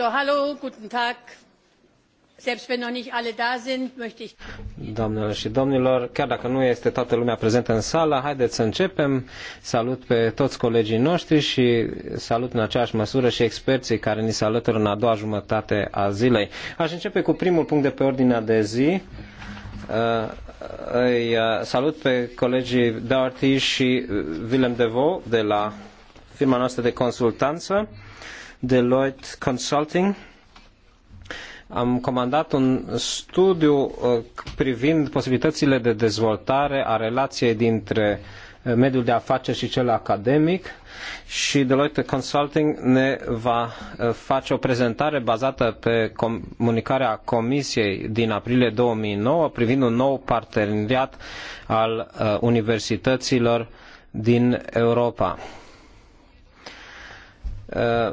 So, hallo, guten Tag. Selbst wenn noch nicht alle da sind, möchte ich... Doamnelor și domnilor, chiar dacă nu este toată lumea prezentă în sală, haideți să începem. Salut pe toți colegii noștri și salut în aceeași măsură și experții care ni se alătură în a doua jumătate a zilei. Aș începe cu primul punct de pe ordinea de zi. Uh, îi uh, salut pe colegii Doherty și uh, Willem Devo de la firma noastră de consultanță. Uh, Deloitte Consulting. Am comandat un studiu uh, privind posibilitățile de dezvoltare a relației dintre uh, mediul de afaceri și cel academic și Deloitte Consulting ne va uh, face o prezentare bazată pe comunicarea Comisiei din aprilie 2009 privind un nou parteneriat al universităților din Europa. Uh,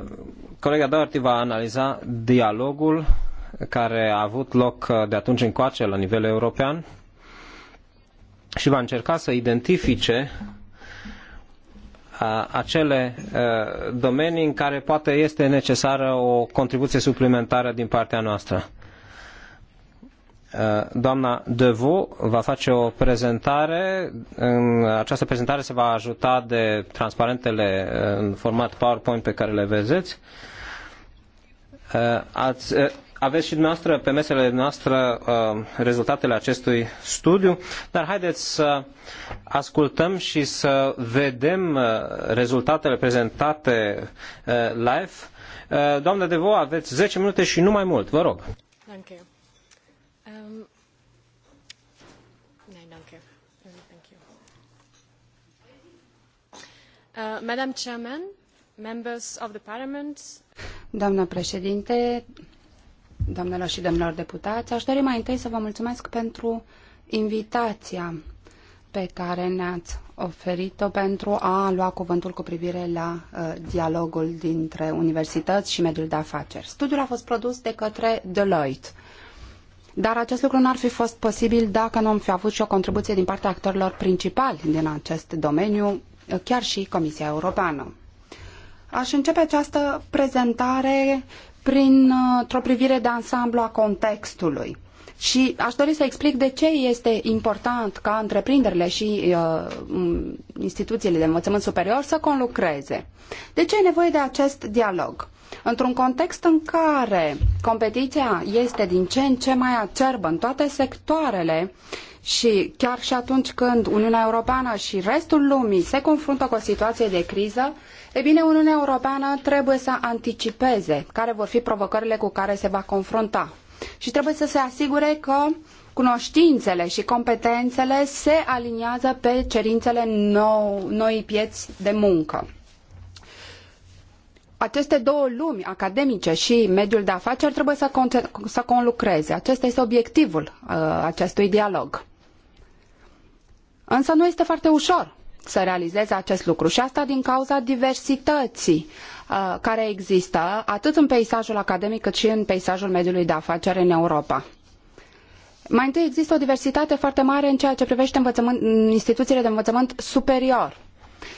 colega Doherty va analiza dialogul care a avut loc uh, de atunci încoace la nivel european și va încerca să identifice uh, acele domenii în care poate este necesară o contribuție suplimentară din partea noastră. Uh, doamna Devo va face o prezentare. În această prezentare se va ajuta de transparentele uh, în format PowerPoint pe care le vezeți. Uh, ați, aveți și dumneavoastră pe mesele noastre rezultatele acestui studiu, dar haideți să ascultăm și să vedem rezultatele prezentate live. Doamna Devo, aveți 10 minute și nu mai mult. Vă rog. Thank you. Uh, președinte, și domnilor deputați, aș dori mai întâi să vă mulțumesc pentru invitația pe care ne-ați oferit-o pentru a lua cuvântul cu privire la uh, dialogul dintre universități și mediul de afaceri. Studiul a fost produs de către Deloitte, dar acest lucru nu ar fi fost posibil dacă nu am fi avut și o contribuție din partea actorilor principali din acest domeniu, chiar și Comisia Europeană. Aș începe această prezentare printr-o privire de ansamblu a contextului. Și aș dori să explic de ce este important ca întreprinderile și uh, instituțiile de învățământ superior să conlucreze. De ce e nevoie de acest dialog? Într-un context în care competiția este din ce în ce mai acerbă în toate sectoarele și chiar și atunci când Uniunea Europeană și restul lumii se confruntă cu o situație de criză, e bine, Uniunea Europeană trebuie să anticipeze care vor fi provocările cu care se va confrunta. Și trebuie să se asigure că cunoștințele și competențele se aliniază pe cerințele nou, noii pieți de muncă. Aceste două lumi, academice și mediul de afaceri, trebuie să, să conlucreze. Acesta este obiectivul uh, acestui dialog. Însă nu este foarte ușor să realizeze acest lucru și asta din cauza diversității uh, care există atât în peisajul academic cât și în peisajul mediului de afaceri în Europa. Mai întâi există o diversitate foarte mare în ceea ce privește instituțiile de învățământ superior.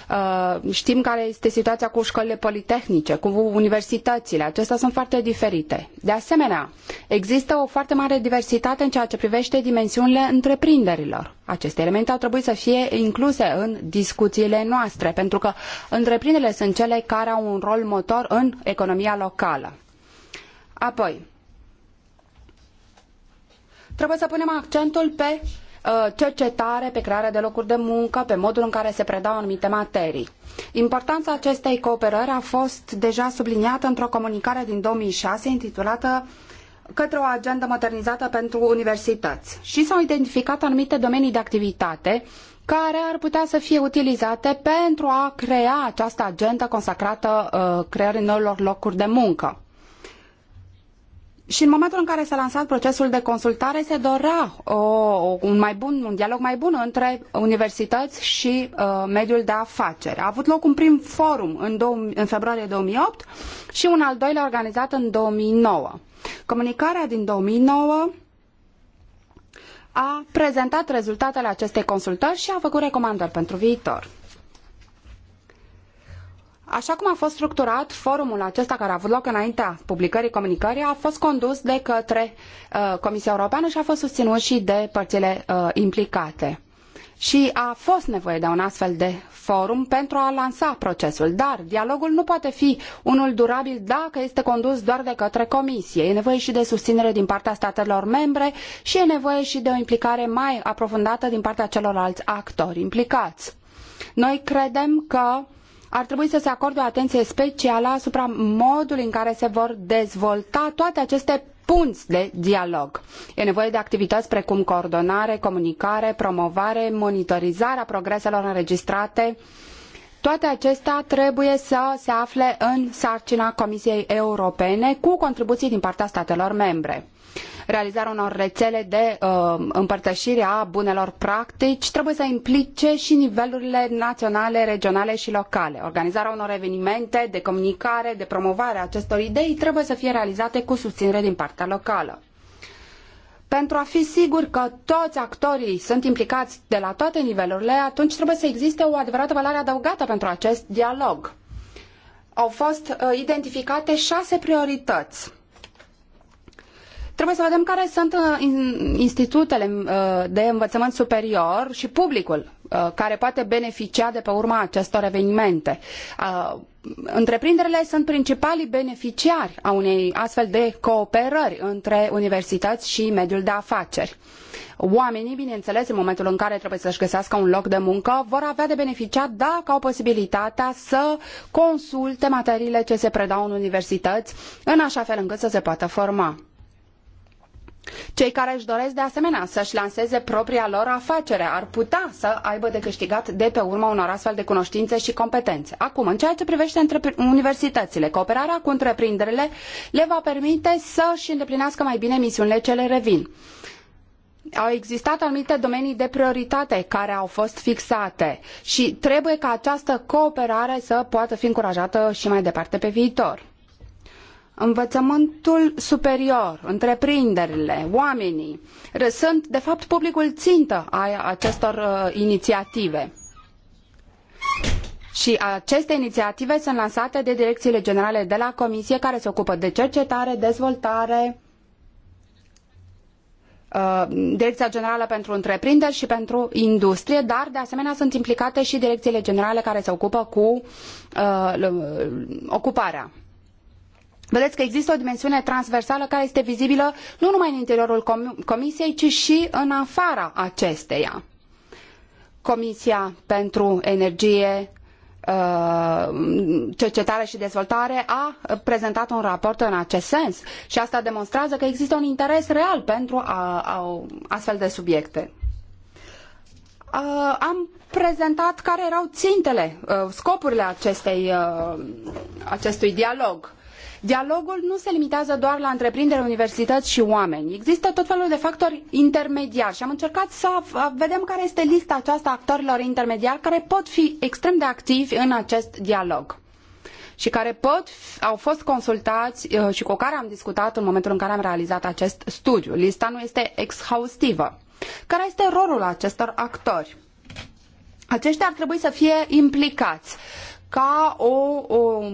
Uh, știm care este situația cu școlile politehnice, cu universitățile. Acestea sunt foarte diferite. De asemenea, există o foarte mare diversitate în ceea ce privește dimensiunile întreprinderilor. Aceste elemente au trebuit să fie incluse în discuțiile noastre, pentru că întreprinderile sunt cele care au un rol motor în economia locală. Apoi, trebuie să punem accentul pe Uh, cercetare, pe crearea de locuri de muncă, pe modul în care se predau anumite materii. Importanța acestei cooperări a fost deja subliniată într-o comunicare din 2006 intitulată către o agendă modernizată pentru universități și s-au identificat anumite domenii de activitate care ar putea să fie utilizate pentru a crea această agendă consacrată uh, creării noilor locuri de muncă. Și în momentul în care s-a lansat procesul de consultare, se dorea o, un, mai bun, un dialog mai bun între universități și uh, mediul de afaceri. A avut loc un prim forum în, dou- în februarie 2008 și un al doilea organizat în 2009. Comunicarea din 2009 a prezentat rezultatele acestei consultări și a făcut recomandări pentru viitor. Așa cum a fost structurat, forumul acesta care a avut loc înaintea publicării comunicării a fost condus de către uh, Comisia Europeană și a fost susținut și de părțile uh, implicate. Și a fost nevoie de un astfel de forum pentru a lansa procesul, dar dialogul nu poate fi unul durabil dacă este condus doar de către Comisie. E nevoie și de susținere din partea statelor membre și e nevoie și de o implicare mai aprofundată din partea celorlalți actori implicați. Noi credem că ar trebui să se acorde o atenție specială asupra modului în care se vor dezvolta toate aceste punți de dialog. E nevoie de activități precum coordonare, comunicare, promovare, monitorizarea progreselor înregistrate. Toate acestea trebuie să se afle în sarcina Comisiei Europene cu contribuții din partea statelor membre realizarea unor rețele de uh, împărtășire a bunelor practici trebuie să implice și nivelurile naționale, regionale și locale. Organizarea unor evenimente de comunicare, de promovare a acestor idei trebuie să fie realizate cu susținere din partea locală pentru a fi sigur că toți actorii sunt implicați de la toate nivelurile, atunci trebuie să existe o adevărată valoare adăugată pentru acest dialog. Au fost uh, identificate șase priorități Trebuie să vedem care sunt uh, institutele uh, de învățământ superior și publicul uh, care poate beneficia de pe urma acestor evenimente. Întreprinderile sunt principalii beneficiari a unei astfel de cooperări între universități și mediul de afaceri. Oamenii, bineînțeles, în momentul în care trebuie să-și găsească un loc de muncă, vor avea de beneficiat dacă au posibilitatea să consulte materiile ce se predau în universități, în așa fel încât să se poată forma. Cei care își doresc de asemenea să-și lanseze propria lor afacere ar putea să aibă de câștigat de pe urma unor astfel de cunoștințe și competențe. Acum, în ceea ce privește universitățile, cooperarea cu întreprinderile le va permite să-și îndeplinească mai bine misiunile ce le revin au existat anumite domenii de prioritate care au fost fixate și trebuie ca această cooperare să poată fi încurajată și mai departe pe viitor învățământul superior, întreprinderile, oamenii, sunt de fapt publicul țintă a acestor uh, inițiative. Și aceste inițiative sunt lansate de direcțiile generale de la Comisie care se ocupă de cercetare, dezvoltare, uh, Direcția Generală pentru Întreprinderi și pentru Industrie, dar de asemenea sunt implicate și direcțiile generale care se ocupă cu uh, ocuparea. Vedeți că există o dimensiune transversală care este vizibilă nu numai în interiorul com Comisiei, ci și în afara acesteia. Comisia pentru Energie, uh, Cercetare și Dezvoltare a prezentat un raport în acest sens și asta demonstrează că există un interes real pentru a, a, astfel de subiecte. Uh, am prezentat care erau țintele, uh, scopurile acestei, uh, acestui dialog. Dialogul nu se limitează doar la întreprinderi, universități și oameni. Există tot felul de factori intermediari și am încercat să vedem care este lista aceasta a actorilor intermediari care pot fi extrem de activi în acest dialog și care pot, au fost consultați uh, și cu care am discutat în momentul în care am realizat acest studiu. Lista nu este exhaustivă. Care este rolul acestor actori? Aceștia ar trebui să fie implicați. Uh, ca o, o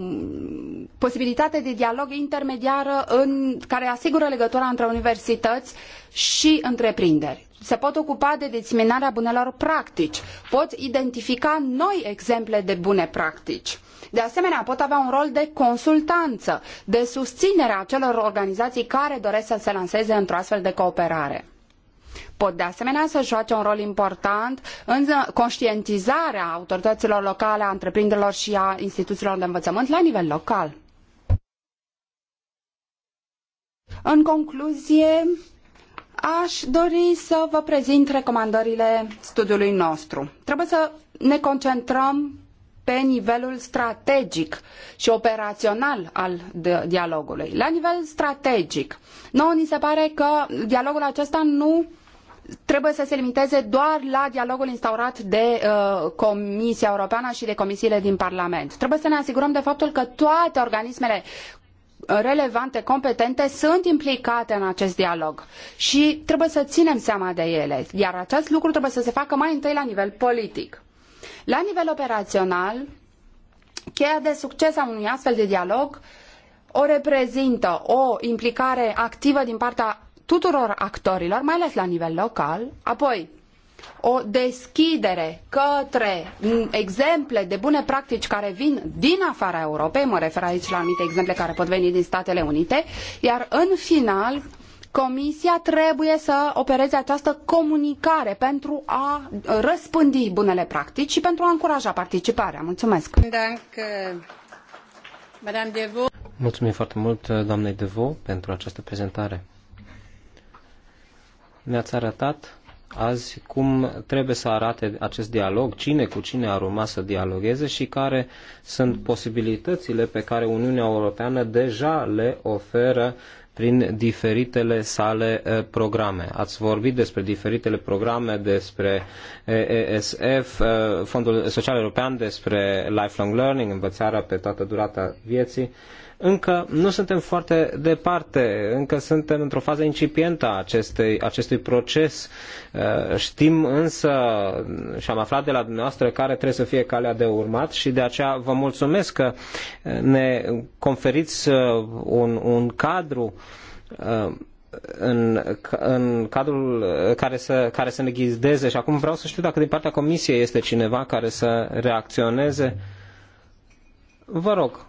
posibilitate de dialog intermediară în, care asigură legătura între universități și întreprinderi se pot ocupa de diseminarea bunelor practici, pot identifica noi exemple de bune practici. De asemenea, pot avea un rol de consultanță, de susținere a celor organizații care doresc să se lanseze într-o astfel de cooperare pot de asemenea să joace un rol important în conștientizarea autorităților locale, a întreprinderilor și a instituțiilor de învățământ la nivel local. În concluzie, aș dori să vă prezint recomandările studiului nostru. Trebuie să ne concentrăm pe nivelul strategic și operațional al dialogului. La nivel strategic, nouă ni se pare că dialogul acesta nu trebuie să se limiteze doar la dialogul instaurat de uh, Comisia Europeană și de comisiile din Parlament. Trebuie să ne asigurăm de faptul că toate organismele relevante, competente, sunt implicate în acest dialog și trebuie să ținem seama de ele, iar acest lucru trebuie să se facă mai întâi la nivel politic. La nivel operațional, cheia de succes a unui astfel de dialog o reprezintă o implicare activă din partea tuturor actorilor, mai ales la nivel local, apoi o deschidere către exemple de bune practici care vin din afara Europei, mă refer aici la anumite exemple care pot veni din Statele Unite, iar în final Comisia trebuie să opereze această comunicare pentru a răspândi bunele practici și pentru a încuraja participarea. Mulțumesc! Eh, Mulțumim foarte mult, eh, doamnei Devo, pentru această prezentare ne-ați arătat azi cum trebuie să arate acest dialog, cine cu cine ar urma să dialogueze și care sunt posibilitățile pe care Uniunea Europeană deja le oferă prin diferitele sale programe. Ați vorbit despre diferitele programe, despre ESF, Fondul Social European, despre Lifelong Learning, învățarea pe toată durata vieții încă nu suntem foarte departe, încă suntem într-o fază incipientă a acestei, acestui proces. Uh, știm însă și am aflat de la dumneavoastră care trebuie să fie calea de urmat și de aceea vă mulțumesc că ne conferiți uh, un, un cadru uh, în, în cadrul care să, care să ne ghideze și acum vreau să știu dacă din partea comisiei este cineva care să reacționeze. Vă rog.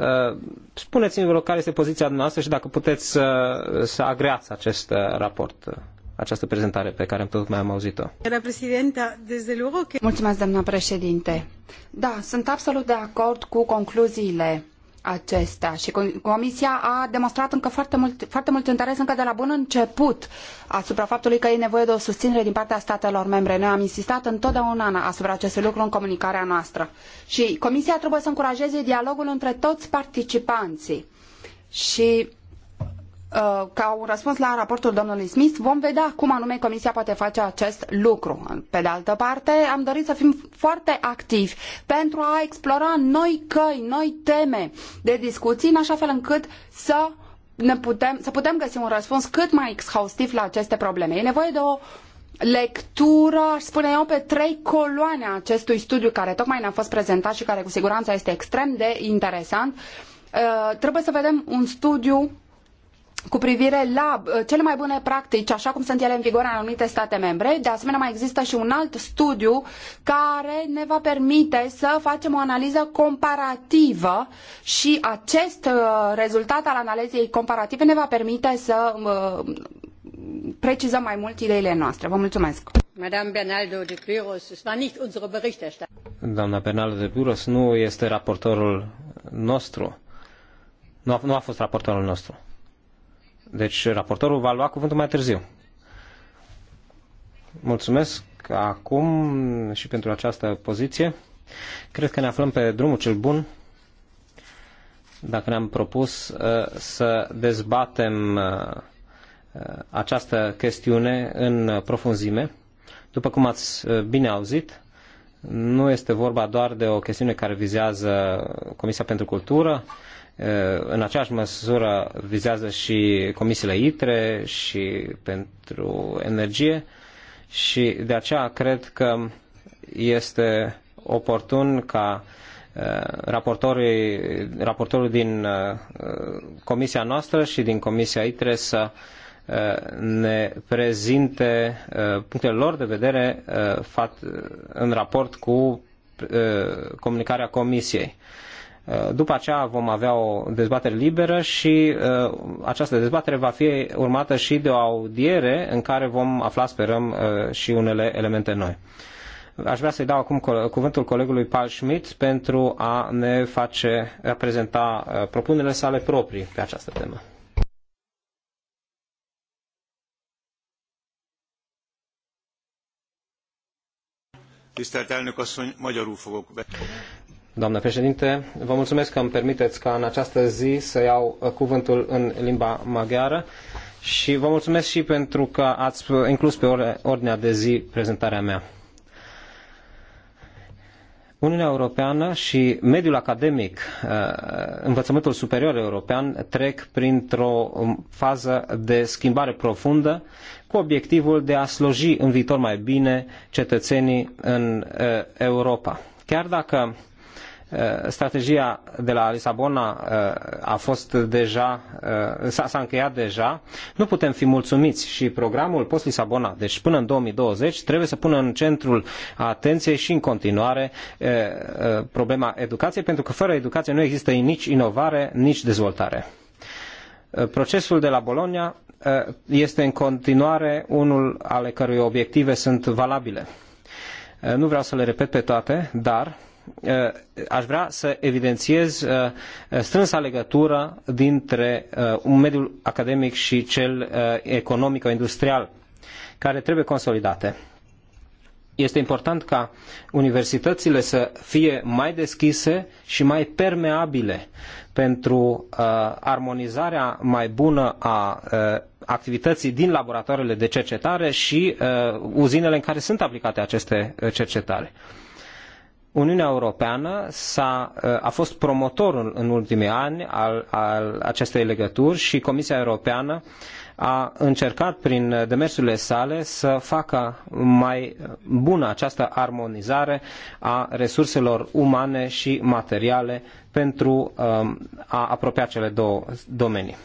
Uh, spuneți-mi, vă rog, care este poziția noastră și dacă puteți să, uh, să agreați acest uh, raport, această prezentare pe care am tot mai am auzit-o. Mulțumesc, doamna președinte. Da, sunt absolut de acord cu concluziile acestea și Comisia a demonstrat încă foarte mult, foarte mult interes încă de la bun început asupra faptului că e nevoie de o susținere din partea statelor membre. Noi am insistat întotdeauna asupra acestui lucru în comunicarea noastră. Și Comisia trebuie să încurajeze dialogul între toți participanții. Și Uh, ca un răspuns la raportul domnului Smith, vom vedea cum anume Comisia poate face acest lucru. Pe de altă parte, am dorit să fim foarte activi pentru a explora noi căi, noi teme de discuții, în așa fel încât să ne putem, să putem găsi un răspuns cât mai exhaustiv la aceste probleme. E nevoie de o lectură, aș spune eu, pe trei coloane a acestui studiu care tocmai ne-a fost prezentat și care cu siguranță este extrem de interesant. Uh, trebuie să vedem un studiu cu privire la uh, cele mai bune practici, așa cum sunt ele în vigoare în anumite state membre. De asemenea, mai există și un alt studiu care ne va permite să facem o analiză comparativă și acest uh, rezultat al analizei comparative ne va permite să uh, precizăm mai mult ideile noastre. Vă mulțumesc! Doamna Bernardo de Piros nu este raportorul nostru. Nu a, nu a fost raportorul nostru. Deci raportorul va lua cuvântul mai târziu. Mulțumesc acum și pentru această poziție. Cred că ne aflăm pe drumul cel bun dacă ne-am propus uh, să dezbatem uh, uh, această chestiune în profunzime. După cum ați bine auzit, nu este vorba doar de o chestiune care vizează Comisia pentru Cultură, Eh, în aceeași măsură vizează și comisiile ITRE și pentru energie și de aceea cred că este oportun ca eh, raportorul din eh, comisia noastră și din comisia ITRE să ne prezinte punctele lor de vedere în raport cu comunicarea comisiei. Uh, după aceea vom avea o dezbatere liberă și uh, această dezbatere va fi urmată și de o audiere în care vom afla, sperăm, uh, și unele elemente noi. Aș vrea să-i dau acum cuvântul colegului Paul Schmidt pentru a ne face a prezenta propunerile sale proprii pe această temă. Tisztelt elnök asszony, magyarul fogok be. Doamnă președinte, vă mulțumesc că îmi permiteți ca în această zi să iau uh, cuvântul în limba maghiară și vă mulțumesc și pentru că ați uh, inclus pe ordinea de zi prezentarea mea. Uniunea Europeană și mediul academic, uh, învățământul superior european, trec printr-o um, fază de schimbare profundă cu obiectivul de a sluji în viitor mai bine cetățenii în Europa. Chiar dacă Eh, strategia de la Lisabona eh, a fost deja, eh, s-a încheiat deja, nu putem fi mulțumiți și programul post-Lisabona, deci până în 2020, trebuie să pună în centrul atenției și în continuare problema educației, pentru că fără educație nu există nici inovare, nici dezvoltare. Procesul de la Bologna este în continuare unul ale cărui obiective sunt valabile. Nu vreau să le repet pe toate, dar Eh, aș vrea să evidențiez eh, strânsa legătură dintre eh, un mediul academic și cel economico-industrial, care trebuie consolidate. Este important ca universitățile să fie mai deschise și mai permeabile pentru armonizarea mai bună a activității din laboratoarele de cercetare și uzinele în care sunt aplicate aceste cercetare. Uh, Uniunea Europeană a ă, a fost promotorul în ultimii ani al, al acestei legături și Comisia Europeană a încercat prin demersurile sale să facă mai bună această armonizare a resurselor umane și materiale pentru ă, a apropia cele două domenii.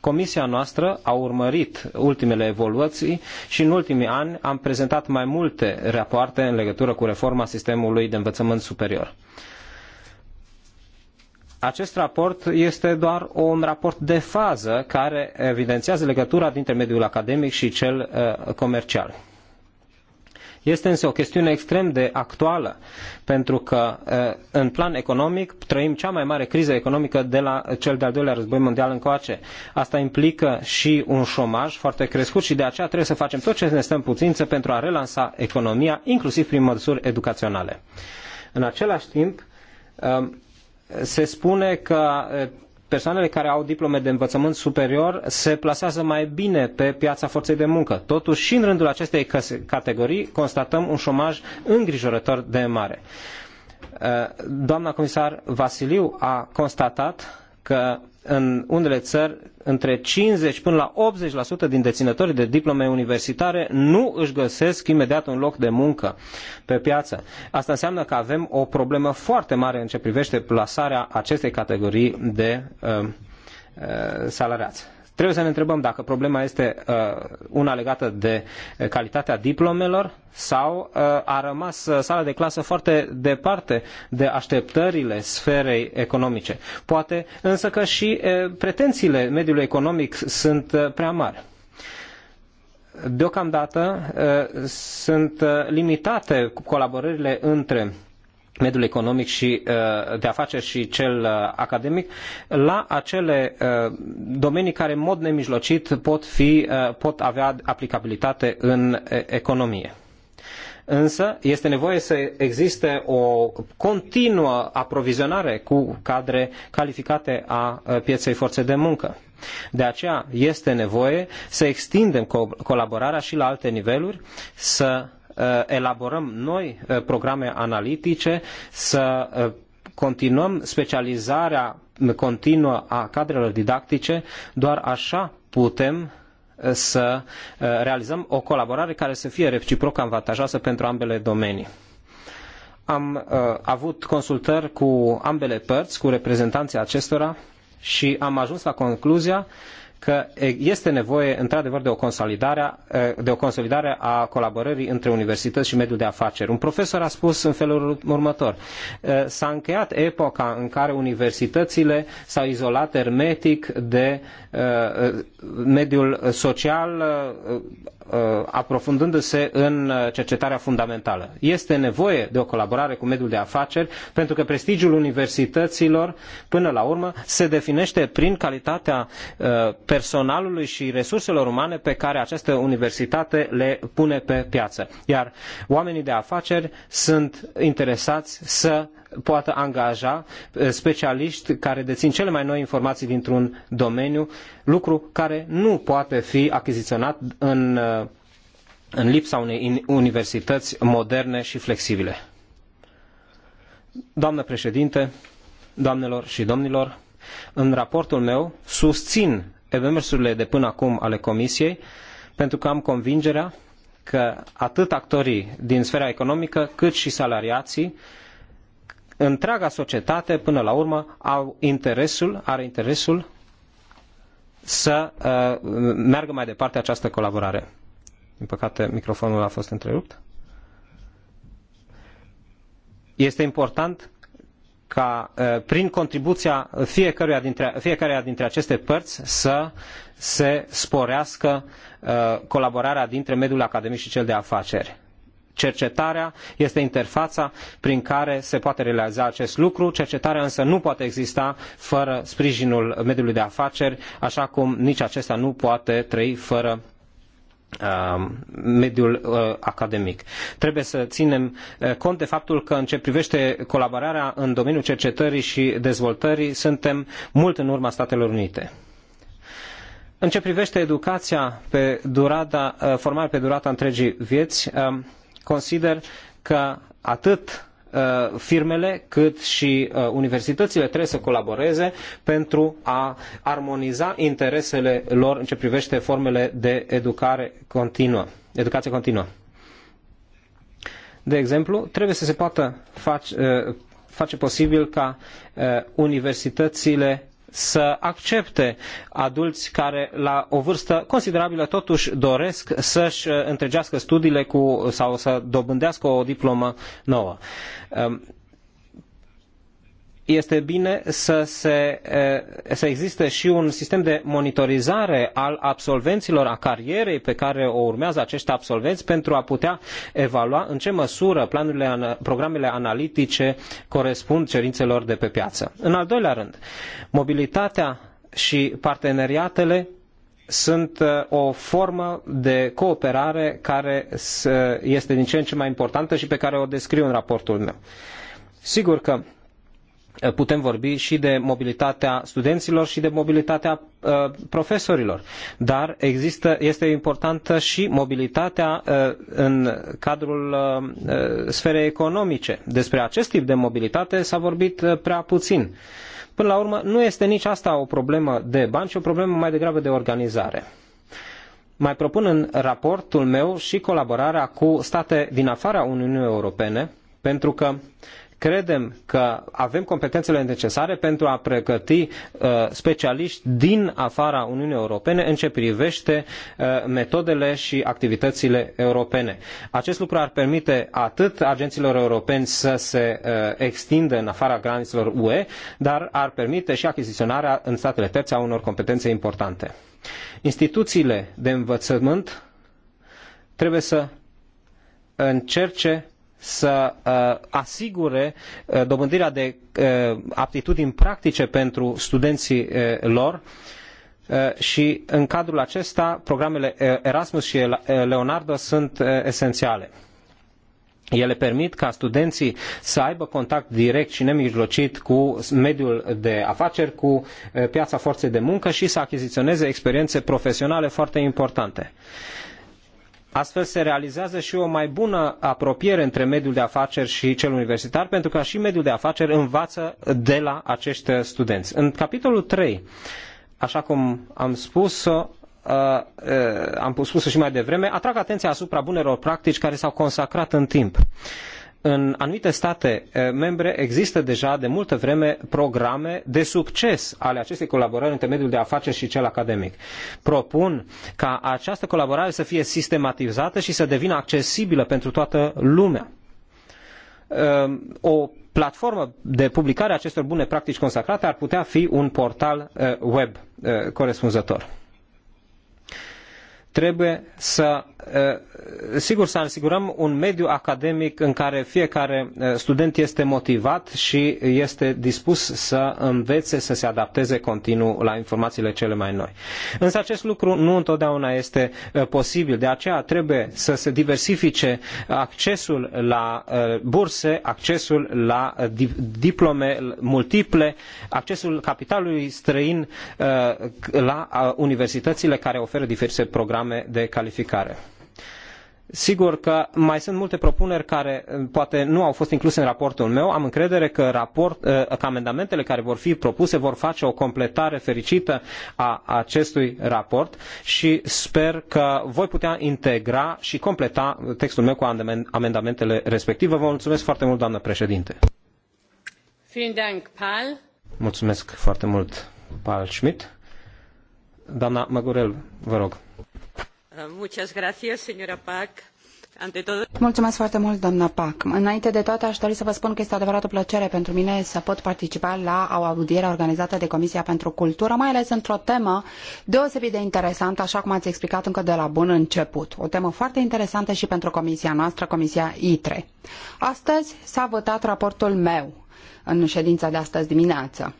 Comisia noastră a urmărit ultimele evoluții și în ultimii ani am prezentat mai multe rapoarte în legătură cu reforma sistemului de învățământ superior. Acest raport este doar un raport de fază care evidențiază legătura dintre mediul academic și cel uh, comercial. Este însă o chestiune extrem de actuală, pentru că în plan economic trăim cea mai mare criză economică de la cel de-al doilea război mondial încoace. Asta implică și un șomaj foarte crescut și de aceea trebuie să facem tot ce ne stă în putință pentru a relansa economia, inclusiv prin măsuri educaționale. În același timp, se spune că persoanele care au diplome de învățământ superior se plasează mai bine pe piața forței de muncă. Totuși, și în rândul acestei categorii, constatăm un șomaj îngrijorător de mare. Uh, doamna comisar Vasiliu a constatat că în unele țări între 50 până la 80% din deținătorii de diplome universitare nu își găsesc imediat un loc de muncă pe piață. Asta înseamnă că avem o problemă foarte mare în ce privește plasarea acestei categorii de uh, uh salariați. Trebuie să ne întrebăm dacă problema este uh, una legată de calitatea diplomelor sau uh, a rămas uh, sala de clasă foarte departe de așteptările sferei economice. Poate însă că și pretențiile mediului economic sunt prea mari deocamdată sunt limitate colaborările între mediul economic și uh, de afaceri și cel uh, academic la acele uh, domenii care în mod nemijlocit pot, fi, pot avea aplicabilitate în economie. Însă este nevoie să existe o continuă aprovizionare cu cadre calificate a pieței forței de muncă. De aceea este nevoie să extindem colaborarea și la alte niveluri, să Uh, elaborăm noi uh, programe analitice, să uh, continuăm specializarea continuă a cadrelor didactice, doar așa putem să realizăm o colaborare care să fie reciproc avantajoasă pentru ambele domenii. Am avut consultări cu ambele părți, cu reprezentanții acestora și am ajuns la concluzia uh, că este nevoie într-adevăr de o, consolidare, de o consolidare a colaborării între universități și mediul de afaceri. Un profesor a spus în felul următor. S-a încheiat epoca în care universitățile s-au izolat ermetic de mediul social Uh, aprofundându-se în uh, cercetarea fundamentală. Este nevoie de o colaborare cu mediul de afaceri pentru că prestigiul universităților, până la urmă, se definește prin calitatea uh, personalului și resurselor umane pe care această universitate le pune pe piață. Iar oamenii de afaceri sunt interesați să poată angaja eh, specialiști care dețin cele mai noi informații dintr-un domeniu, lucru care nu poate fi achiziționat în, eh, în lipsa unei universități moderne și flexibile. Doamnă președinte, doamnelor și domnilor, în raportul meu susțin demersurile de până acum ale Comisiei, pentru că am convingerea că atât actorii din sfera economică, cât și salariații întreaga societate, până la urmă, au interesul, are interesul să uh, meargă mai departe această colaborare. Din păcate, microfonul a fost întrerupt. Este important ca uh, prin contribuția fiecăruia dintre, fiecăruia dintre aceste părți să se sporească uh, colaborarea dintre mediul academic și cel de afaceri Cercetarea este interfața prin care se poate realiza acest lucru. Cercetarea însă nu poate exista fără sprijinul mediului de afaceri, așa cum nici acesta nu poate trăi fără uh, mediul uh, academic. Trebuie să ținem uh, cont de faptul că în ce privește colaborarea în domeniul cercetării și dezvoltării suntem mult în urma Statelor Unite. În ce privește educația pe durata, formarea pe durata întregii vieți, consider că atât uh, firmele cât și uh, universitățile trebuie să colaboreze pentru a armoniza interesele lor în ce privește formele de educare continuă, educație continuă. De exemplu, trebuie să se poată face, uh, face posibil ca universitățile să accepte adulți care la o vârstă considerabilă totuși doresc să-și uh, întregească studiile cu, sau să dobândească o diplomă nouă. Um, este bine să, se, să existe și un sistem de monitorizare al absolvenților, a carierei pe care o urmează acești absolvenți pentru a putea evalua în ce măsură planurile, programele analitice corespund cerințelor de pe piață. În al doilea rând, mobilitatea și parteneriatele sunt o formă de cooperare care este din ce în ce mai importantă și pe care o descriu în raportul meu. Sigur că Eh, putem vorbi și de mobilitatea studenților și de mobilitatea uh, profesorilor. Dar există, este importantă și mobilitatea uh, în cadrul uh, sferei economice. Despre acest tip de mobilitate s-a vorbit prea puțin. Până la urmă, nu este nici asta o problemă de bani, ci o problemă mai degrabă de organizare. Mai propun în raportul meu și colaborarea cu state din afara Uniunii Europene, pentru că Credem că avem competențele necesare pentru a pregăti uh, specialiști din afara Uniunii Europene în ce privește uh, metodele și activitățile europene. Acest lucru ar permite atât agenților europeni să se uh, extindă în afara granițelor UE, dar ar permite și achiziționarea în statele terțe a unor competențe importante. Instituțiile de învățământ trebuie să încerce să uh, asigure uh, dobândirea de uh, aptitudini practice pentru studenții lor și în cadrul acesta programele Erasmus și Leonardo sunt esențiale. Ele permit ca studenții să aibă contact direct și nemijlocit cu mediul de afaceri, cu piața forței de muncă și să achiziționeze experiențe profesionale foarte importante. Astfel se realizează și o mai bună apropiere între mediul de afaceri și cel universitar, pentru că și mediul de afaceri învață de la acești studenți. În capitolul 3, așa cum am spus, uh, uh, am spus-o și mai devreme, atrag atenția asupra bunelor practici care s-au consacrat în timp în anumite state eh, membre există deja de multă vreme programe de succes ale acestei colaborări între mediul de afaceri și cel academic. Propun ca această colaborare să fie sistematizată și să devină accesibilă pentru toată lumea. Ehm, o platformă de publicare a acestor bune practici consacrate ar putea fi un portal eh, web eh, corespunzător. Trebuie să, eh, sigur, să asigurăm un mediu academic în care fiecare eh, student este motivat și este dispus să învețe, să se adapteze continuu la informațiile cele mai noi. Însă acest lucru nu întotdeauna este eh, posibil, de aceea trebuie să se diversifice accesul la burse, accesul la diplome multiple, accesul capitalului străin la universitățile care oferă diverse programe programe de calificare. Sigur că mai sunt multe propuneri care eh, poate nu au fost incluse în raportul meu. Am încredere că, raport, eh, că amendamentele care vor fi propuse vor face o completare fericită a acestui raport și sper că voi putea integra și completa textul meu cu amendamentele respective. Vă mulțumesc foarte mult, doamnă președinte. Mulțumesc foarte mult, Paul Schmidt. Doamna Măgurel, vă rog. PAC. Înainte de toate, aș dori să vă spun că este adevărat o plăcere pentru mine să pot participa la o audiere organizată de Comisia pentru Cultură, mai ales într-o temă deosebit de interesantă, așa cum ați explicat încă de la bun început. O temă foarte interesantă și pentru Comisia noastră, Comisia ITRE. Astăzi s-a votat raportul meu în ședința de astăzi dimineață.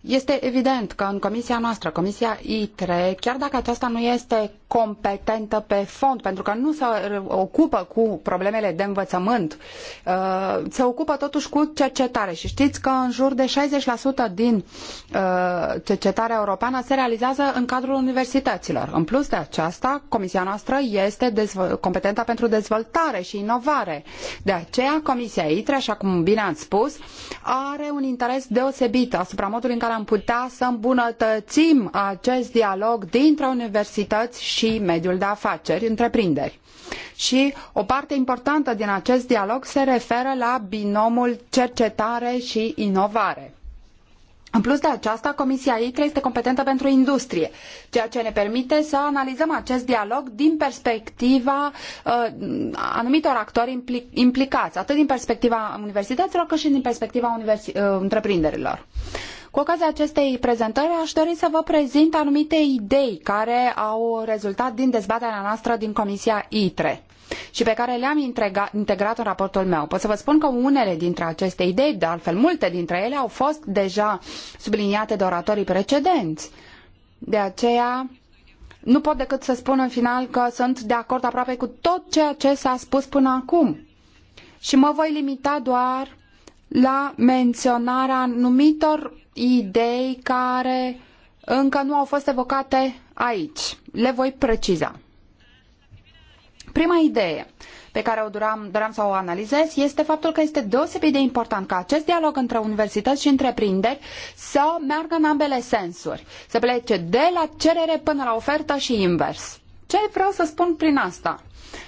Este evident că în comisia noastră, comisia ITRE, chiar dacă aceasta nu este competentă pe fond, pentru că nu se ocupă cu problemele de învățământ, uh, se ocupă totuși cu cercetare. Și știți că în jur de 60% din uh, cercetarea europeană se realizează în cadrul universităților. În plus de aceasta, comisia noastră este competentă pentru dezvoltare și inovare. De aceea, Comisia ITRE, așa cum bine ați spus, are un interes deosebit asupra modului în care am putea să îmbunătățim acest dialog dintre universități și și mediul de afaceri, întreprinderi. Și o parte importantă din acest dialog se referă la binomul cercetare și inovare. În plus de aceasta, Comisia ITRE este competentă pentru industrie, ceea ce ne permite să analizăm acest dialog din perspectiva uh, anumitor actori impli- implicați, atât din perspectiva universităților, cât și din perspectiva universi- uh, întreprinderilor. Cu ocazia acestei prezentări, aș dori să vă prezint anumite idei care au rezultat din dezbaterea noastră din Comisia ITRE și pe care le-am integrat în raportul meu. Pot să vă spun că unele dintre aceste idei, de altfel multe dintre ele, au fost deja subliniate de oratorii precedenți. De aceea, nu pot decât să spun în final că sunt de acord aproape cu tot ceea ce s-a spus până acum. Și mă voi limita doar la menționarea anumitor idei care încă nu au fost evocate aici. Le voi preciza. Prima idee pe care o doream, doream să o analizez este faptul că este deosebit de important ca acest dialog între universități și întreprinderi să meargă în ambele sensuri, să plece de la cerere până la ofertă și invers. Ce vreau să spun prin asta?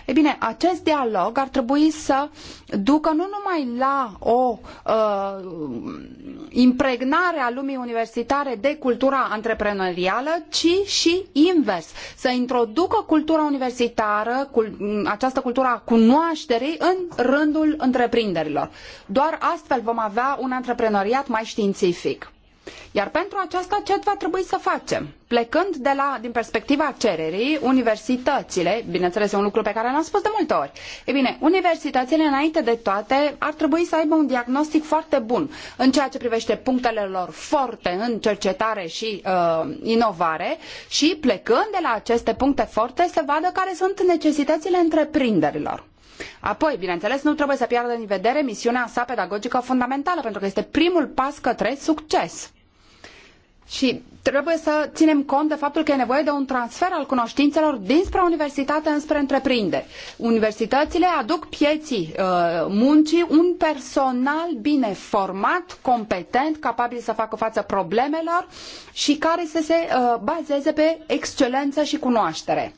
E bine, acest dialog ar trebui să ducă nu numai la o uh, impregnare a lumii universitare de cultura antreprenorială, ci și invers, să introducă cultura universitară, cul, această cultură a cunoașterii în rândul întreprinderilor. Doar astfel vom avea un antreprenoriat mai științific. Iar pentru aceasta ce va trebui să facem? Plecând de la, din perspectiva cererii, universitățile, bineînțeles e un lucru pe care l-am spus de multe ori, e bine, universitățile înainte de toate ar trebui să aibă un diagnostic foarte bun în ceea ce privește punctele lor forte în cercetare și uh, inovare și plecând de la aceste puncte forte să vadă care sunt necesitățile întreprinderilor. Apoi, bineînțeles, nu trebuie să piardă din vedere misiunea sa pedagogică fundamentală, pentru că este primul pas către succes. Și trebuie să ținem cont de faptul că e nevoie de un transfer al cunoștințelor dinspre universitate înspre întreprinderi. Universitățile aduc pieții uh, muncii un personal bine format, competent, capabil să facă față problemelor și care să se uh, bazeze pe excelență și cunoaștere.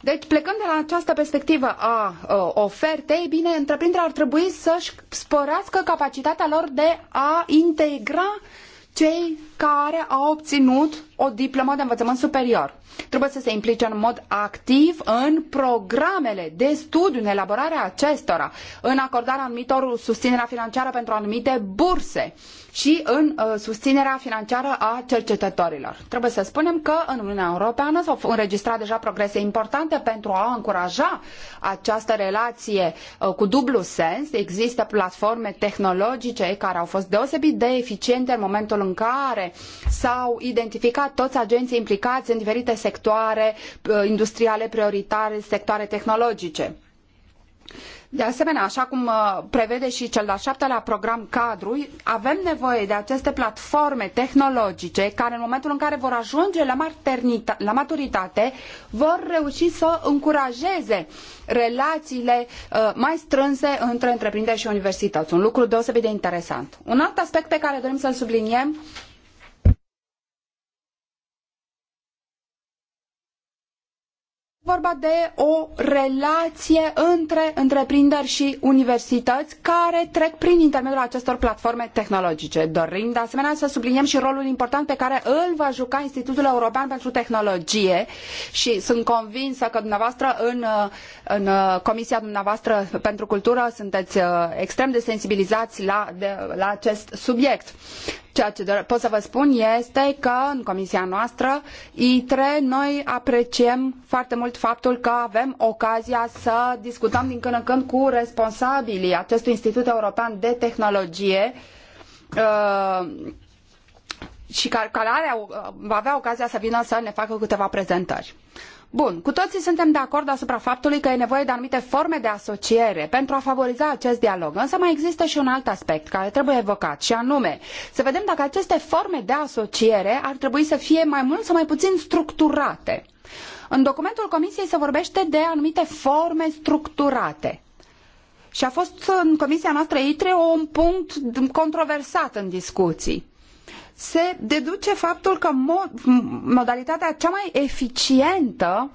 Deci, plecând de la această perspectivă a uh, ofertei, bine, întreprinderea ar trebui să-și sporească capacitatea lor de a integra cei care a obținut o diplomă de învățământ superior. Trebuie să se implice în mod activ în programele de studiu, în elaborarea acestora, în acordarea anumitor susținerea financiară pentru anumite burse și în uh, susținerea financiară a cercetătorilor. Trebuie să spunem că în Uniunea Europeană s-au înregistrat deja progrese importante pentru a încuraja această relație uh, cu dublu sens. Există platforme tehnologice care au fost deosebit de eficiente în momentul în care S-au identificat toți agenții implicați în diferite sectoare uh, industriale prioritare, sectoare tehnologice. De asemenea, așa cum uh, prevede și cel de-al șaptelea program cadru, avem nevoie de aceste platforme tehnologice care în momentul în care vor ajunge la, maturitate vor reuși să încurajeze relațiile uh, mai strânse între întreprinderi și universități. Un lucru deosebit de interesant. Un alt aspect pe care dorim să-l subliniem vorba de o relație între întreprinderi și universități care trec prin intermediul acestor platforme tehnologice. Dorim de asemenea să subliniem și rolul important pe care îl va juca Institutul European pentru Tehnologie și sunt convinsă că dumneavoastră în, în Comisia dumneavoastră pentru Cultură sunteți uh, extrem de sensibilizați la, de, la acest subiect. Ceea ce pot să vă spun este că în comisia noastră ITRE noi apreciem foarte mult faptul că avem ocazia să discutăm din când în când cu responsabilii acestui Institut European de Tehnologie uh, și care, care are, va avea ocazia să vină să ne facă câteva prezentări. Bun, cu toții suntem de acord asupra faptului că e nevoie de anumite forme de asociere pentru a favoriza acest dialog. Însă mai există și un alt aspect care trebuie evocat și anume să vedem dacă aceste forme de asociere ar trebui să fie mai mult sau mai puțin structurate. În documentul Comisiei se vorbește de anumite forme structurate. Și a fost în comisia noastră ITRE un punct controversat în discuții se deduce faptul că modalitatea cea mai eficientă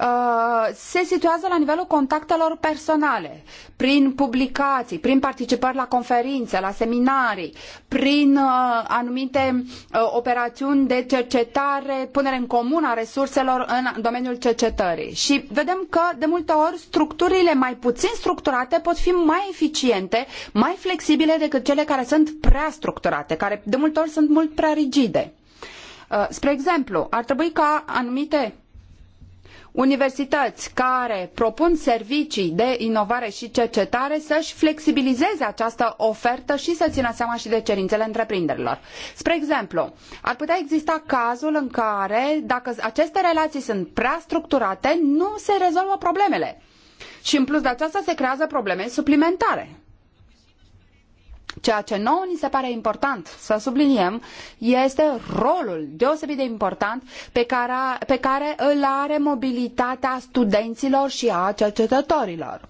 Uh, se situează la nivelul contactelor personale, prin publicații, prin participări la conferințe, la seminarii, prin uh, anumite uh, operațiuni de cercetare, punere în comun a resurselor în domeniul cercetării. Și vedem că, de multe ori, structurile mai puțin structurate pot fi mai eficiente, mai flexibile decât cele care sunt prea structurate, care de multe ori sunt mult prea rigide. Spre exemplu, ar trebui ca anumite universități care propun servicii de inovare și cercetare să-și flexibilizeze această ofertă și să țină seama și de cerințele întreprinderilor. Spre exemplu, ar putea exista cazul în care, dacă aceste relații sunt prea structurate, nu se rezolvă problemele. Și în plus de aceasta se creează probleme suplimentare. Ceea ce nouă ni se pare important să subliniem este rolul deosebit de important pe care, pe care îl are mobilitatea studenților și a cercetătorilor.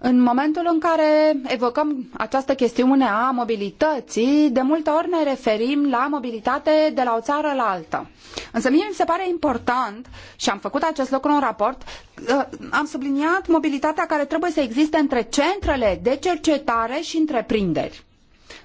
În momentul în care evocăm această chestiune a mobilității, de multe ori ne referim la mobilitate de la o țară la alta. Însă mie mi se pare important, și am făcut acest lucru în raport, am subliniat mobilitatea care trebuie să existe între centrele de cercetare și întreprinderi.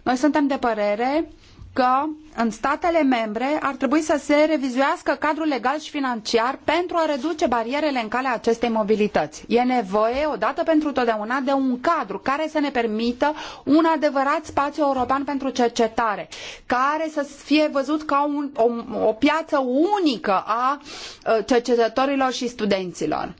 Noi suntem de părere că în statele membre ar trebui să se revizuiască cadrul legal și financiar pentru a reduce barierele în calea acestei mobilități. E nevoie, odată pentru totdeauna, de un cadru care să ne permită un adevărat spațiu european pentru cercetare, care să fie văzut ca un, o, o piață unică a uh, cercetătorilor și studenților.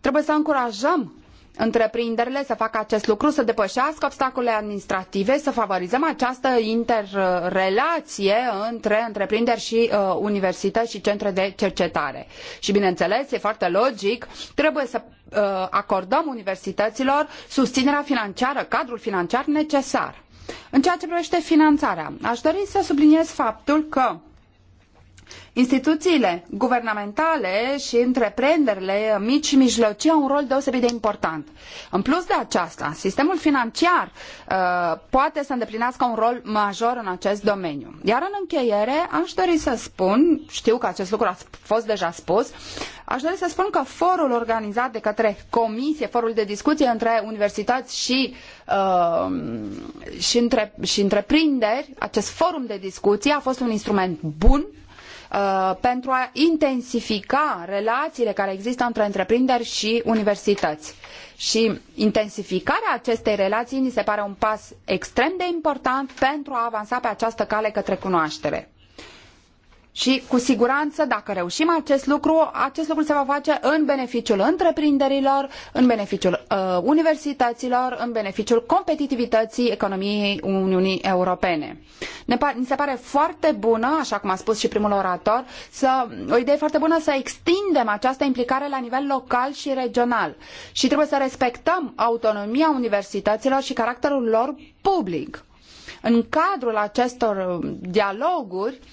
Trebuie să încurajăm întreprinderile să facă acest lucru, să depășească obstacolele administrative, să favorizăm această interrelație între întreprinderi și uh, universități și centre de cercetare. Și bineînțeles, e foarte logic, trebuie să uh, acordăm universităților susținerea financiară, cadrul financiar necesar. În ceea ce privește finanțarea, aș dori să subliniez faptul că Instituțiile guvernamentale și întreprinderile mici și mijlocii au un rol deosebit de important. În plus de aceasta, sistemul financiar uh, poate să îndeplinească un rol major în acest domeniu. Iar în încheiere, aș dori să spun, știu că acest lucru a fost deja spus, aș dori să spun că forul organizat de către comisie, forul de discuție între universități și, uh, și, între, și întreprinderi, acest forum de discuție a fost un instrument bun Uh, pentru a intensifica relațiile care există între întreprinderi și universități. Și intensificarea acestei relații ni se pare un pas extrem de important pentru a avansa pe această cale către cunoaștere. Și cu siguranță, dacă reușim acest lucru, acest lucru se va face în beneficiul întreprinderilor, în beneficiul uh, universităților, în beneficiul competitivității economiei Uniunii Europene. Ne par, se pare foarte bună, așa cum a spus și primul orator, să, o idee foarte bună să extindem această implicare la nivel local și regional. Și trebuie să respectăm autonomia universităților și caracterul lor public. În cadrul acestor uh, dialoguri, uh,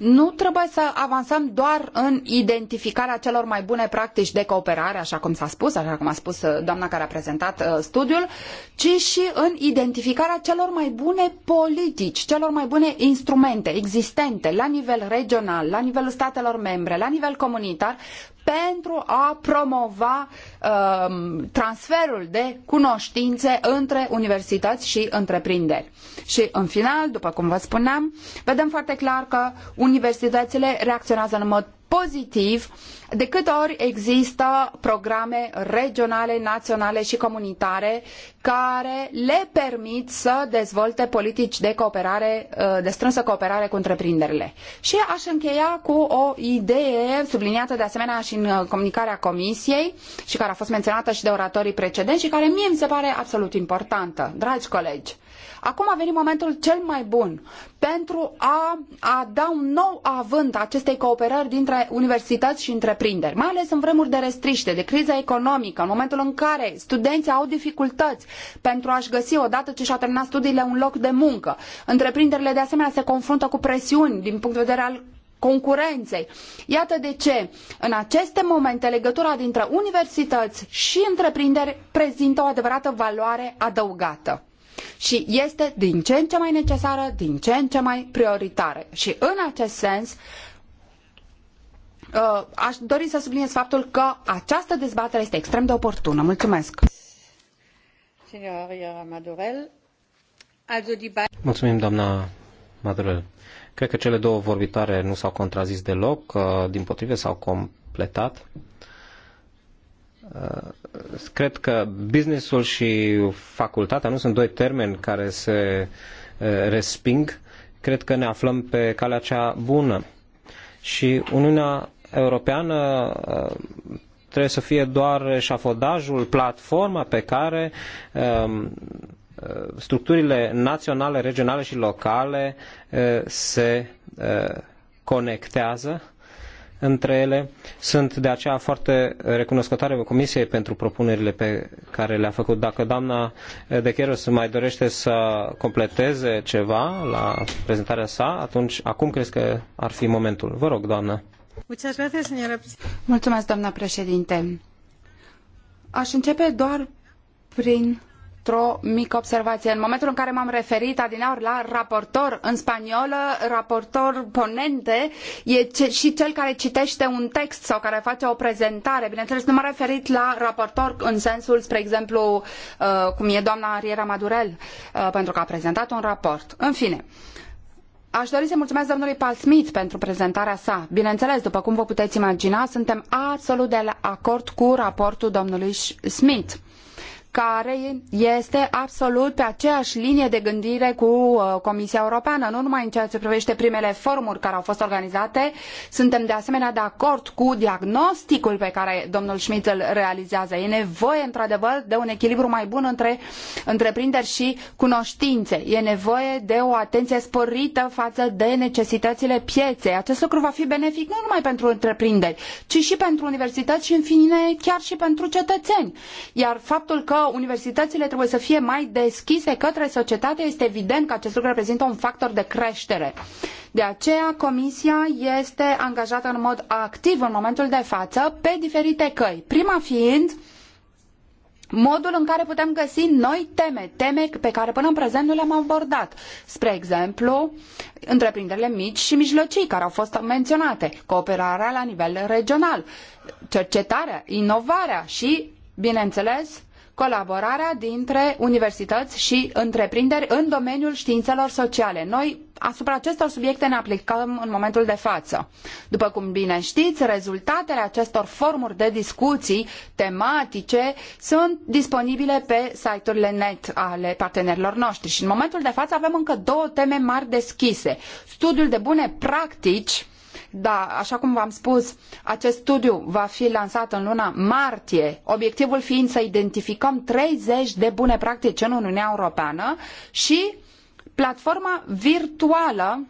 nu trebuie să avansăm doar în identificarea celor mai bune practici de cooperare, așa cum s-a spus, așa cum a spus uh, doamna care a prezentat uh, studiul, ci și în identificarea celor mai bune politici, celor mai bune instrumente existente la nivel regional, la nivelul statelor membre, la nivel comunitar, pentru a promova Um, transferul de cunoștințe între universități și întreprinderi. Și în final, după cum vă spuneam, vedem foarte clar că universitățile reacționează în mod pozitiv de câte ori există programe regionale, naționale și comunitare care le permit să dezvolte politici de cooperare, uh, de strânsă cooperare cu întreprinderile. Și aș încheia cu o idee subliniată de asemenea și în uh, comunicarea Comisiei și care care a fost menționată și de oratorii precedenți și care mie mi se pare absolut importantă. Dragi colegi, acum a venit momentul cel mai bun pentru a, a da un nou avânt acestei cooperări dintre universități și întreprinderi, mai ales în vremuri de restriște, de criză economică, în momentul în care studenții au dificultăți pentru a-și găsi odată ce și-au terminat studiile un loc de muncă. Întreprinderile de asemenea se confruntă cu presiuni din punct de vedere al concurenței. Iată de ce, în aceste momente, legătura dintre universități și întreprinderi prezintă o adevărată valoare adăugată și este din ce în ce mai necesară, din ce în ce mai prioritară. Și în acest sens, uh, aș dori să subliniez faptul că această dezbatere este extrem de oportună. Mulțumesc! Mulțumim, doamna Madurel. Cred că cele două vorbitoare nu s-au contrazis deloc, din potrive s-au completat. Uh, cred că businessul și facultatea nu sunt doi termeni care se uh, resping. Cred că ne aflăm pe calea cea bună. Și Uniunea Europeană uh, trebuie să fie doar șafodajul, platforma pe care Uh, structurile naționale, regionale și locale uh, se uh, conectează între ele. Sunt de aceea foarte recunoscătoare Comisiei pentru propunerile pe care le-a făcut. Dacă doamna De Cheros mai dorește să completeze ceva la prezentarea sa, atunci acum cred că ar fi momentul. Vă rog, doamnă. Mulțumesc, doamna președinte. Aș începe doar prin într-o mică observație. În momentul în care m-am referit adineauri la raportor în spaniolă, raportor ponente e ce, și cel care citește un text sau care face o prezentare. Bineînțeles, nu m-am referit la raportor în sensul, spre exemplu, uh, cum e doamna Riera Madurel, uh, pentru că a prezentat un raport. În fine. Aș dori să mulțumesc domnului Paul Smith pentru prezentarea sa. Bineînțeles, după cum vă puteți imagina, suntem absolut de acord cu raportul domnului Smith care este absolut pe aceeași linie de gândire cu uh, Comisia Europeană, nu numai în ceea ce privește primele forumuri care au fost organizate. Suntem de asemenea de acord cu diagnosticul pe care domnul Schmidt îl realizează. E nevoie, într-adevăr, de un echilibru mai bun între întreprinderi și cunoștințe. E nevoie de o atenție sporită față de necesitățile pieței. Acest lucru va fi benefic nu numai pentru întreprinderi, ci și pentru universități și, în fine, chiar și pentru cetățeni. Iar faptul că universitățile trebuie să fie mai deschise către societate, este evident că acest lucru reprezintă un factor de creștere. De aceea, Comisia este angajată în mod activ în momentul de față pe diferite căi. Prima fiind modul în care putem găsi noi teme, teme pe care până în prezent nu le-am abordat. Spre exemplu, întreprinderile mici și mijlocii care au fost menționate, cooperarea la nivel regional, cercetarea, inovarea și, bineînțeles, colaborarea dintre universități și întreprinderi în domeniul științelor sociale. Noi asupra acestor subiecte ne aplicăm în momentul de față. După cum bine știți, rezultatele acestor forumuri de discuții tematice sunt disponibile pe site-urile net ale partenerilor noștri și în momentul de față avem încă două teme mari deschise. Studiul de bune practici da, așa cum v-am spus, acest studiu va fi lansat în luna martie, obiectivul fiind să identificăm 30 de bune practici în Uniunea Europeană și platforma virtuală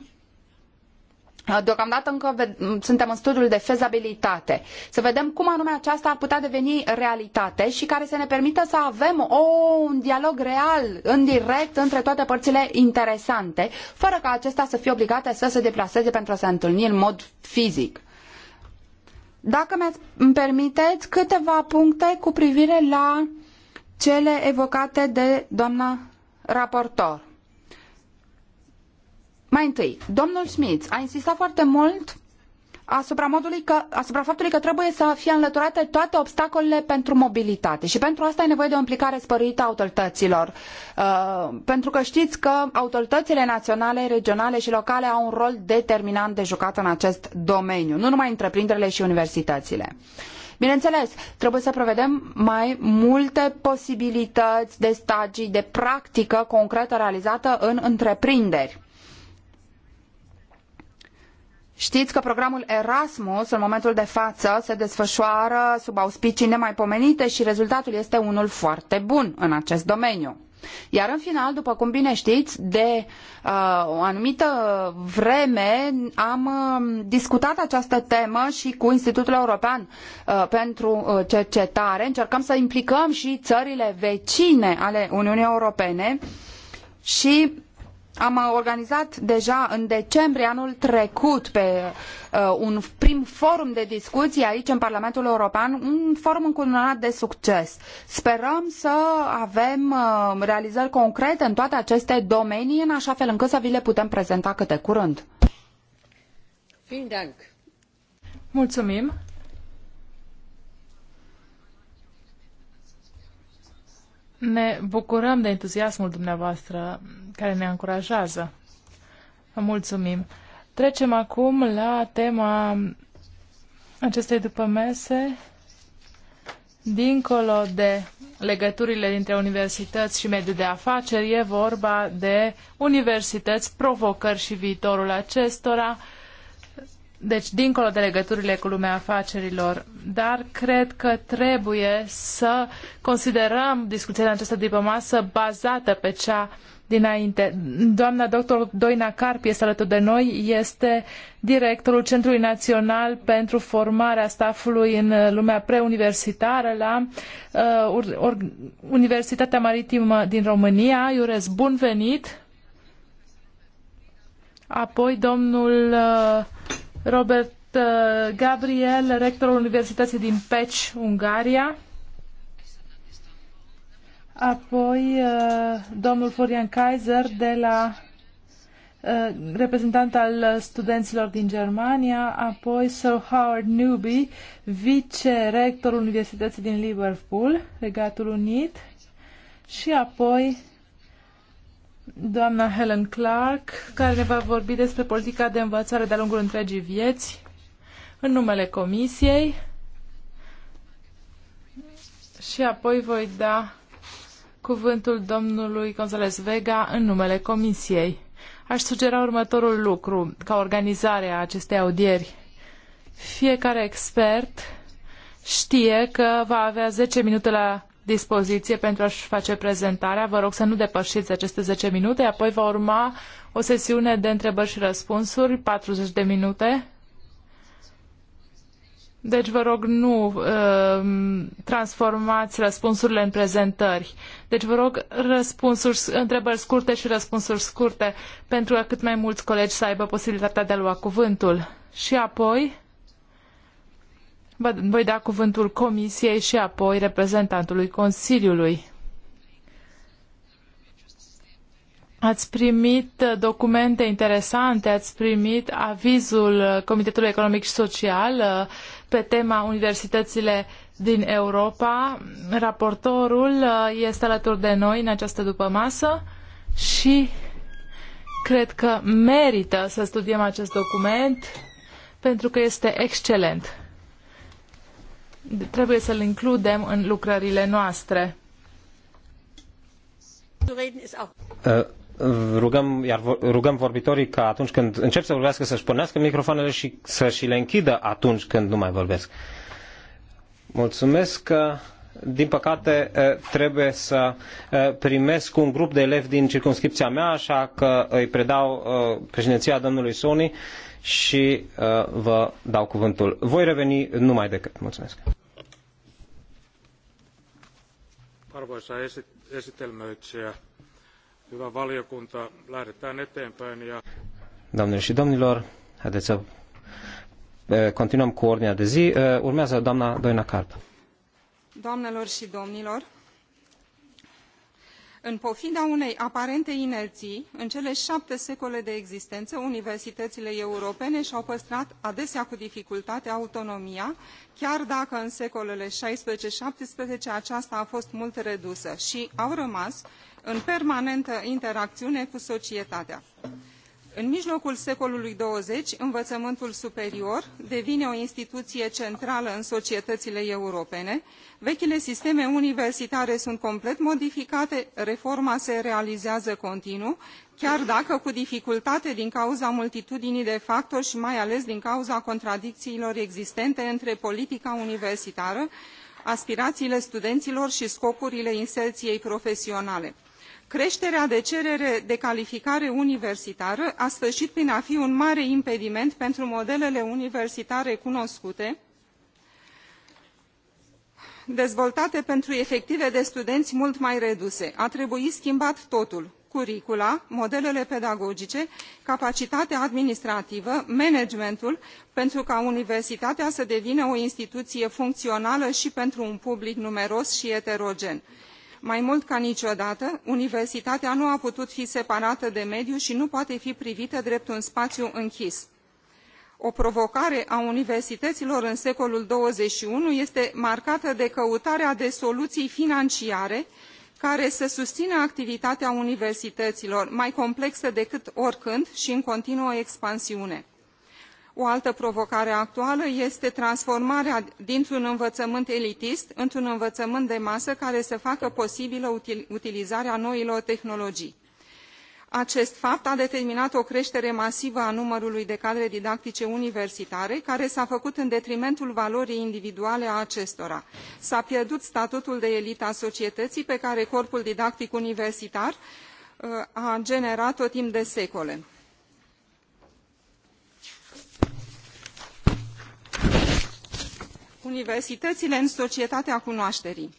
Deocamdată încă suntem în studiul de fezabilitate. Să vedem cum anume aceasta ar putea deveni realitate și care să ne permită să avem o, un dialog real, în direct, între toate părțile interesante, fără ca acestea să fie obligate să se deplaseze pentru a se întâlni în mod fizic. Dacă mi permiteți câteva puncte cu privire la cele evocate de doamna raportor. Mai întâi, domnul Smith a insistat foarte mult asupra, modului că, asupra faptului că trebuie să fie înlăturate toate obstacolele pentru mobilitate și pentru asta e nevoie de o implicare sporită a autorităților. Uh, pentru că știți că autoritățile naționale, regionale și locale au un rol determinant de jucat în acest domeniu, nu numai întreprinderile și universitățile. Bineînțeles, trebuie să prevedem mai multe posibilități de stagii, de practică concretă realizată în întreprinderi Știți că programul Erasmus, în momentul de față, se desfășoară sub auspicii nemaipomenite și rezultatul este unul foarte bun în acest domeniu. Iar în final, după cum bine știți, de uh, o anumită vreme am uh, discutat această temă și cu Institutul European uh, pentru uh, Cercetare. Încercăm să implicăm și țările vecine ale Uniunii Europene și am organizat deja în decembrie anul trecut pe uh, un prim forum de discuții aici în Parlamentul European, un forum încununat de succes. Sperăm să avem uh, realizări concrete în toate aceste domenii, în așa fel încât să vi le putem prezenta câte curând. Mulțumim! Ne bucurăm de entuziasmul dumneavoastră care ne încurajează. Vă mulțumim. Trecem acum la tema acestei după mese. Dincolo de legăturile dintre universități și mediul de afaceri, e vorba de universități, provocări și viitorul acestora deci dincolo de legăturile cu lumea afacerilor, dar cred că trebuie să considerăm discuția în această diplomasă bazată pe cea dinainte. Doamna doctor Doina Carp este alături de noi, este directorul Centrului Național pentru Formarea Stafului în lumea preuniversitară la uh, Universitatea Maritimă din România. Iurez, bun venit! Apoi domnul uh, Robert uh, Gabriel, rectorul Universității din Peci, Ungaria. Apoi uh, domnul Florian Kaiser de la uh, reprezentant al studenților din Germania, apoi Sir Howard Newby, vice-rectorul Universității din Liverpool, Regatul Unit, și apoi doamna Helen Clark, care ne va vorbi despre politica de învățare de-a lungul întregii vieți, în numele Comisiei. Și apoi voi da cuvântul domnului Gonzales Vega în numele Comisiei. Aș sugera următorul lucru ca organizare a acestei audieri. Fiecare expert știe că va avea 10 minute la dispoziție pentru a-și face prezentarea. Vă rog să nu depășiți aceste 10 minute, apoi va urma o sesiune de întrebări și răspunsuri, 40 de minute. Deci vă rog nu uh, transformați răspunsurile în prezentări. Deci vă rog răspunsuri, întrebări scurte și răspunsuri scurte pentru a cât mai mulți colegi să aibă posibilitatea de a lua cuvântul. Și apoi voi da cuvântul Comisiei și apoi reprezentantului Consiliului. Ați primit documente interesante, ați primit avizul Comitetului Economic și Social uh, pe tema Universitățile din Europa. Raportorul uh, este alături de noi în această dupămasă și cred că merită să studiem acest document pentru că este excelent trebuie să-l includem în lucrările noastre. Uh, rugăm, iar rugăm vorbitorii ca atunci când încep să vorbească să-și pornească microfoanele și să și le închidă atunci când nu mai vorbesc. Mulțumesc că, din păcate, uh, trebuie să uh, primesc un grup de elevi din circunscripția mea, așa că îi predau președinția domnului Sony și uh, vă dau cuvântul. Voi reveni numai decât. Mulțumesc. Arvoisa esitelmöitsijä, hyvä valiokunta, lähdetään eteenpäin. Ja... Doamnelor și domnilor, haideți să uh, continuăm cu ordinea de zi. Uh, urmează doamna Doina Carp. Doamnelor și domnilor, în pofida unei aparente inerții în cele șapte secole de existență universitățile europene și au păstrat adesea cu dificultate autonomia chiar dacă în secolele 16-17 aceasta a fost mult redusă și au rămas în permanentă interacțiune cu societatea. În mijlocul secolului 20, învățământul superior devine o instituție centrală în societățile europene, vechile sisteme universitare sunt complet modificate, reforma se realizează continuu, chiar dacă cu dificultate din cauza multitudinii de factori și mai ales din cauza contradicțiilor existente între politica universitară, aspirațiile studenților și scopurile inserției profesionale creșterea de cerere de calificare universitară a sfârșit prin a fi un mare impediment pentru modelele universitare cunoscute dezvoltate pentru efective de studenți mult mai reduse. a trebuit schimbat totul curricula modelele pedagogice capacitatea administrativă managementul pentru ca universitatea să devină o instituție funcțională și pentru un public numeros și heterogen mai mult ca niciodată universitatea nu a putut fi separată de mediu și nu poate fi privită drept un spațiu închis. o provocare a universităților în secolul xxi este marcată de căutarea de soluții financiare care să susțină activitatea universităților mai complexă decât oricând și în continuă expansiune o altă provocare actuală este transformarea dintr un învățământ elitist într un învățământ de masă care să facă posibilă utilizarea noilor tehnologii. acest fapt a determinat o creștere masivă a numărului de cadre didactice universitare care s a făcut în detrimentul valorii individuale a acestora. s a pierdut statutul de elită a societății pe care corpul didactic universitar uh, a generat o timp de secole. universitățile în societatea cunoașterii.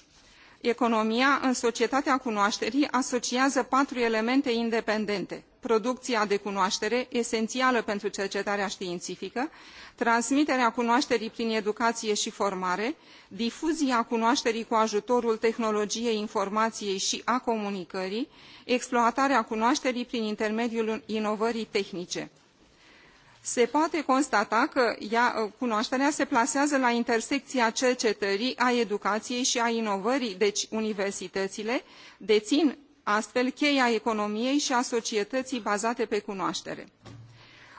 economia în societatea cunoașterii asociază patru elemente independente producția de cunoaștere esențială pentru cercetarea științifică transmiterea cunoașterii prin educație și formare difuzia cunoașterii cu ajutorul tehnologiei informației și a comunicării exploatarea cunoașterii prin intermediul inovării tehnice se poate constata că ea, uh, cunoașterea se plasează la intersecția cercetării, a educației și a inovării, deci universitățile dețin astfel cheia economiei și a societății bazate pe cunoaștere.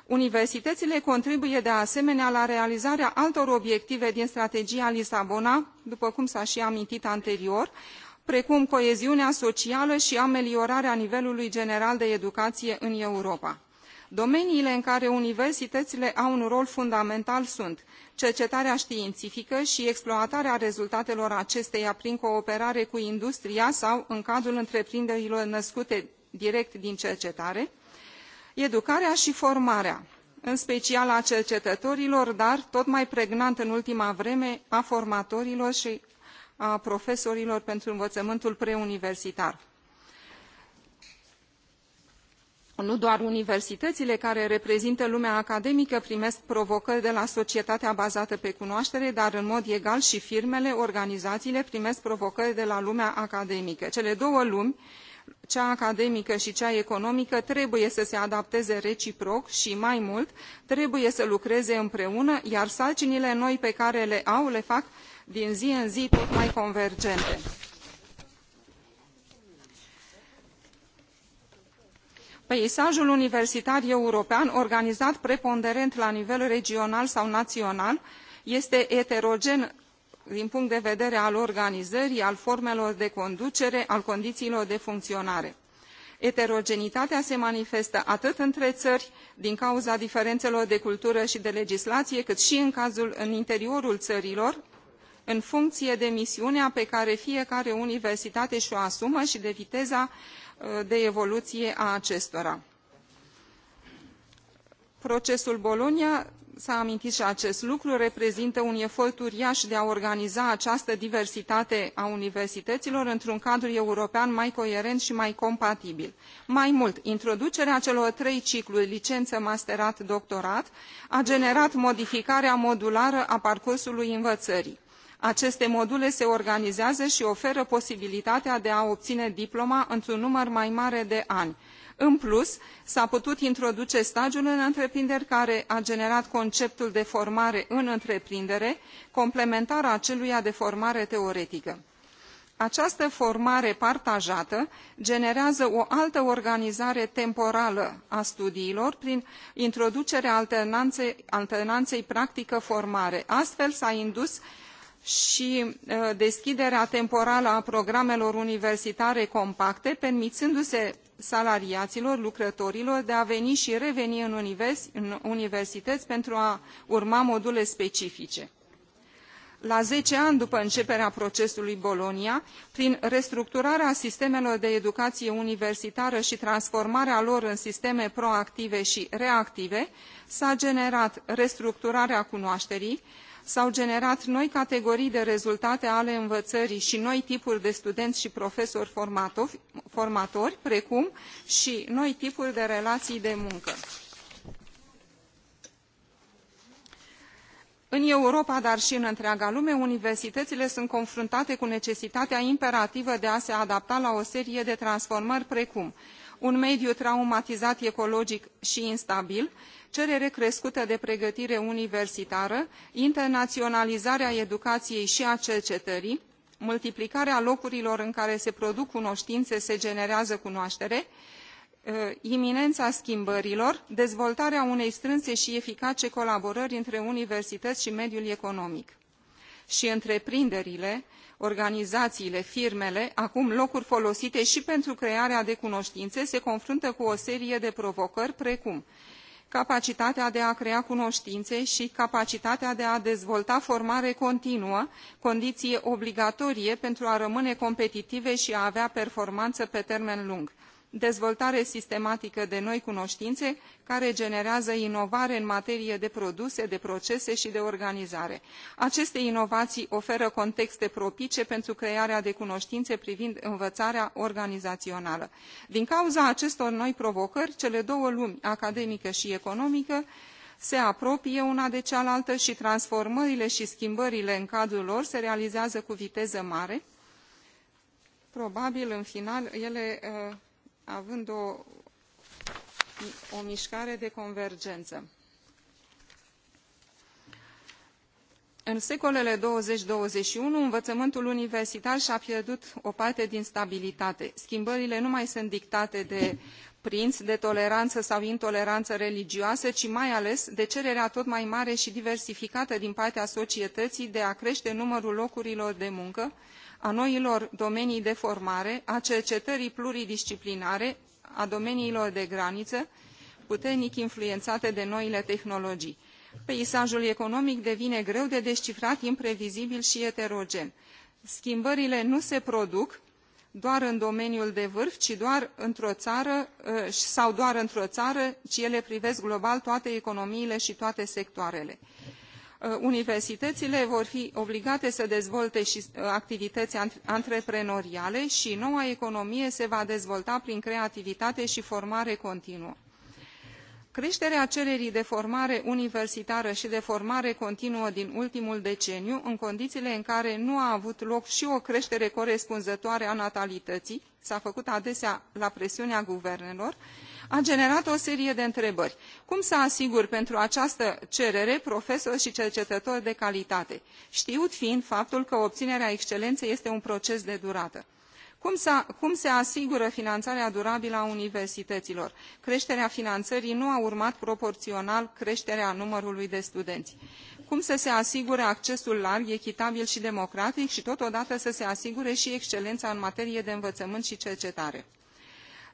Universitățile contribuie de asemenea la realizarea altor obiective din strategia Lisabona, după cum s-a și amintit anterior, precum coeziunea socială și ameliorarea nivelului general de educație în Europa domeniile în care universitățile au un rol fundamental sunt cercetarea științifică și exploatarea rezultatelor acesteia prin cooperare cu industria sau în cadrul întreprinderilor născute direct din cercetare educarea și formarea în special a cercetătorilor dar tot mai pregnant în ultima vreme a formatorilor și a profesorilor pentru învățământul preuniversitar nu doar universitățile care reprezintă lumea academică primesc provocări de la societatea bazată pe cunoaștere dar în mod egal și firmele organizațiile primesc provocări de la lumea academică. cele două lumi cea academică și cea economică trebuie să se adapteze reciproc și mai mult trebuie să lucreze împreună iar sarcinile noi pe care le au le fac din zi în zi tot mai convergente. peisajul universitar european organizat preponderent la nivel regional sau național este eterogen din punct de vedere al organizării al formelor de conducere al condițiilor de funcționare. eterogenitatea se manifestă atât între țări din cauza diferențelor de cultură și de legislație cât și în, cazul, interiorul țărilor în funcție de misiunea pe care fiecare universitate și o asumă și de viteza uh, de evoluție a acestora. Procesul Bologna, s-a amintit și acest lucru, reprezintă un efort uriaș de a organiza această diversitate a universităților într-un cadru european mai coerent și mai compatibil. Mai mult, introducerea celor trei cicluri licență, masterat, doctorat a generat modificarea modulară a parcursului învățării aceste module se organizează și oferă posibilitatea de a obține diploma într un număr mai mare de ani. în plus s a putut introduce stagiul în întreprinderi care a generat conceptul de formare în întreprindere complementar aceluia de formare teoretică această formare partajată generează o altă organizare temporală a studiilor prin introducerea alternanței practică formare astfel s a indus și uh, deschiderea temporală a programelor universitare compacte permițându se salariaților lucrătorilor de a veni și reveni în, în universități pentru a urma module specifice. la zece ani după începerea procesului bologna prin restructurarea sistemelor de educație universitară și transformarea lor în sisteme proactive și reactive s a generat restructurarea cunoașterii s-au generat noi categorii de rezultate ale învățării și noi tipuri de studenți și profesori formatori, precum și noi tipuri de relații de muncă. în europa dar și în întreaga lume universitățile sunt confruntate cu necesitatea imperativă de a se adapta la o serie de transformări precum un mediu traumatizat ecologic și instabil cerere crescută de pregătire universitară internaționalizarea educației și a cercetării multiplicarea locurilor în care se produc cunoștințe se generează cunoaștere uh, iminența schimbărilor dezvoltarea unei strânse și eficace colaborări între universități și mediul economic și întreprinderile organizațiile firmele acum locuri folosite și pentru crearea de cunoștințe se confruntă cu o serie de provocări precum capacitatea de a crea cunoștințe și capacitatea de a dezvolta formare continuă condiție obligatorie pentru a rămâne competitive și a avea performană pe termen lung dezvoltare sistematică de noi cunoștințe care generează inovare în materie de produse de procese și de organizare. aceste inovații oferă contexte propice pentru crearea de cunoștințe privind învățarea organizațională. din cauza acestor noi provocări cele două lumi academică și economică se apropie una de cealaltă și transformările și schimbările în cadrul lor se realizează cu viteză mare probabil în final ele uh, având o, o mișcare de convergență. În secolele 20-21, învățământul universitar și-a pierdut o parte din stabilitate. Schimbările nu mai sunt dictate de prinți, de toleranță sau intoleranță religioasă, ci mai ales de cererea tot mai mare și diversificată din partea societății de a crește numărul locurilor de muncă, a noilor domenii de formare a cercetării pluridisciplinare a domeniilor de graniță puternic influențate de noile tehnologii. peisajul economic devine greu de descifrat imprevizibil și eterogen. schimbările nu se produc doar în domeniul de vârf ci doar într o țară ă, sau doar într o țară ci ele privesc global toate economiile și toate sectoarele. Uh, universitățile vor fi obligate să dezvolte și uh, activități antreprenoriale și noua economie se va dezvolta prin creativitate și formare continuă. Creșterea cererii de formare universitară și de formare continuă din ultimul deceniu, în condițiile în care nu a avut loc și o creștere corespunzătoare a natalității, s-a făcut adesea la presiunea guvernelor, a generat o serie de întrebări cum să asigur pentru această cerere profesori și cercetători de calitate știut fiind faptul că obținerea excelenței este un proces de durată? cum se asigură finanțarea durabilă a universităților? creșterea finanțării nu a urmat proporțional creșterea numărului de studenți. cum să se asigure accesul larg echitabil și democratic și totodată să se asigure și excelența în materie de învățământ și cercetare?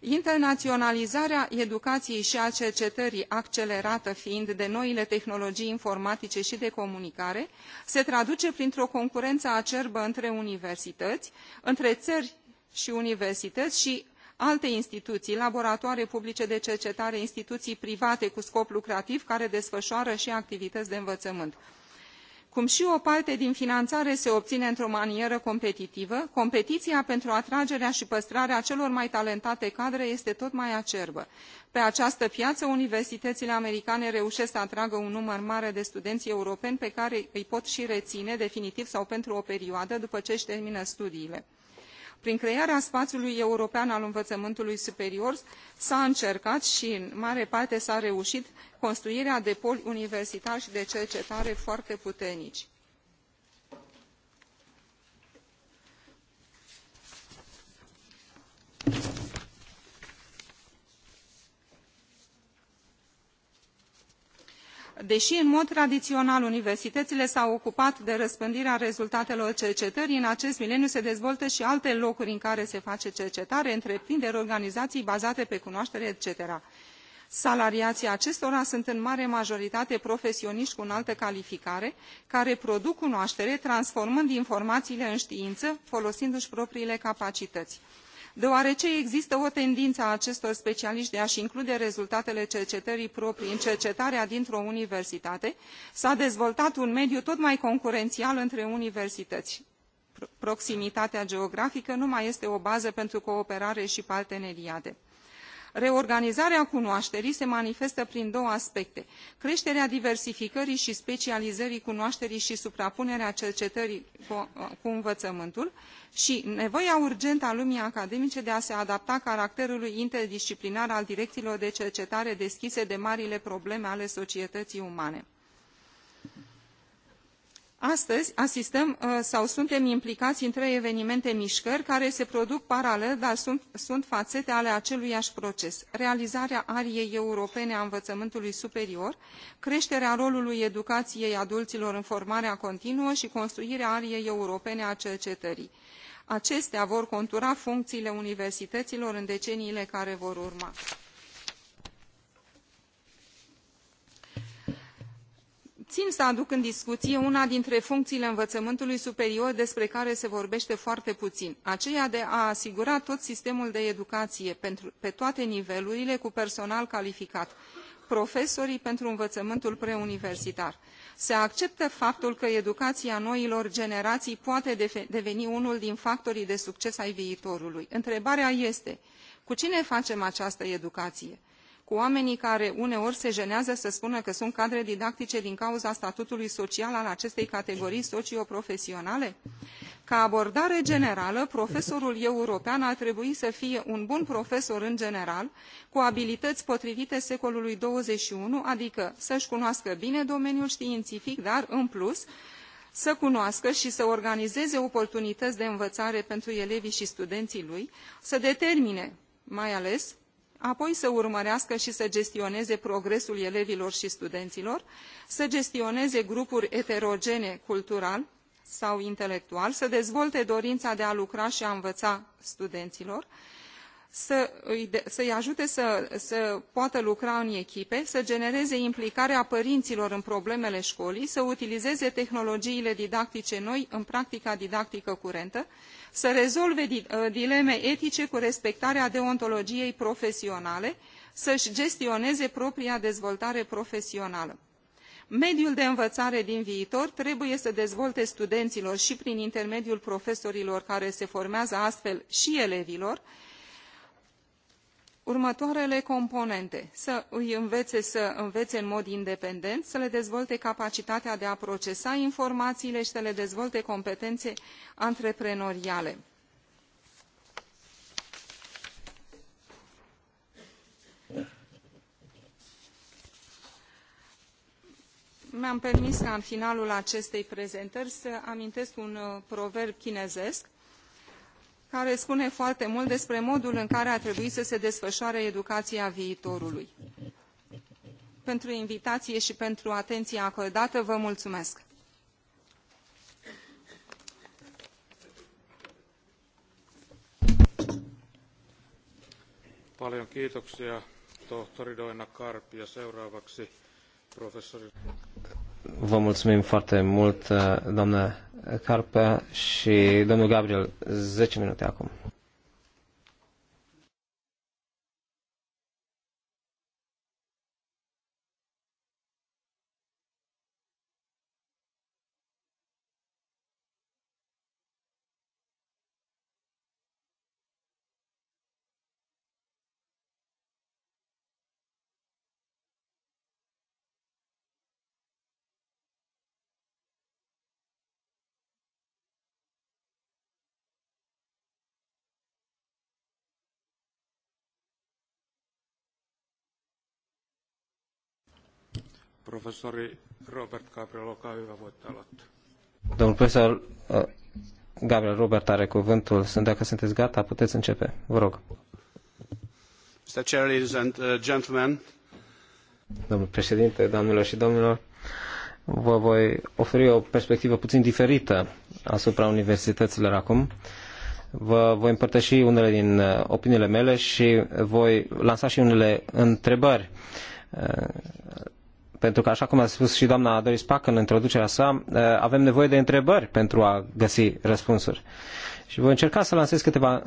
internaționalizarea educației și a cercetării accelerată fiind de noile tehnologii informatice și de comunicare se traduce printr o concurență acerbă între universități între ări și universități și alte instituții laboratoare publice de cercetare instituții private cu scop lucrativ care desfășoară și activități de învățământ cum și o parte din finanțare se obține într o manieră competitivă competiția pentru atragerea și păstrarea celor mai talentate cadre este tot mai acerbă. pe această piață universitățile americane reușesc să atragă un număr mare de studenți europeni pe care îi pot și reține definitiv sau pentru o perioadă după ce își termină studiile prin crearea spațiului european al învățământului superior s a încercat și în mare parte s a reușit construirea de poli universitari și de cercetare foarte puternici. Deși în mod tradițional universitățile s-au ocupat de răspândirea rezultatelor cercetării, în acest mileniu se dezvoltă și alte locuri în care se face cercetare, întreprinderi, organizații bazate pe cunoaștere, etc. Salariații acestora sunt în mare majoritate profesioniști cu înaltă calificare, care produc cunoaștere, transformând informațiile în știință, folosindu-și propriile capacități deoarece există o tendință a acestor specialiti de a și include rezultatele cercetării proprii în cercetarea dintr o universitate s a dezvoltat un mediu tot mai concurențial între universități proximitatea geografică nu mai este o bază pentru cooperare și parteneriate reorganizarea cunoașterii se manifestă prin două aspecte creșterea diversificării și specializării cunoașterii și suprapunerea cercetării cu, cu învățământul și nevoia urgentă a lumii academice de a se adapta caracterului interdisciplinar al direcțiilor de cercetare deschise de marile probleme ale societății umane astăzi asistăm uh, sau suntem implicați în trei evenimente mișcări care se produc paralel dar sunt, sunt fațete ale aceluiași proces realizarea ariei europene a învățământului superior creșterea rolului educației adulților în formarea continuă și construirea ariei europene a cercetării. acestea vor contura funcțiile universităților în deceniile care vor urma. țin să aduc în discuție una dintre funcțiile învățământului superior despre care se vorbește foarte puțin, aceea de a asigura tot sistemul de educație pentru, pe toate nivelurile cu personal calificat profesorii pentru învățământul preuniversitar. Se acceptă faptul că educația noilor generații poate deveni unul din factorii de succes ai viitorului. Întrebarea este, cu cine facem această educație? cu oamenii care uneori se jenează să spună că sunt cadre didactice din cauza statutului social al acestei categorii socioprofesionale? ca abordare generală profesorul european ar trebui să fie un bun profesor în general cu abilități potrivite secolului 21, adică să își cunoască bine domeniul științific dar în plus să cunoască și să organizeze oportunități de învățare pentru elevii și studenții lui să determine mai ales apoi să urmărească și să gestioneze progresul elevilor și studenților, să gestioneze grupuri eterogene cultural sau intelectual, să dezvolte dorința de a lucra și a învăța studenților, să îi ajute să, să poată lucra în echipe să genereze implicarea părinților în problemele școlii să utilizeze tehnologiile didactice noi în practica didactică curentă să rezolve uh, dileme etice cu respectarea deontologiei profesionale să și gestioneze propria dezvoltare profesională. mediul de învățare din viitor trebuie să dezvolte studenților și prin intermediul profesorilor care se formează astfel și elevilor următoarele componente să îi învețe să învețe în mod independent să le dezvolte capacitatea de a procesa informațiile și să le dezvolte competențe antreprenoriale. mi am permis ca în finalul acestei prezentări să amintesc un uh, proverb chinezesc care spune foarte mult despre modul în care ar trebui să se desfășoare educația viitorului. Pentru invitație și pentru atenția acordată vă mulțumesc. Paljon kiitoksia tohtori Doina Karp ja seuraavaksi professori. Vă mulțumim foarte mult, doamnă Carpe și domnul Gabriel, 10 minute acum. Domnul profesor uh, Gabriel Robert are cuvântul. Sunt dacă sunteți gata, puteți începe. Vă rog. Mr. Chair, ladies and uh, gentlemen. Domnul președinte, doamnelor și domnilor, vă voi oferi o perspectivă puțin diferită asupra universităților acum. Vă voi împărtăși unele din uh, opiniile mele și voi lansa și unele întrebări pentru că, așa cum a spus și doamna Doris Pac în introducerea sa, eh, avem nevoie de întrebări pentru a găsi răspunsuri. Și voi încerca să lansez câteva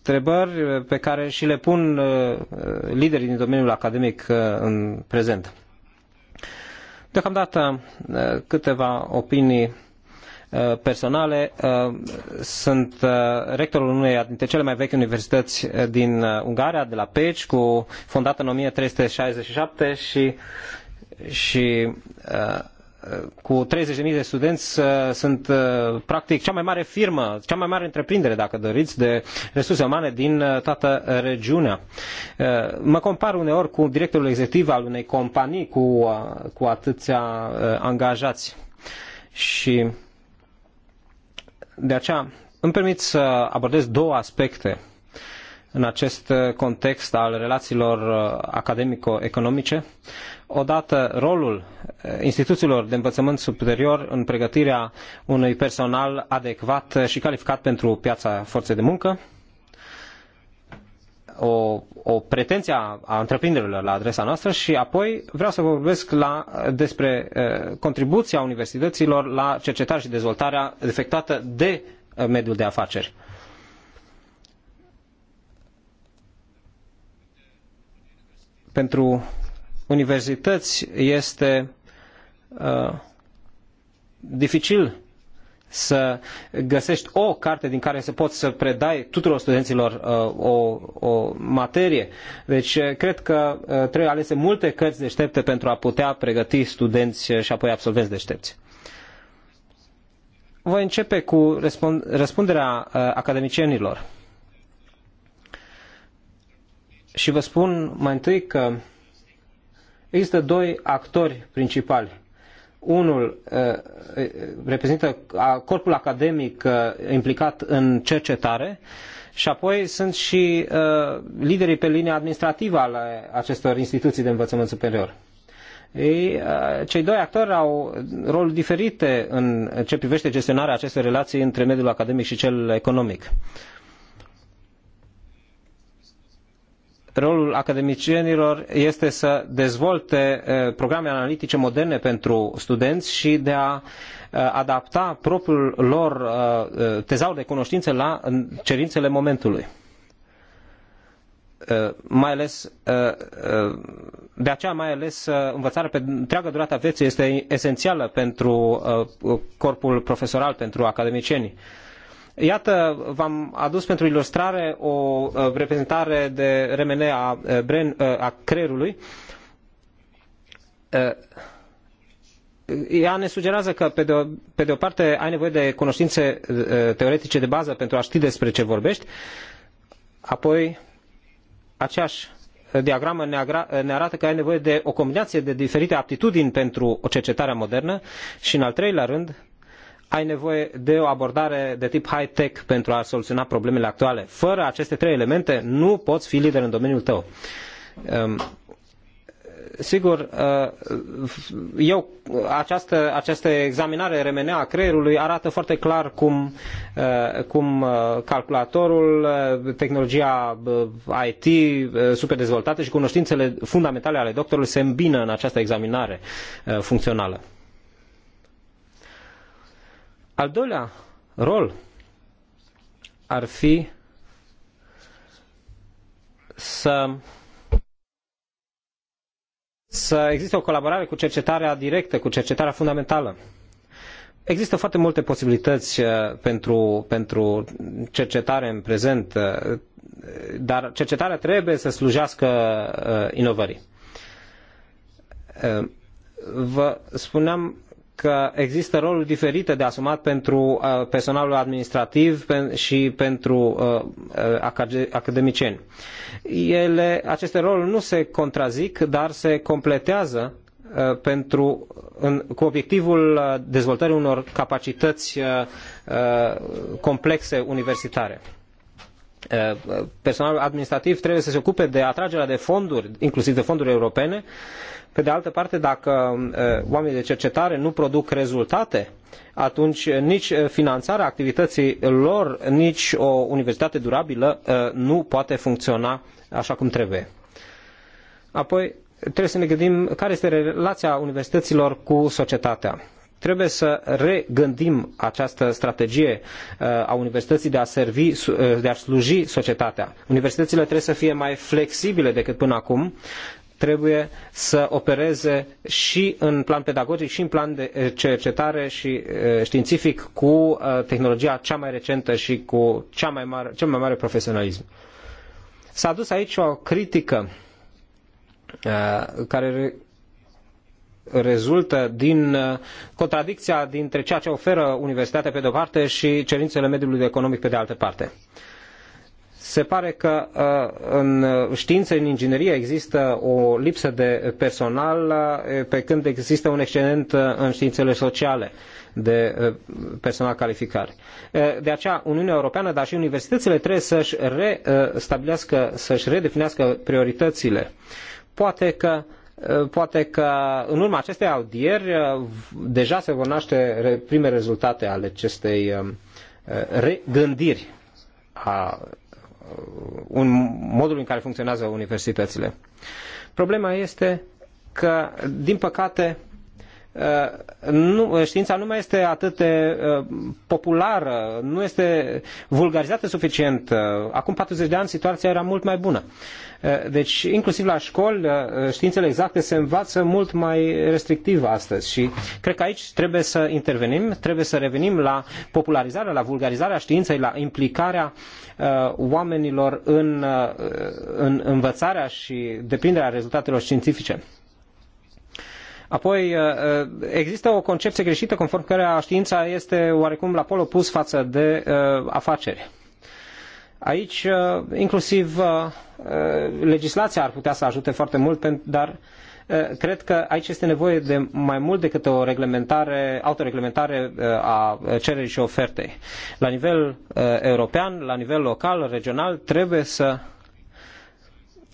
întrebări eh, pe care și le pun eh, liderii din domeniul academic în prezent. Deocamdată câteva opinii Uh, personale. Uh, sunt uh, rectorul uneia dintre cele mai vechi universități din Ungaria, de la Peci, cu, fondată în 1367 și, și cu 30.000 de studenți sunt practic cea mai mare firmă, cea mai mare întreprindere, dacă doriți, de resurse umane din toată regiunea. Mă compar uneori cu directorul executiv al unei companii cu, cu atâția angajați. Și de aceea, îmi permit să abordez două aspecte în acest context al relațiilor uh, academico-economice. Odată, rolul uh, instituțiilor de învățământ superior în pregătirea unui personal adecvat și calificat pentru piața forței de muncă o, o pretenție a, a întreprinderilor la adresa noastră și apoi vreau să vorbesc la, despre uh, contribuția universităților la cercetare și dezvoltarea efectuată de uh, mediul de afaceri. Pentru universități este uh, dificil să găsești o carte din care să poți să predai tuturor studenților uh, o, o materie. Deci uh, cred că uh, trebuie alese multe cărți deștepte pentru a putea pregăti studenți și apoi absolvenți deștepți. Voi începe cu răspund răspunderea academicienilor. Și vă spun mai întâi că există doi actori principali unul uh, uh, reprezintă corpul academic uh, implicat în cercetare și apoi sunt și liderii pe linia administrativă ale acestor instituții de învățământ superior. Ei, cei doi actori au roluri diferite în ce privește gestionarea acestor relații între mediul academic și cel economic. rolul academicienilor este să dezvolte eh, programe analitice moderne pentru studenți și de a eh, adapta propriul lor eh, tezaur de cunoștințe la cerințele momentului. Mai ales, de aceea mai ales învățarea pe întreaga durata vieții este esențială pentru corpul profesoral, pentru academicieni. Iată, v-am adus pentru ilustrare o uh, reprezentare de RMN a, uh, uh, a creierului. Ea ne sugerează că, pe de, o, pe de o parte, ai nevoie de cunoștințe teoretice de bază pentru a ști despre ce vorbești, apoi aceeași diagramă ne, ne arată că ai nevoie de o combinație de diferite aptitudini pentru o cercetare modernă și, în al treilea rând, ai nevoie de o abordare de tip high-tech pentru a soluționa problemele actuale. Fără aceste trei elemente nu poți fi lider în domeniul tău. Ehm, sigur, eh, eu, această, această examinare RMNA a creierului arată foarte clar cum, eh, cum eh, calculatorul, tehnologia IT super dezvoltată și cunoștințele fundamentale ale doctorului se îmbină în această examinare funcțională. Al doilea rol ar fi să să existe o colaborare cu cercetarea directă, cu cercetarea fundamentală. Există foarte multe posibilități uh, pentru, pentru cercetare în prezent, uh, dar cercetarea trebuie să slujească uh, inovării. Vă spuneam că există roluri diferite de asumat pentru uh, personalul administrativ și pentru uh, uh, academicieni. Ele, aceste roluri nu se contrazic, dar se completează pentru, în, cu obiectivul dezvoltării unor capacități complexe universitare. Eh, personalul administrativ trebuie să se ocupe de atragerea de fonduri, inclusiv de fonduri europene. Pe de altă parte, dacă eh, oamenii de cercetare nu produc rezultate, atunci eh, nici finanțarea activității lor, nici o universitate durabilă nu poate funcționa așa cum trebuie. Apoi, trebuie să ne gândim care este relația universităților cu societatea Trebuie să regândim această strategie uh, a universității de a servi, uh, de a sluji societatea. Universitățile trebuie să fie mai flexibile decât până acum, trebuie să opereze și în plan pedagogic, și în plan de uh, cercetare și științific cu tehnologia cea mai recentă și cu cea mai mare, cel mai mare profesionalism. S-a adus aici o critică care rezultă din uh, contradicția dintre ceea ce oferă universitatea pe de-o parte și cerințele mediului economic pe de altă parte. Se pare că uh, în științe, în inginerie există o lipsă de personal, uh, pe când există un excedent în științele sociale de personal calificat. De aceea, Uniunea Europeană, dar și universitățile trebuie să-și restabilească, să-și redefinească prioritățile. Poate că uh, Eh, poate că în urma acestei audieri eh, deja se vor naște prime rezultate ale acestei eh, regândiri a un, modul în care funcționează universitățile. Problema este că, din păcate, Uh, nu, știința nu mai este atât de uh, populară, nu este vulgarizată suficient. Uh, acum 40 de ani situația era mult mai bună. Deci, inclusiv la școli, științele exacte se învață mult mai restrictiv astăzi și cred că aici trebuie să intervenim, trebuie să revenim la popularizarea, la vulgarizarea științei, la implicarea oamenilor în, în învățarea și deprinderea rezultatelor științifice. Apoi uh, uh, există o concepție greșită conform cărea știința este oarecum la pol opus față de uh, afaceri. Aici inclusiv legislația ar putea să ajute foarte mult, dar cred că aici este nevoie de mai mult decât o reglementare, autoreglementare a cererii și ofertei. La nivel european, la nivel local, regional, trebuie să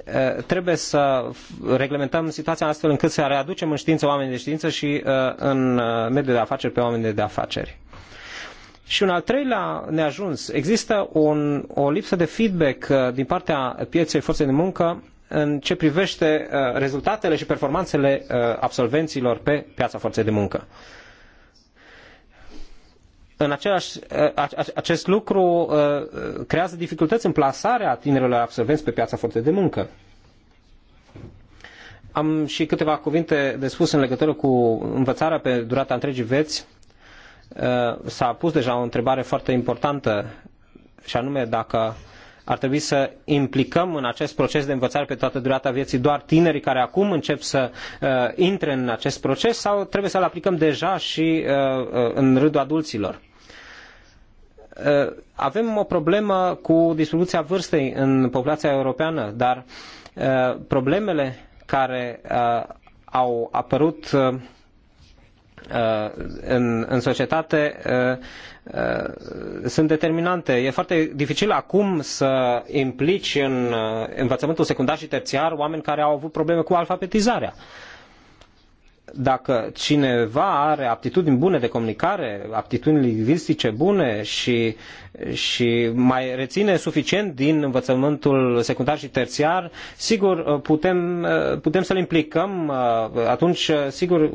Eh, trebuie să reglementăm situația astfel încât să readucem în știință oamenii de știință și eh, în eh, mediul de afaceri pe oamenii de afaceri. Și un al treilea neajuns. Există un, o lipsă de feedback din partea pieței forței de muncă în ce privește rezultatele și performanțele absolvenților pe piața forței de muncă în același, ă, acest lucru ă, creează dificultăți în plasarea tinerilor absolvenți pe piața forței de muncă. Am și câteva cuvinte de spus în legătură cu învățarea pe durata întregii vieți. Ă, s-a pus deja o întrebare foarte importantă și anume dacă ar trebui să implicăm în acest proces de învățare pe toată durata vieții doar tinerii care acum încep să uh, intre în acest proces sau trebuie să-l aplicăm deja și uh, în rândul adulților? Eh, avem o problemă cu distribuția vârstei în populația europeană, dar eh, problemele care eh, au apărut în, în societate sunt determinante. E foarte dificil acum să implici în învățământul secundar și terțiar oameni care au avut probleme cu alfabetizarea dacă cineva are aptitudini bune de comunicare, aptitudini lingvistice bune și, și mai reține suficient din învățământul secundar și terțiar, sigur uh, putem, uh, putem să-l implicăm, uh, atunci sigur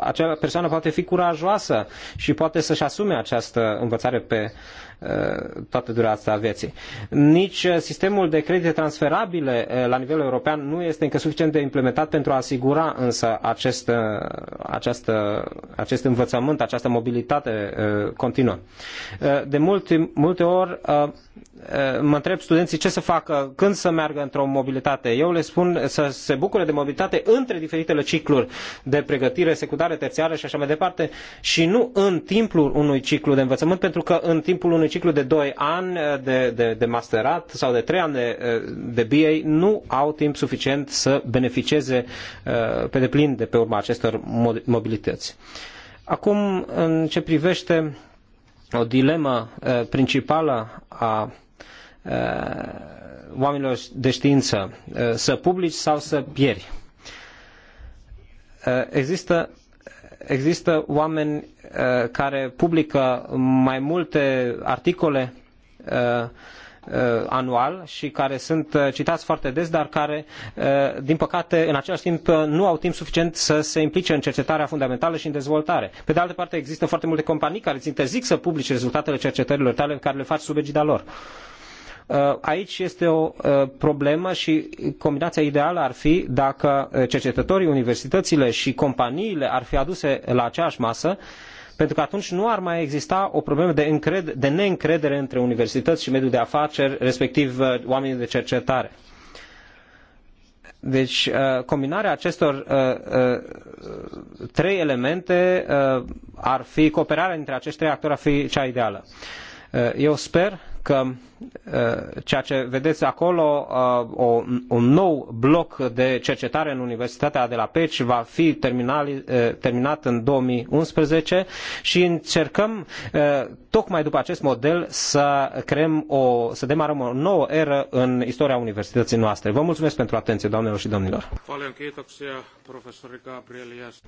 acea persoană poate fi curajoasă și poate să-și asume această învățare pe Uh, toată durata vieții. Nici uh, sistemul de credite transferabile uh, la nivel european nu este încă suficient de implementat pentru a asigura însă acest, acest, acest învățământ, această mobilitate continuă. De multe, multe ori Eh, mă întreb studenții ce să facă, când să meargă într-o mobilitate. Eu le spun să se bucure de mobilitate între diferitele cicluri de pregătire secundară, terțiară și așa mai departe și nu în timpul unui ciclu de învățământ, pentru că în timpul unui ciclu de doi ani eh, de, de, de masterat sau de trei ani de, eh, de BA nu au timp suficient să beneficieze pe deplin de pe urma acestor mobilități. Acum, în ce privește o dilemă principală a Uh, oamenilor de știință, uh, să publici sau să pieri. Uh, există, există oameni care publică mai multe articole anual și care sunt citați foarte des, dar care, din păcate, în același timp nu au timp suficient să se implice în cercetarea fundamentală și în dezvoltare. Pe de altă parte, există foarte multe companii care îți interzic să publice rezultatele cercetărilor tale care le faci sub egida lor. Uh, Uh, aici este o uh, problemă și combinația ideală ar fi dacă uh, cercetătorii, universitățile și companiile ar fi aduse la aceeași masă, pentru că atunci nu ar mai exista o problemă de, încred- de neîncredere între universități și mediul de afaceri, respectiv oamenii de cercetare. Deci, combinarea acestor trei elemente ar fi, cooperarea dintre acești trei actori ar fi cea ideală. Eu sper că uh, ceea ce vedeți acolo, uh, o, un nou bloc de cercetare în Universitatea de la Peci va fi uh, terminat în 2011 și încercăm tocmai după acest model să creăm o, să demarăm o nouă eră în istoria universității noastre. Vă mulțumesc pentru atenție, doamnelor și domnilor.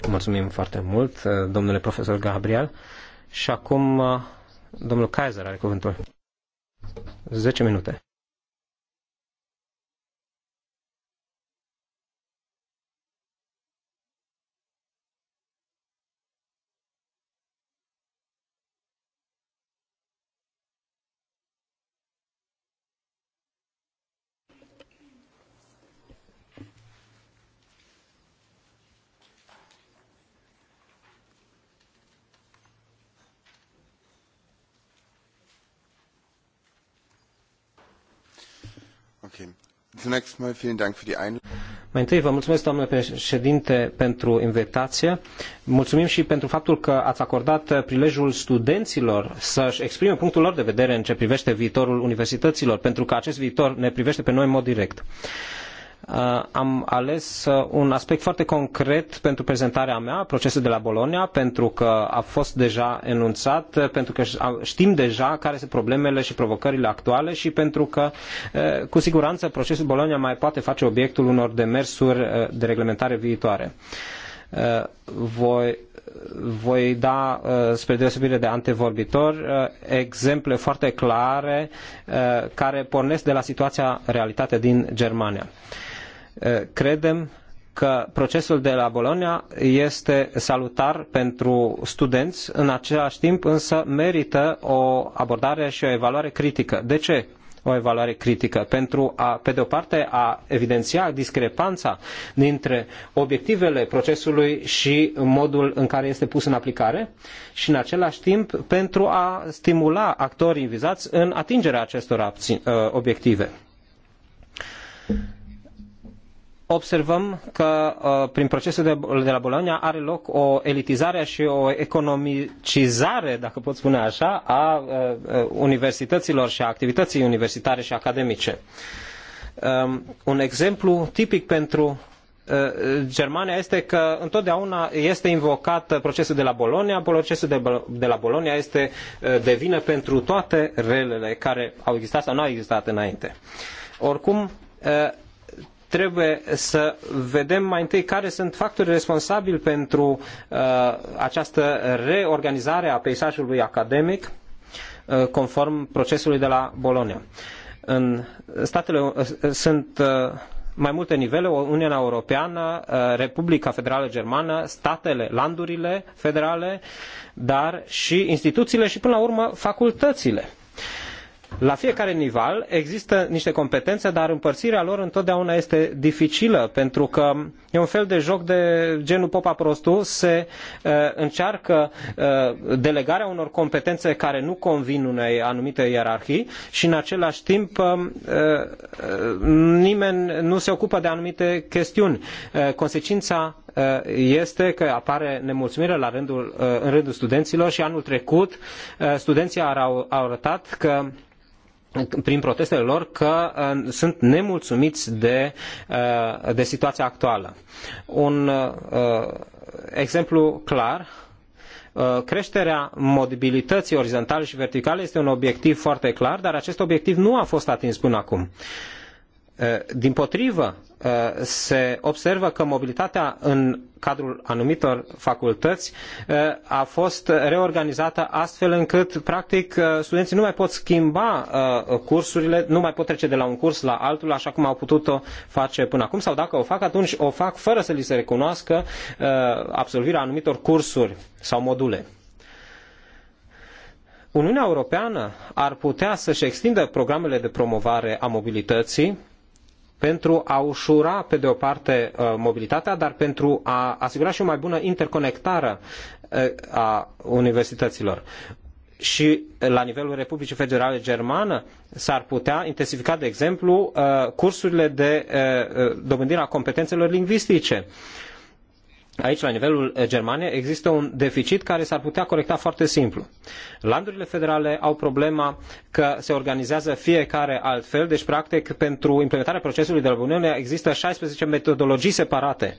Mulțumim foarte mult, domnule profesor Gabriel. Și acum domnul Kaiser are cuvântul. 10 minute. Mai întâi vă mulțumesc, domnule președinte, pentru invitație. Mulțumim și pentru faptul că ați acordat prilejul studenților să-și exprime punctul lor de vedere în ce privește viitorul universităților, pentru că acest viitor ne privește pe noi în mod direct. Uh, am ales uh, un aspect foarte concret pentru prezentarea mea, procesul de la Bologna, pentru că a fost deja enunțat, uh, pentru că știm deja care sunt problemele și provocările actuale și pentru că, cu siguranță, procesul Bologna mai poate face obiectul unor demersuri de reglementare viitoare. Voi voi da, spre deosebire de antevorbitor, exemple foarte clare care pornesc de la situația realitate din Germania. Eh, credem că procesul de la Bologna este salutar pentru studenți, în același timp însă merită o abordare și o evaluare critică. De ce? o evaluare critică pentru a, pe de o parte, a evidenția discrepanța dintre obiectivele procesului și modul în care este pus în aplicare și, în același timp, pentru a stimula actorii vizați în atingerea acestor eh, obiective observăm că uh, prin procesul de, la Bologna are loc o elitizare și o economicizare, dacă pot spune așa, a uh, uh, universităților și a activității universitare și academice. Um, un exemplu tipic pentru Germania este că întotdeauna este invocat procesul de la Bologna, procesul de, de la Bologna este de vină pentru toate relele care au existat sau nu au existat înainte. Oricum, trebuie să vedem mai întâi care sunt factorii responsabili pentru uh, această reorganizare a peisajului academic uh, conform procesului de la Bologna. În statele uh, sunt uh, mai multe nivele, Uniunea Europeană, uh, Republica Federală Germană, statele, landurile federale, dar și instituțiile și până la urmă facultățile la fiecare nivel există niște competențe, dar împărțirea lor întotdeauna este dificilă, pentru că e un fel de joc de genul popa prostu, se uh, încearcă uh, delegarea unor competențe care nu convin unei anumite ierarhii și în același timp um, uh, uh, nimeni nu se ocupă de anumite chestiuni. Uh, consecința uh, este că apare nemulțumire la rândul, uh, în rândul studenților și anul trecut studenții au arătat că prin protestele lor că uh, sunt nemulțumiți de, uh, de situația actuală. Un uh, exemplu clar creșterea mobilității orizontale și verticale este un obiectiv foarte clar, dar acest obiectiv nu a fost atins până acum. Uh, Eh, din eh, se observă că mobilitatea în cadrul anumitor facultăți eh, a fost reorganizată astfel încât, practic, studenții nu mai pot schimba cursurile, nu mai pot trece de la un curs la altul așa cum au putut-o face până acum sau dacă o fac, atunci o fac fără să li se recunoască absolvirea anumitor cursuri sau module. Uniunea Europeană ar putea să-și extindă programele de promovare a mobilității pentru a ușura, pe de o parte, uh, mobilitatea, dar pentru a asigura și o mai bună interconectare uh, a universităților. Și la nivelul Republicii Federale Germană s-ar putea intensifica, de exemplu, uh, cursurile de dobândire a competențelor lingvistice Aici, la nivelul eh, Germaniei, există un deficit care s-ar putea corecta foarte simplu. Landurile federale au problema că se organizează fiecare altfel, deci, practic, pentru implementarea procesului de la Uniune există 16 metodologii separate.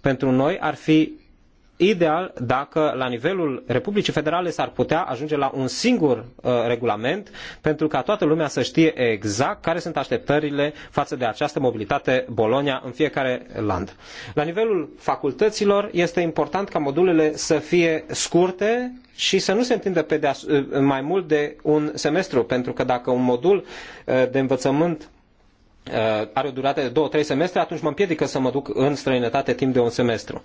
Pentru noi ar fi ideal dacă la nivelul Republicii Federale s-ar putea ajunge la un singur uh, regulament pentru ca toată lumea să știe exact care sunt așteptările față de această mobilitate Bologna în fiecare land. La nivelul facultăților este important ca modulele să fie scurte și să nu se întindă pe uh, mai mult de un semestru, pentru că dacă un modul uh, de învățământ uh, are o durată de două trei semestre, atunci mă împiedică să mă duc în străinătate timp de un semestru. Uh,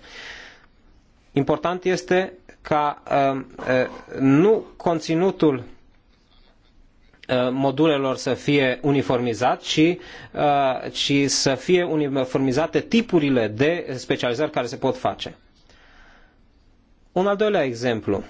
Important este ca um, uh, nu conținutul uh, modulelor să fie uniformizat, ci, uh, ci să fie uniformizate tipurile de specializări care se pot face. Un al doilea exemplu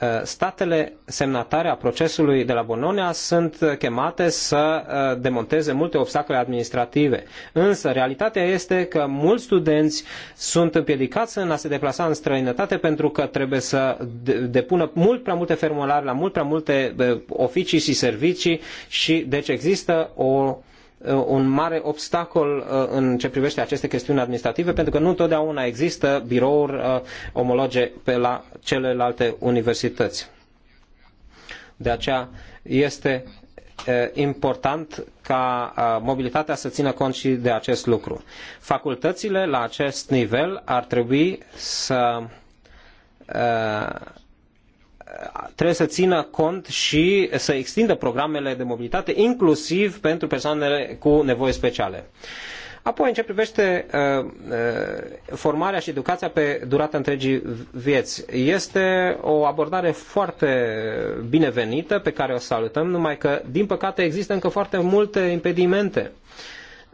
Eh, statele semnatare a procesului de la Bononia sunt chemate să eh, demonteze multe obstacole administrative. Însă, realitatea este că mulți studenți sunt împiedicați în a se deplasa în străinătate pentru că trebuie să depună mult prea multe formulare la mult prea multe eh, oficii și servicii și deci există o Uh, un mare obstacol uh, în ce privește aceste chestiuni administrative, pentru că nu întotdeauna există birouri uh, omologe pe la celelalte universități. De aceea este important ca mobilitatea să țină cont și de acest lucru. Facultățile la acest nivel ar trebui să trebuie să țină cont și să extindă programele de mobilitate, inclusiv pentru persoanele cu nevoi speciale. Apoi, în ce privește uh, uh, formarea și educația pe durata întregii vieți, este o abordare foarte binevenită pe care o salutăm, numai că, din păcate, există încă foarte multe impedimente.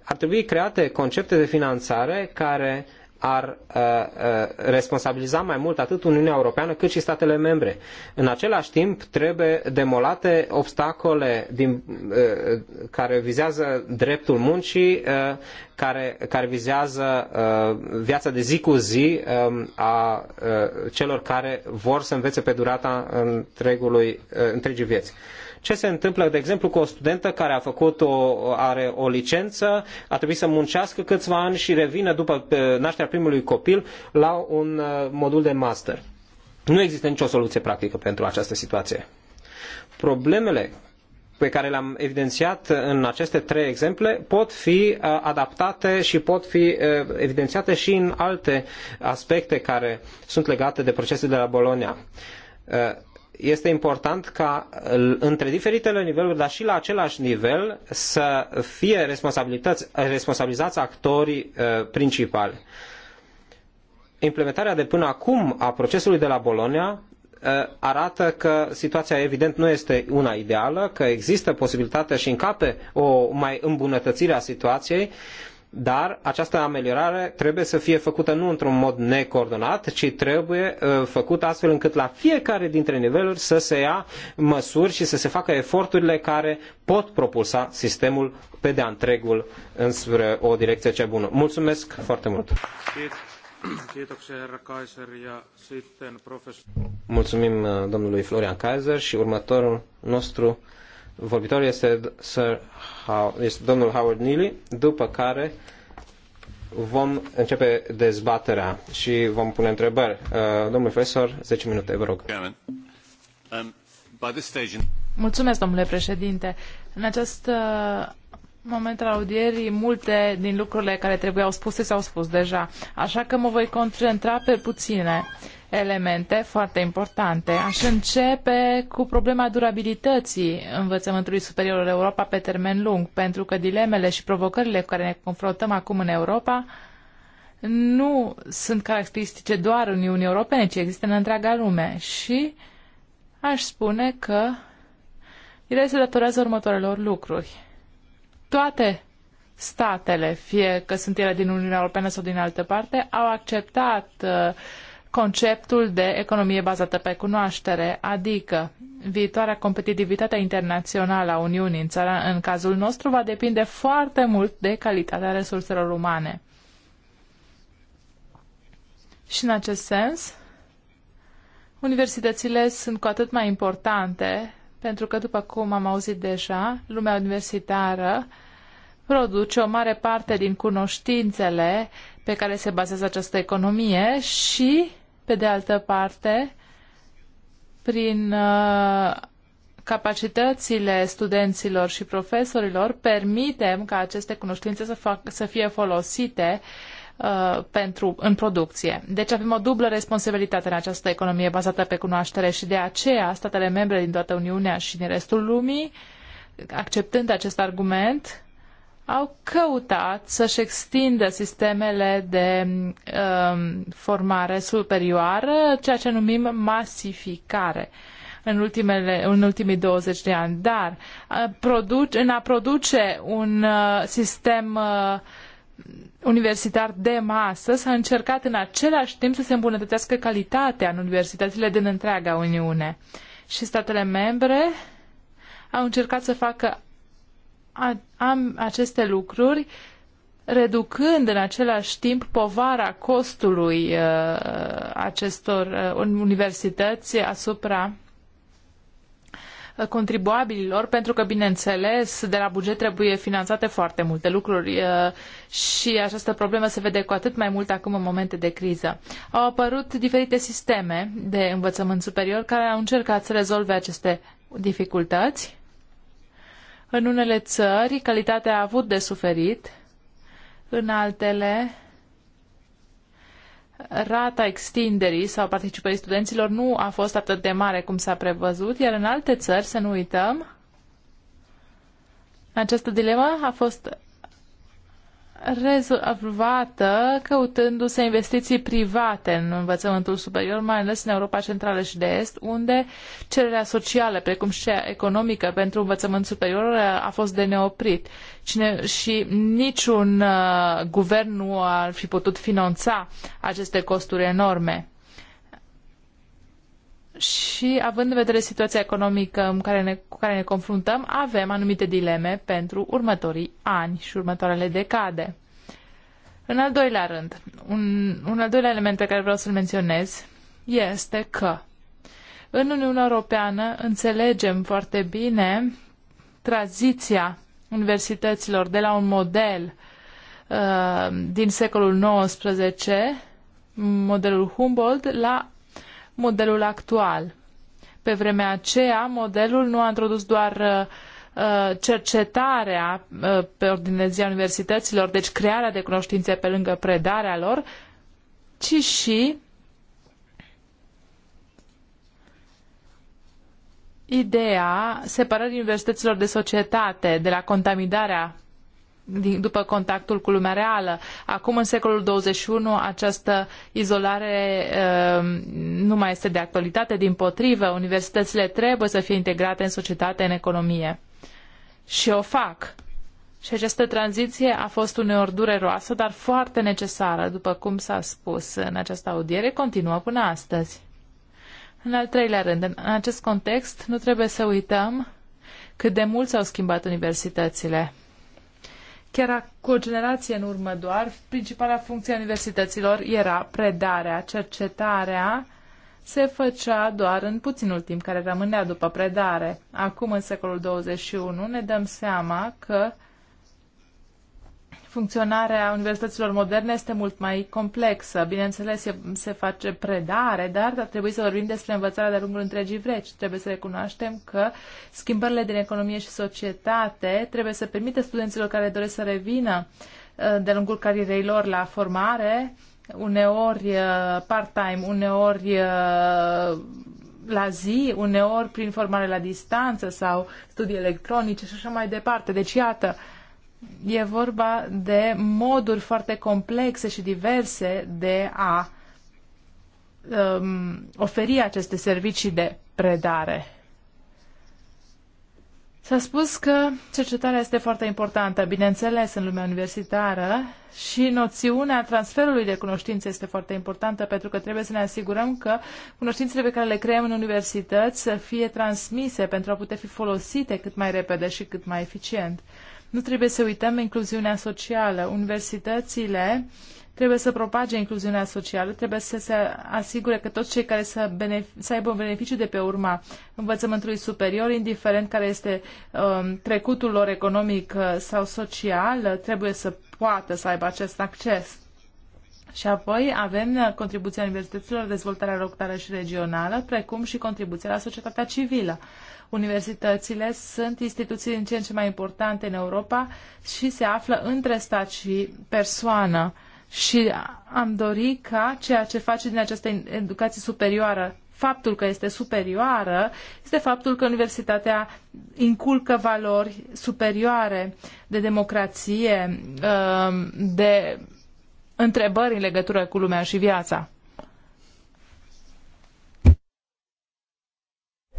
Ar trebui create concepte de finanțare care ar uh, uh, responsabiliza mai mult atât Uniunea Europeană cât și statele membre. În același timp, trebuie demolate obstacole din, uh, care vizează dreptul muncii, uh, care, care vizează uh, viața de zi cu zi um, a uh, celor care vor să învețe pe durata întregului, întregii vieți. Ce se întâmplă, de exemplu, cu o studentă care a făcut o, are o licență, a trebuit să muncească câțiva ani și revine după nașterea primului copil la un uh, modul de master. Nu există nicio soluție practică pentru această situație. Problemele pe care le-am evidențiat în aceste trei exemple pot fi uh, adaptate și pot fi uh, evidențiate și în alte aspecte care sunt legate de procesul de la Bologna este important ca între diferitele niveluri, dar și la același nivel, să fie responsabilități, responsabilizați actorii uh, principali. Implementarea de până acum a procesului de la Bologna uh, arată că situația evident nu este una ideală, că există posibilitatea și încape o mai îmbunătățire a situației, uh, dar această ameliorare trebuie să fie făcută nu într-un mod necoordonat, ci trebuie uh, făcută astfel încât la fiecare dintre niveluri să se ia măsuri și să se facă eforturile care pot propulsa sistemul pe de-a întregul înspre o direcție cea bună. Mulțumesc foarte mult! Mulțumim uh, domnului Florian Kaiser și următorul nostru vorbitorul este, Sir, este domnul Howard Neely, după care vom începe dezbaterea și vom pune întrebări. Uh, domnul profesor, 10 minute, vă rog. Um, Mulțumesc, domnule președinte. În acest uh, moment al audierii, multe din lucrurile care trebuiau spuse s-au spus deja, așa că mă voi concentra pe puține. Uh, elemente foarte importante. Aș începe cu problema durabilității învățământului superior în Europa pe termen lung, pentru că dilemele și provocările cu care ne confruntăm acum în Europa nu sunt caracteristice doar Uniunii Europene, ci există în întreaga lume. Și aș spune că ele se datorează următoarelor lucruri. Toate statele, fie că sunt ele din Uniunea Europeană sau din altă parte, au acceptat uh, conceptul de economie bazată pe cunoaștere, adică viitoarea competitivitate internațională a Uniunii în țara, în cazul nostru, va depinde foarte mult de calitatea resurselor umane. Și în acest sens, universitățile sunt cu atât mai importante, pentru că, după cum am auzit deja, lumea universitară produce o mare parte din cunoștințele pe care se bazează această economie și pe de altă parte, prin uh, capacitățile studenților și profesorilor, permitem ca aceste cunoștințe să, fac, să fie folosite uh, pentru, în producție. Deci avem o dublă responsabilitate în această economie bazată pe cunoaștere și de aceea statele membre din toată Uniunea și din restul lumii, acceptând acest argument, au căutat să-și extindă sistemele de um, formare superioară, ceea ce numim masificare în, ultimele, în ultimii 20 de ani. Dar a produce, în a produce un uh, sistem uh, universitar de masă s-a încercat în același timp să se îmbunătățească calitatea în universitățile din întreaga Uniune. Și statele membre au încercat să facă a, am aceste lucruri reducând în același timp povara costului uh, acestor uh, universități asupra uh, contribuabililor, pentru că, bineînțeles, de la buget trebuie finanțate foarte multe lucruri uh, și această problemă se vede cu atât mai mult acum în momente de criză. Au apărut diferite sisteme de învățământ superior care au încercat să rezolve aceste dificultăți în unele țări, calitatea a avut de suferit, în altele, rata extinderii sau participării studenților nu a fost atât de mare cum s-a prevăzut, iar în alte țări, să nu uităm, această dilemă a fost rezolvată căutându-se investiții private în învățământul superior, mai ales în Europa Centrală și de Est, unde cererea socială, precum și cea economică pentru învățământ superior a fost de neoprit. Cine, și niciun uh, guvern nu ar fi putut finanța aceste costuri enorme și având în vedere situația economică în care ne, cu care ne confruntăm, avem anumite dileme pentru următorii ani și următoarele decade. În al doilea rând, un, un al doilea element pe care vreau să-l menționez este că în Uniunea Europeană înțelegem foarte bine tranziția universităților de la un model uh, din secolul XIX, modelul Humboldt, la modelul actual. Pe vremea aceea, modelul nu a introdus doar uh, uh, cercetarea uh, pe ordine zi a universităților, deci crearea de cunoștințe pe lângă predarea lor, ci și ideea separării universităților de societate, de la contaminarea din, după contactul cu lumea reală. Acum, în secolul 21, această izolare uh, nu mai este de actualitate, din potrivă, universitățile trebuie să fie integrate în societate, în economie. Și o fac. Și această tranziție a fost uneori dureroasă, dar foarte necesară, după cum s-a spus în această audiere, continuă până astăzi. În al treilea rând, în acest context, nu trebuie să uităm cât de mult s-au schimbat universitățile Chiar cu o generație în urmă doar, principala funcție a universităților era predarea, cercetarea se făcea doar în puținul timp care rămânea după predare. Acum, în secolul 21, ne dăm seama că uh, funcționarea universităților moderne este mult mai complexă. Bineînțeles, se, se face predare, dar ar trebui să vorbim despre învățarea de-a lungul întregii vreci. Trebuie să recunoaștem că schimbările din economie și societate trebuie să permită studenților care doresc să revină uh, de-a lungul carierei lor la formare, uneori uh, part-time, uneori uh, la zi, uneori prin formare la distanță sau studii electronice și așa mai departe. Deci, iată, uh, e vorba de moduri foarte complexe și diverse de a um, oferi aceste servicii de predare. S-a spus că cercetarea este foarte importantă, bineînțeles, în lumea universitară și noțiunea transferului de cunoștințe este foarte importantă pentru că trebuie să ne asigurăm că cunoștințele pe care le creăm în universități să fie transmise pentru a putea fi folosite cât mai repede și cât mai eficient. Nu trebuie să uităm incluziunea socială. Universitățile trebuie să propage incluziunea socială, trebuie să se asigure că toți cei care să, să aibă un beneficiu de pe urma învățământului superior, indiferent care este um, trecutul lor economic uh, sau social, uh, trebuie să poată să aibă acest acces. Și apoi avem uh, contribuția universităților, dezvoltarea locală și regională, precum și contribuția la societatea civilă. Universitățile sunt instituții din ce în ce mai importante în Europa și se află între stat și persoană. Și am dori ca ceea ce face din această educație superioară, faptul că este superioară, este faptul că universitatea inculcă valori superioare de democrație, uh, de întrebări în legătură cu lumea și viața.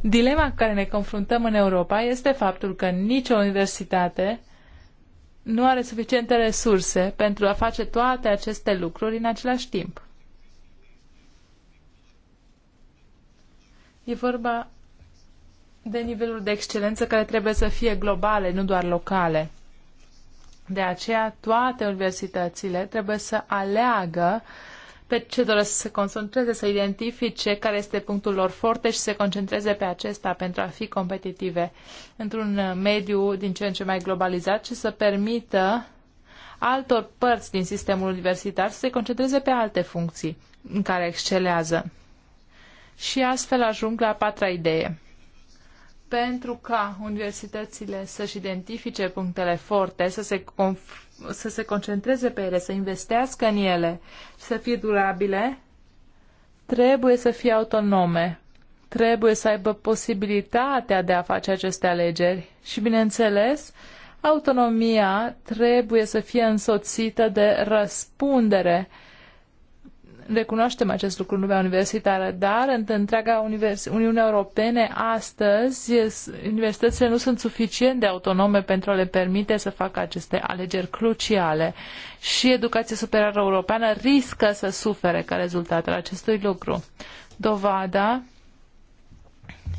Dilema cu care ne confruntăm în Europa este faptul că nicio universitate nu are suficiente resurse pentru a face toate aceste lucruri în același timp. E vorba de niveluri de excelență care trebuie să fie globale, nu doar locale. De aceea, toate universitățile trebuie să aleagă uh, pe ce doresc să se concentreze, să identifice care este punctul lor forte și să se concentreze pe acesta pentru a fi competitive într-un mediu din ce în ce mai globalizat și să permită altor părți din sistemul universitar să se concentreze pe alte funcții în care excelează. Și astfel ajung la a patra idee. Pentru ca universitățile să-și identifice punctele forte, să se conf- să se concentreze pe ele, să investească în ele și să fie durabile, trebuie să fie autonome, trebuie să aibă posibilitatea de a face aceste alegeri și, bineînțeles, autonomia trebuie să fie însoțită de răspundere recunoaștem acest lucru în lumea universitară, dar în întreaga univers- Uniune Europene astăzi universitățile nu sunt suficient de autonome pentru a le permite să facă aceste alegeri cruciale și educația superioară europeană riscă să sufere ca rezultat al acestui lucru. Dovada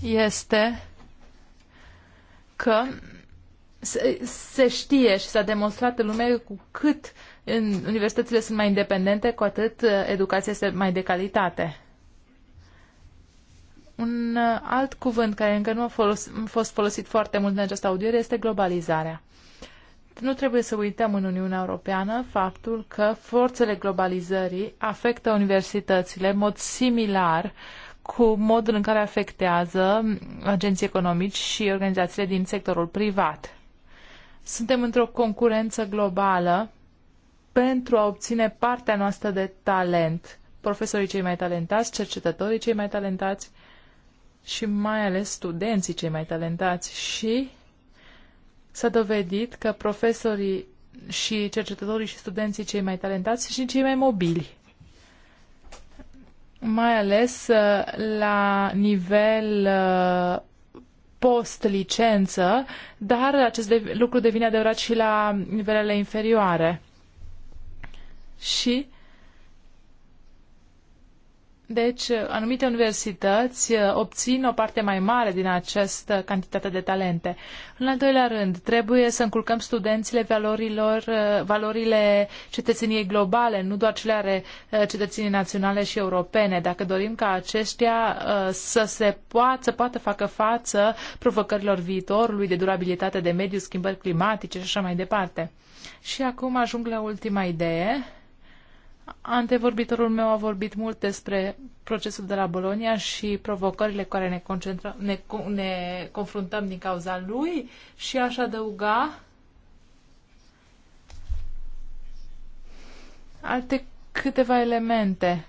este că se, se știe și s-a demonstrat în lume cu cât uh, în universitățile sunt mai independente, cu atât uh, educația este mai de calitate. Un uh, alt cuvânt care încă nu a fost folosit foarte mult în această audiere este globalizarea. Nu trebuie să uităm în Uniunea Europeană faptul că forțele globalizării afectă universitățile în mod similar cu modul în care afectează agenții economici și organizațiile din sectorul privat. Suntem într-o concurență globală pentru a obține partea noastră de talent, profesorii cei mai talentați, cercetătorii cei mai talentați și mai ales studenții cei mai talentați. Și s-a dovedit că profesorii și cercetătorii și studenții cei mai talentați și cei mai mobili mai ales uh, la nivel uh, post-licență, dar acest lucru devine adevărat și la nivelele inferioare și deci anumite universități uh, obțin o parte mai mare din această cantitate de talente. În al doilea rând, trebuie să înculcăm studenții valorilor, uh, valorile cetățeniei globale, nu doar cele ale uh, cetățenii naționale și europene, dacă dorim ca aceștia să se poată, să poată facă față provocărilor viitorului de durabilitate de mediu, schimbări climatice și așa mai departe. Și acum ajung la ultima idee Antevorbitorul meu a vorbit mult despre procesul de la Bolonia și provocările care ne, ne, ne confruntăm din cauza lui și aș adăuga alte câteva elemente.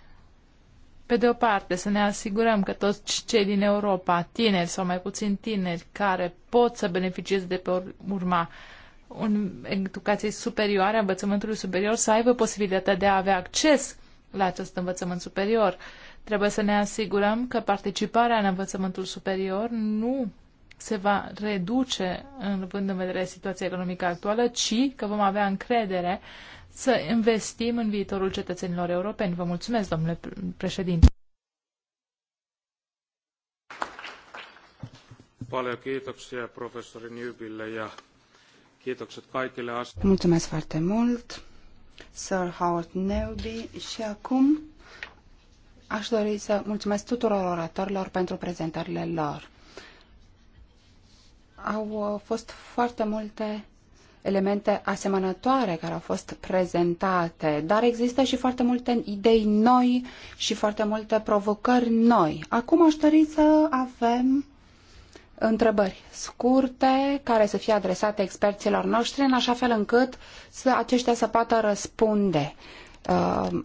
Pe de o parte, să ne asigurăm că toți cei din Europa, tineri sau mai puțin tineri, care pot să beneficieze de pe urma uh, un educație superioară, învățământul superior, să aibă posibilitatea de a avea acces la acest învățământ superior. Trebuie să ne asigurăm că participarea în învățământul superior nu se va reduce având în vedere situația economică actuală, ci că vom avea încredere să investim în viitorul cetățenilor europeni. Vă mulțumesc, domnule președinte. Paljon kiitoksia professori Nybille ja Kiitokset kaikille Mulțumesc foarte mult, Sir Howard Newby. Și acum aș dori să mulțumesc tuturor oratorilor pentru prezentările lor. Au fost foarte multe elemente asemănătoare care au fost prezentate, dar există și foarte multe idei noi și foarte multe provocări noi. Acum aș dori să avem întrebări scurte care să fie adresate experților noștri în așa fel încât să aceștia să poată răspunde. Uh,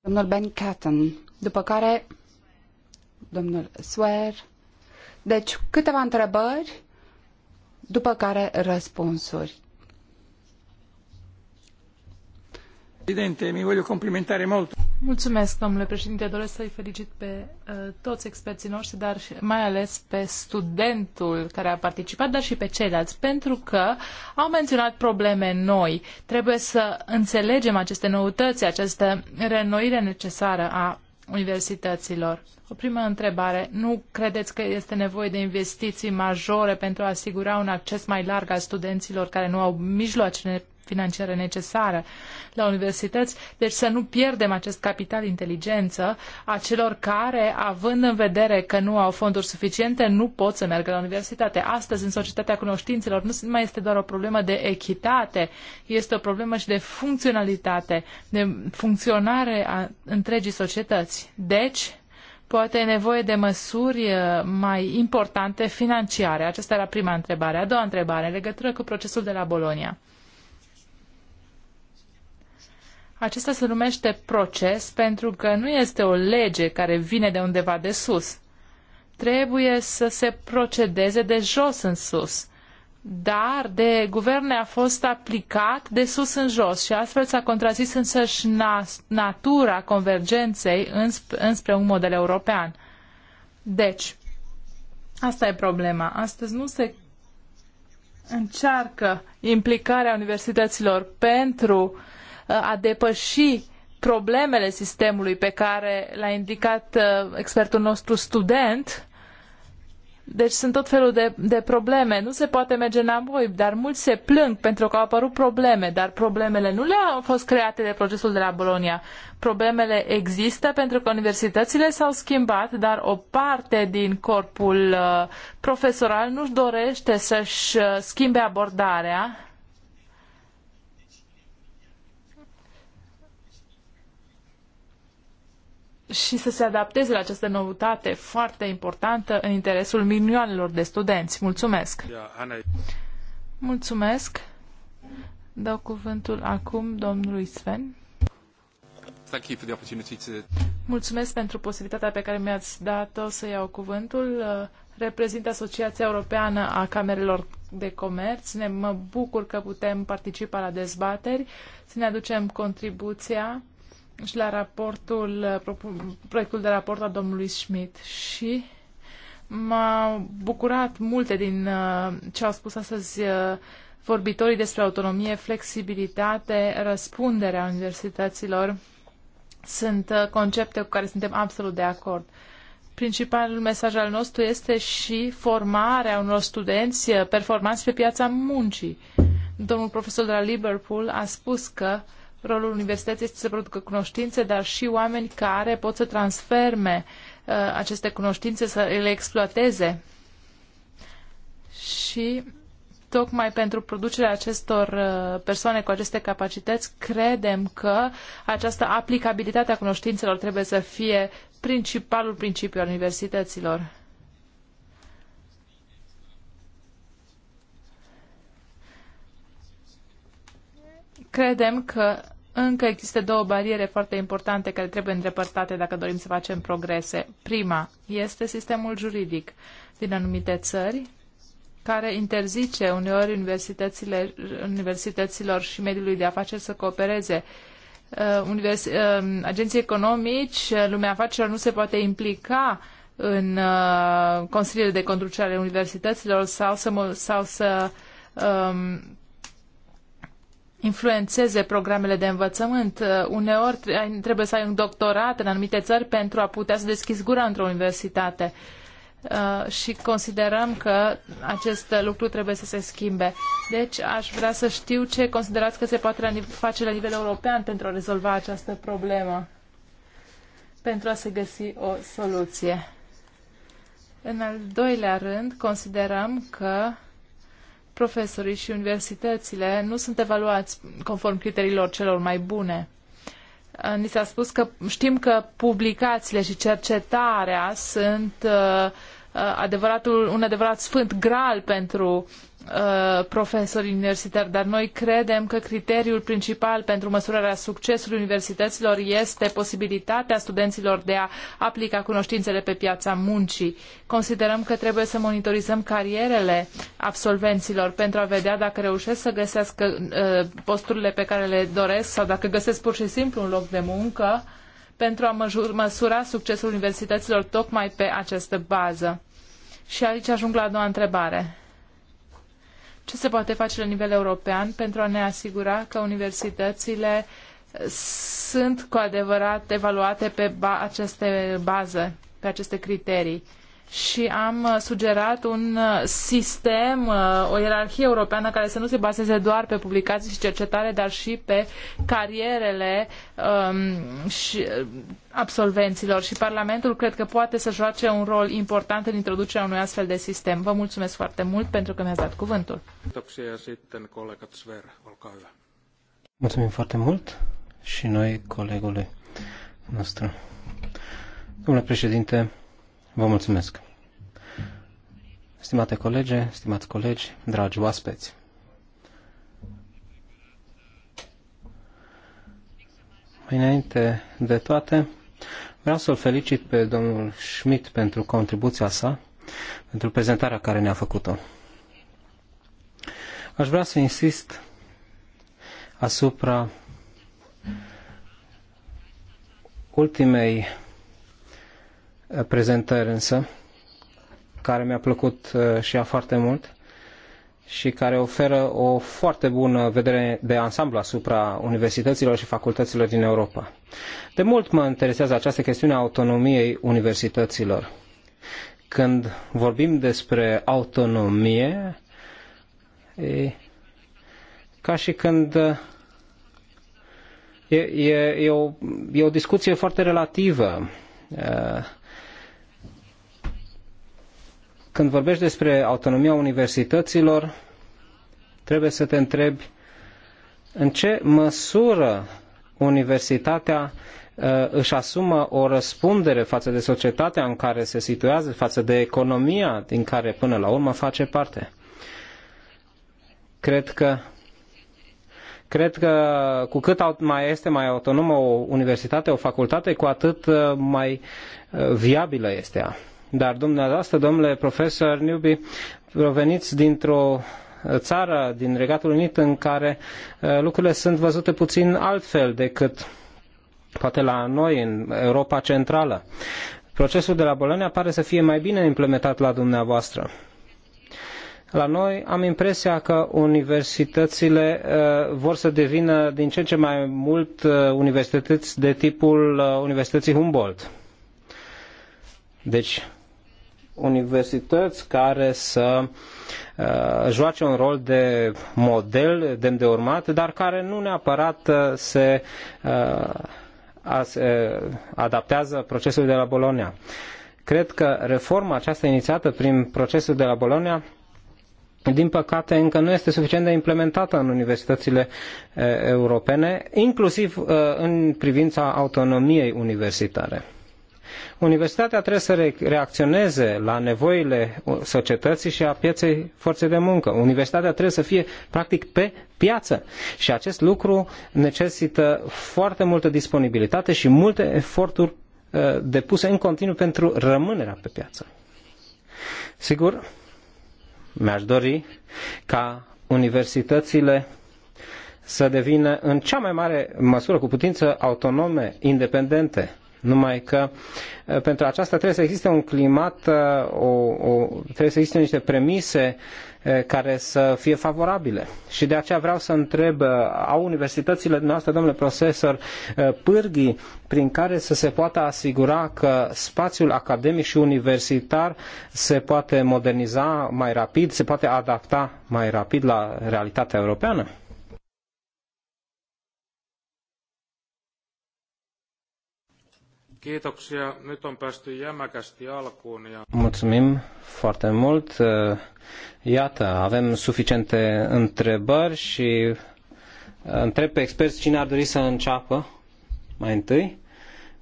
domnul Ben Catten, după care domnul Swear. Deci câteva întrebări, după care răspunsuri. mi complimentare Mulțumesc, domnule președinte. Doresc să îi felicit pe uh, toți experții noștri, dar mai ales pe studentul care a participat, dar și pe ceilalți, pentru că au menționat probleme noi. Trebuie să înțelegem aceste noutăți, această reînnoire necesară a universităților. O primă întrebare. Nu credeți că este nevoie de investiții majore pentru a asigura un acces mai larg al studenților care nu au mijloacele financiară necesară la universități, deci să nu pierdem acest capital inteligență a celor care, având în vedere că nu au fonduri suficiente, nu pot să meargă la universitate. Astăzi, în societatea cunoștințelor, nu mai este doar o problemă de echitate, este o problemă și de funcționalitate, de funcționare a întregii societăți. Deci, poate e nevoie de măsuri uh, mai importante financiare. Aceasta era prima întrebare. A doua întrebare, legătură cu procesul de la Bolonia. Acesta se numește proces pentru că nu este o lege care vine de undeva de sus. Trebuie să se procedeze de jos în sus dar de guverne a fost aplicat de sus în jos și astfel s-a contrazis însăși natura convergenței înspre un model european. Deci, asta e problema. Astăzi nu se încearcă implicarea universităților pentru a depăși problemele sistemului pe care l-a indicat uh, expertul nostru student. Deci sunt tot felul de, de probleme. Nu se poate merge înapoi, dar mulți se plâng pentru că au apărut probleme, dar problemele nu le-au fost create de procesul de la Bologna. Problemele există pentru că universitățile s-au schimbat, dar o parte din corpul uh, profesoral nu-și dorește să-și uh, schimbe abordarea și să se adapteze la această noutate foarte importantă în interesul milioanelor de studenți. Mulțumesc! Mulțumesc! Dau cuvântul acum domnului Sven. Mulțumesc pentru posibilitatea pe care mi-ați dat-o să iau cuvântul. Reprezint Asociația Europeană a Camerelor de Comerț. Ne mă bucur că putem participa la dezbateri, să ne aducem contribuția și la raportul, proiectul de raport al domnului Schmidt și m-a bucurat multe din uh, ce au spus astăzi uh, vorbitorii despre autonomie, flexibilitate, răspunderea universităților. Sunt uh, concepte cu care suntem absolut de acord. Principalul mesaj al nostru este și formarea unor studenți performanți pe piața muncii. Domnul profesor de la Liverpool a spus că uh, Rolul universității este să producă cunoștințe, dar și oameni care pot să transferme uh, aceste cunoștințe, să le exploateze. Și tocmai pentru producerea acestor uh, persoane cu aceste capacități, credem că această aplicabilitate a cunoștințelor trebuie să fie principalul principiu al universităților. Credem că încă există două bariere foarte importante care trebuie îndepărtate dacă dorim să facem progrese. Prima este sistemul juridic din anumite țări care interzice uneori universitățile, universităților și mediului de afaceri să coopereze. Uh, univers, uh, agenții economici, uh, lumea afacerilor nu se poate implica în consiliile de conducere ale universităților sau să, sau să um, influențeze programele de învățământ. Uh, uneori trebuie să ai un doctorat în anumite țări pentru a putea să deschizi gura într-o universitate. Uh, și considerăm că acest lucru trebuie să se schimbe. Deci aș vrea să știu ce considerați că se poate face la nivel european pentru a rezolva această problemă, pentru a se găsi o soluție. În al doilea rând, considerăm că profesorii și universitățile nu sunt evaluați conform criteriilor celor mai bune. Uh, ni s-a spus că știm că publicațiile și cercetarea sunt uh, uh adevăratul, un adevărat sfânt gral pentru Uh, profesori universitari, dar noi credem că criteriul principal pentru măsurarea succesului universităților este posibilitatea studenților de a aplica cunoștințele pe piața muncii. Considerăm că trebuie să monitorizăm carierele absolvenților pentru a vedea dacă reușesc să găsească uh, posturile pe care le doresc sau dacă găsesc pur și simplu un loc de muncă pentru a măsura succesul universităților tocmai pe această bază. Și aici ajung la a doua întrebare ce se poate face la nivel european pentru a ne asigura că universitățile sunt cu adevărat evaluate pe ba aceste baze, pe aceste criterii și am uh, sugerat un uh, sistem, uh, o ierarhie europeană care să nu se bazeze doar pe publicații și cercetare, dar și pe carierele um, și absolvenților. Și Parlamentul cred că poate să joace un rol important în introducerea unui astfel de sistem. Vă mulțumesc foarte mult pentru că mi-ați dat cuvântul. Mulțumim foarte mult și noi colegului nostru. Domnule președinte, Vă mulțumesc. Stimate colege, stimați colegi, dragi oaspeți. Mai înainte de toate, vreau să-l felicit pe domnul Schmidt pentru contribuția sa, pentru prezentarea care ne-a făcut-o. Aș vrea să insist asupra ultimei prezentări însă, care mi-a plăcut uh, și ea foarte mult și care oferă o foarte bună vedere de ansamblu asupra universităților și facultăților din Europa. De mult mă interesează această chestiune a autonomiei universităților. Când vorbim despre autonomie, e ca și când e, e, e, o, e o discuție foarte relativă. Uh, când vorbești despre autonomia universităților, trebuie să te întrebi în ce măsură universitatea uh, își asumă o răspundere față de societatea în care se situează, față de economia din care până la urmă face parte. Cred că Cred că cu cât mai este mai autonomă o universitate, o facultate, cu atât uh, mai uh, viabilă este ea. Dar dumneavoastră, domnule profesor Newby, proveniți dintr-o țară, din Regatul Unit, în care uh, lucrurile sunt văzute puțin altfel decât poate la noi, în Europa Centrală. Procesul de la Bolonia pare să fie mai bine implementat la dumneavoastră. La noi am impresia că universitățile uh, vor să devină din ce în ce mai mult uh, universități de tipul Universității Humboldt. Deci, universități care să uh, joace un rol de model, demn de urmat, dar care nu neapărat uh, se uh, adaptează procesului de la Bologna. Cred că reforma aceasta inițiată prin procesul de la Bologna din păcate, încă nu este suficient de implementată în universitățile europene, inclusiv în privința autonomiei universitare. Universitatea trebuie să reacționeze la nevoile societății și a pieței forței de muncă. Universitatea trebuie să fie practic pe piață și acest lucru necesită foarte multă disponibilitate și multe eforturi uh, depuse în continuu pentru rămânerea pe piață. Sigur, mi-aș dori ca universitățile să devină în cea mai mare măsură cu putință autonome, independente. Numai că uh, pentru aceasta trebuie să existe un climat, uh, o, o, trebuie să existe niște premise uh, care să fie favorabile. Și de aceea vreau să întreb, au universitățile noastre, domnule profesor, pârghii prin care să se poată asigura că spațiul academic și universitar se poate moderniza mai rapid, se poate adapta mai rapid la realitatea europeană? Kiitoksia. Nyt on päästy jämäkästi alkuun. Ja... Mulțumim foarte mult. Iată, avem suficiente întrebări și uh, întreb pe experți cine ar dori să înceapă mai întâi,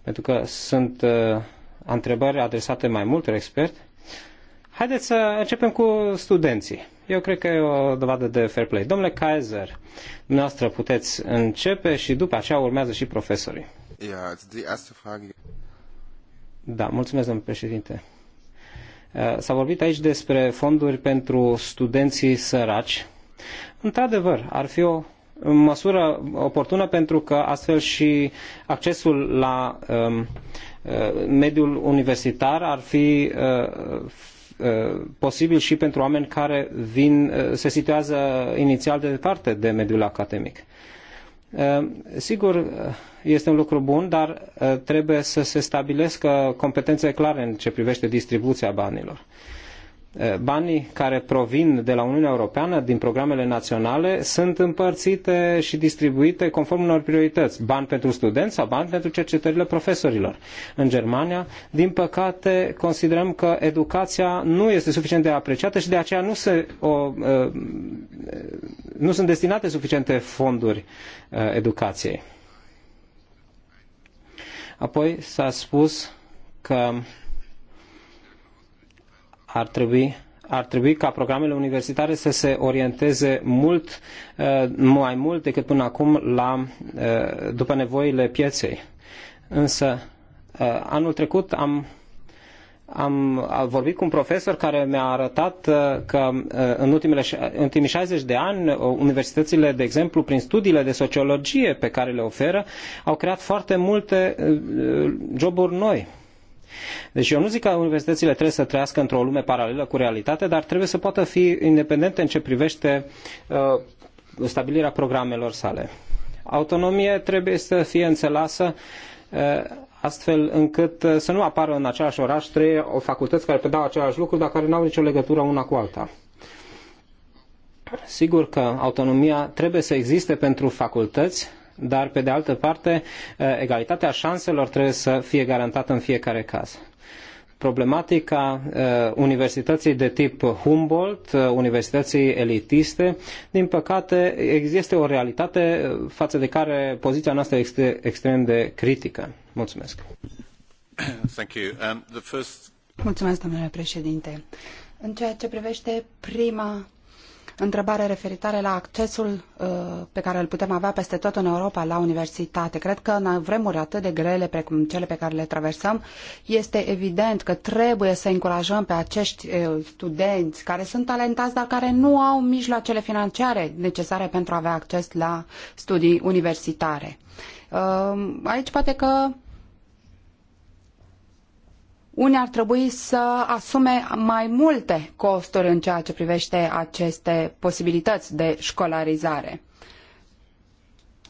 pentru că sunt uh, întrebări adresate mai multor experți. Haideți să începem cu studenții. Eu cred că e o dovadă de fair play. Domnule Kaiser, dumneavoastră puteți începe și după aceea urmează și profesorii. Ja, die erste Frage. Da, mulțumesc, domnule președinte. Eh, s-a vorbit aici despre fonduri pentru studenții săraci. Într-adevăr, ar fi o măsură oportună pentru că astfel și accesul la um, mediul universitar ar fi uh, posibil și pentru oameni care vin, se situează inițial de departe de mediul academic. Ehm, sigur, eh, este un lucru bun, dar eh, trebuie să se stabilească competențe clare în ce privește distribuția banilor. Eh, banii care provin de la Uniunea Europeană, din programele naționale, sunt împărțite și distribuite conform unor priorități. Bani pentru studenți sau bani pentru cercetările profesorilor. În Germania, din păcate, considerăm că educația nu este suficient de apreciată și de aceea nu, se, o, eh, nu sunt destinate suficiente fonduri eh, educației. Apoi s-a spus că ar trebui, ar trebui ca programele universitare să se orienteze mult uh, mai mult decât până acum la, uh, după nevoile pieței. Însă, uh, anul trecut am am vorbit cu un profesor care mi-a arătat că în ultimele, ultimii 60 de ani universitățile, de exemplu, prin studiile de sociologie pe care le oferă, au creat foarte multe joburi noi. Deci eu nu zic că universitățile trebuie să trăiască într-o lume paralelă cu realitatea, dar trebuie să poată fi independente în ce privește uh, stabilirea programelor sale. Autonomie trebuie să fie înțelasă uh, astfel încât uh, să nu apară în același oraș trei facultăți care predau același lucru, dar care nu au nicio legătură una cu alta. Sigur că autonomia trebuie să existe pentru facultăți, dar pe de altă parte eh, egalitatea șanselor trebuie să fie garantată în fiecare caz problematica eh, universității de tip Humboldt, eh, universității elitiste, din păcate există o realitate față de care poziția noastră este extrem de critică. Mulțumesc. Um, Mulțumesc, domnule președinte. În ceea ce privește prima întrebare referitoare la accesul uh, pe care îl putem avea peste tot în Europa la universitate. Cred că în vremuri atât de grele precum cele pe care le traversăm, este evident că trebuie să încurajăm pe acești uh, studenți care sunt talentați, dar care nu au mijloacele financiare necesare pentru a avea acces la studii universitare. Uh, aici poate că unii ar trebui să asume mai multe costuri în ceea ce privește aceste posibilități de școlarizare.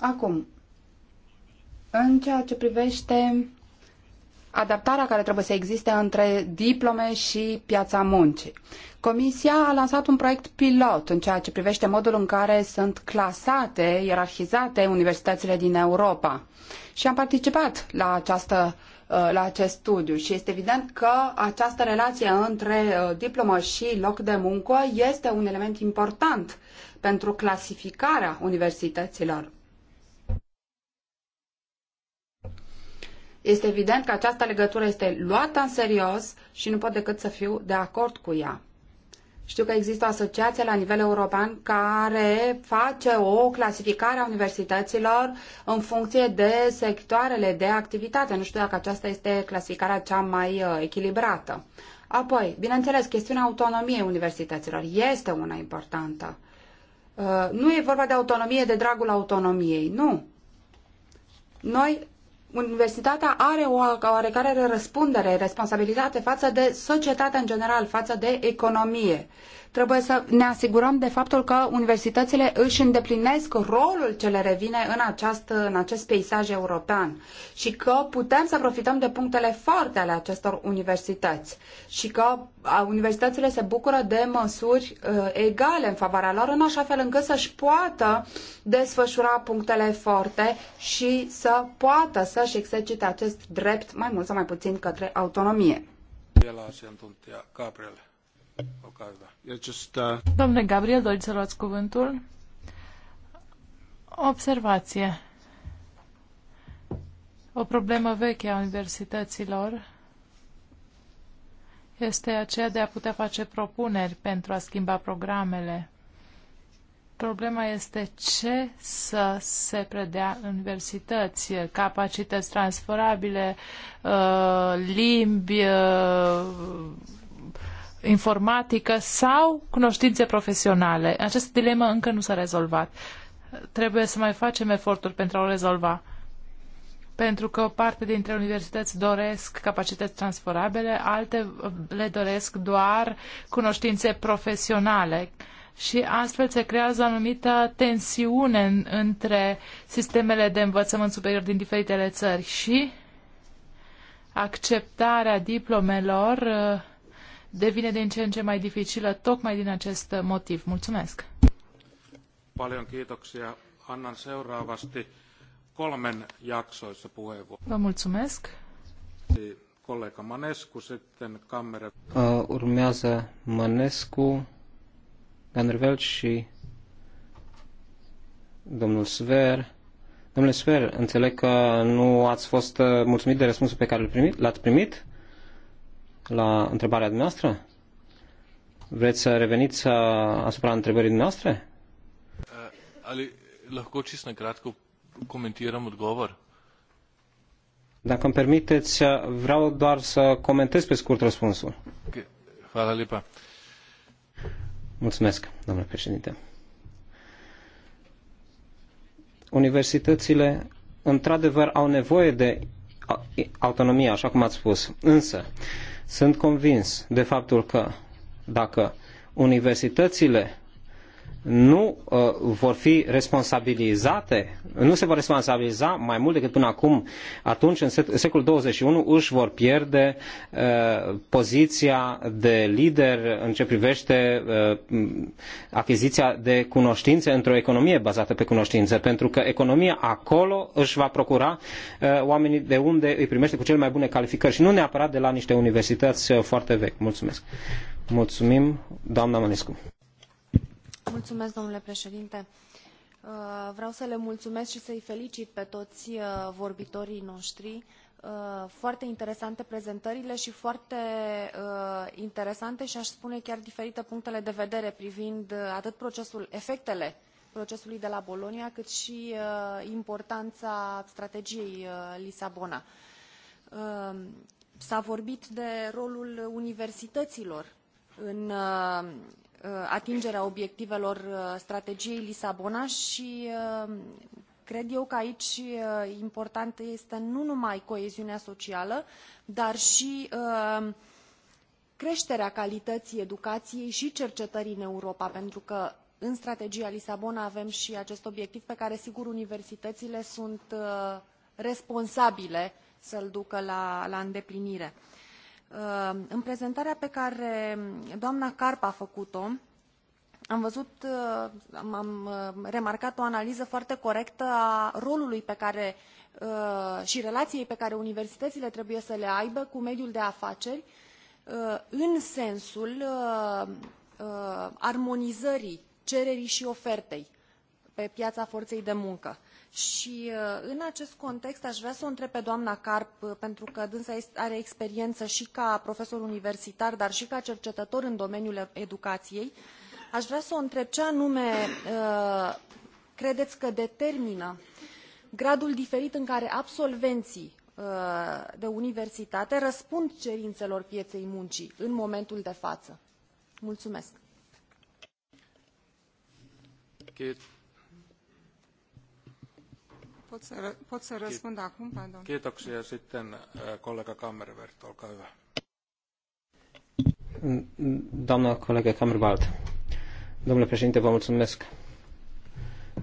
Acum, în ceea ce privește adaptarea care trebuie să existe între diplome și piața muncii. Comisia a lansat un proiect pilot în ceea ce privește modul în care sunt clasate, ierarhizate universitățile din Europa. Și am participat la această Uh, la acest studiu și este evident că această relație între uh, diplomă și loc de muncă este un element important pentru clasificarea universităților. Este evident că această legătură este luată în serios și nu pot decât să fiu de acord cu ea. Știu că există o asociație la nivel european care face o clasificare a universităților în funcție de sectoarele de activitate. Nu știu dacă aceasta este clasificarea cea mai uh, echilibrată. Apoi, bineînțeles, chestiunea autonomiei universităților este una importantă. Uh, nu e vorba de autonomie de dragul autonomiei, nu. Noi universitatea are o oarecare răspundere, responsabilitate față de societate în general, față de economie. Trebuie să ne asigurăm de faptul că universitățile își îndeplinesc rolul ce le revine în, în acest peisaj european și că putem să profităm de punctele forte ale acestor universități și că universitățile se bucură de măsuri uh, egale în favoarea lor, în așa fel încât să-și poată desfășura punctele forte și să poată să-și exercite acest drept mai mult sau mai puțin către autonomie. Uh, Domnule Gabriel, doriți să luați cuvântul? Observație. O problemă veche a universităților este aceea de a putea face propuneri pentru a schimba programele. Problema este ce să se predea în universități, capacități transferabile, uh, limbi, uh, informatică sau cunoștințe profesionale. Această dilemă încă nu s-a rezolvat. Trebuie să mai facem eforturi pentru a o rezolva. Pentru că o parte dintre universități doresc capacități transferabile, alte le doresc doar cunoștințe profesionale și astfel se creează o anumită tensiune în, între sistemele de învățământ superior din diferitele țări și acceptarea diplomelor uh, devine din ce în ce mai dificilă tocmai din acest motiv. Mulțumesc! Paljon kiitoksia. Annan seuraavasti kolmen jaksoissa puheenvuoron. Vă mulțumesc! Manescu, sitten Uh, urmează Manescu, Ganervel și domnul Sver. Domnule Sfer, înțeleg că nu ați fost uh, mulțumit de răspunsul pe care l-ați primit la întrebarea dumneavoastră? Vreți să reveniți uh, asupra întrebării dumneavoastră? Uh, ali lahko čist ne kratko comentiram odgovor? Dacă îmi permiteți, uh, vreau doar să comentez pe scurt răspunsul. Hvala lipa. Mulțumesc, domnule președinte. Universitățile, într-adevăr, au nevoie de autonomie, așa cum ați spus. Însă, uh, sunt convins de faptul că dacă universitățile nu uh, vor fi responsabilizate, nu se vor responsabiliza mai mult decât până acum, atunci, în secolul 21, își vor pierde uh, poziția de lider în ce privește uh, achiziția de cunoștințe într-o economie bazată pe cunoștințe, pentru că economia acolo își va procura uh, oamenii de unde îi primește cu cele mai bune calificări și nu neapărat de la niște universități uh, foarte vechi. Mulțumesc. Mulțumim, doamna Mănescu. Mulțumesc, domnule președinte. Uh, vreau să le mulțumesc și să-i felicit pe toți uh, vorbitorii noștri. Uh, foarte interesante prezentările și foarte interesante și a spune chiar diferite punctele de vedere privind atât procesul, efectele procesului de la Bologna, cât și importanța strategiei Lisabona. S-a vorbit de rolul universităților în Uh, atingerea obiectivelor uh, strategiei Lisabona și uh, cred eu că aici important este nu numai coeziunea socială, dar și creșterea calității educației și cercetării în Europa, pentru că în strategia Lisabona avem și acest obiectiv pe care, sigur, universitățile sunt responsabile să-l ducă la, la îndeplinire. Uh, Uh, în prezentarea pe care doamna Carp a făcut-o, am văzut, uh, am uh, remarcat o analiză foarte corectă a rolului pe care și relației pe care universitățile trebuie să le aibă cu mediul de afaceri în sensul armonizării cererii și ofertei pe piața forței de muncă. Și uh, în acest context aș vrea să o întreb pe doamna Carp, uh, pentru că dânsa are experiență și ca profesor universitar, dar și ca cercetător în domeniul educației. Aș vrea să o întreb ce anume uh, credeți că determină gradul diferit în care absolvenții de universitate răspund cerințelor pieței muncii în momentul de față. Mulțumesc! Pot să, pot să răspund acum? Pardon. Kiitoksia. Sitten kollega Kammervert, olkaa hyvä. Doamna colegă Kammervalt, domnule președinte, vă mulțumesc.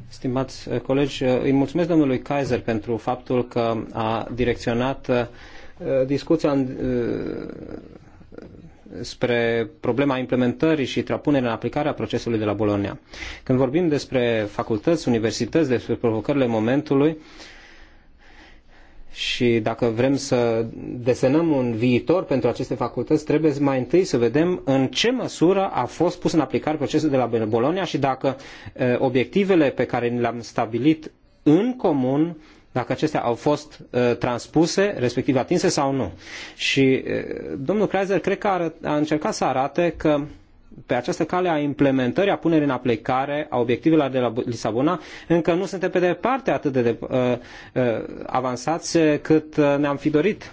Stimați colegi, îi mulțumesc domnului Kaiser pentru faptul că a direcționat discuția în ă, spre problema implementării și trapunerea în aplicare a procesului de la Bologna. Când vorbim despre facultăți, universități, despre provocările momentului, și dacă vrem să desenăm un viitor pentru aceste facultăți, trebuie mai întâi să vedem în ce măsură a fost pus în aplicare procesul de la Bologna și dacă eh, obiectivele pe care le-am stabilit în comun dacă acestea au fost uh, transpuse, respectiv atinse sau nu. Și uh, domnul Kreiser cred că a, a încercat să arate că pe această cale a implementării, a punerii în aplicare a obiectivelor de la Lisabona, încă nu suntem pe departe atât de, de uh, uh, avansați cât uh, ne-am fi dorit.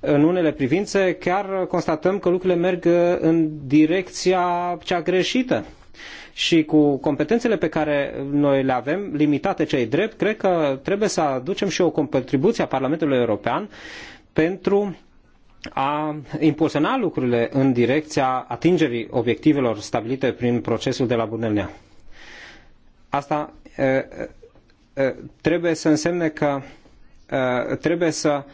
În unele privințe chiar constatăm că lucrurile merg uh, în direcția cea greșită și cu competențele pe care noi le avem, limitate cei drept, cred că trebuie să aducem și o contribuție a Parlamentului European pentru a impulsiona lucrurile în direcția atingerii obiectivelor stabilite prin procesul de la Bunelnea. Asta trebuie să însemne că trebuie să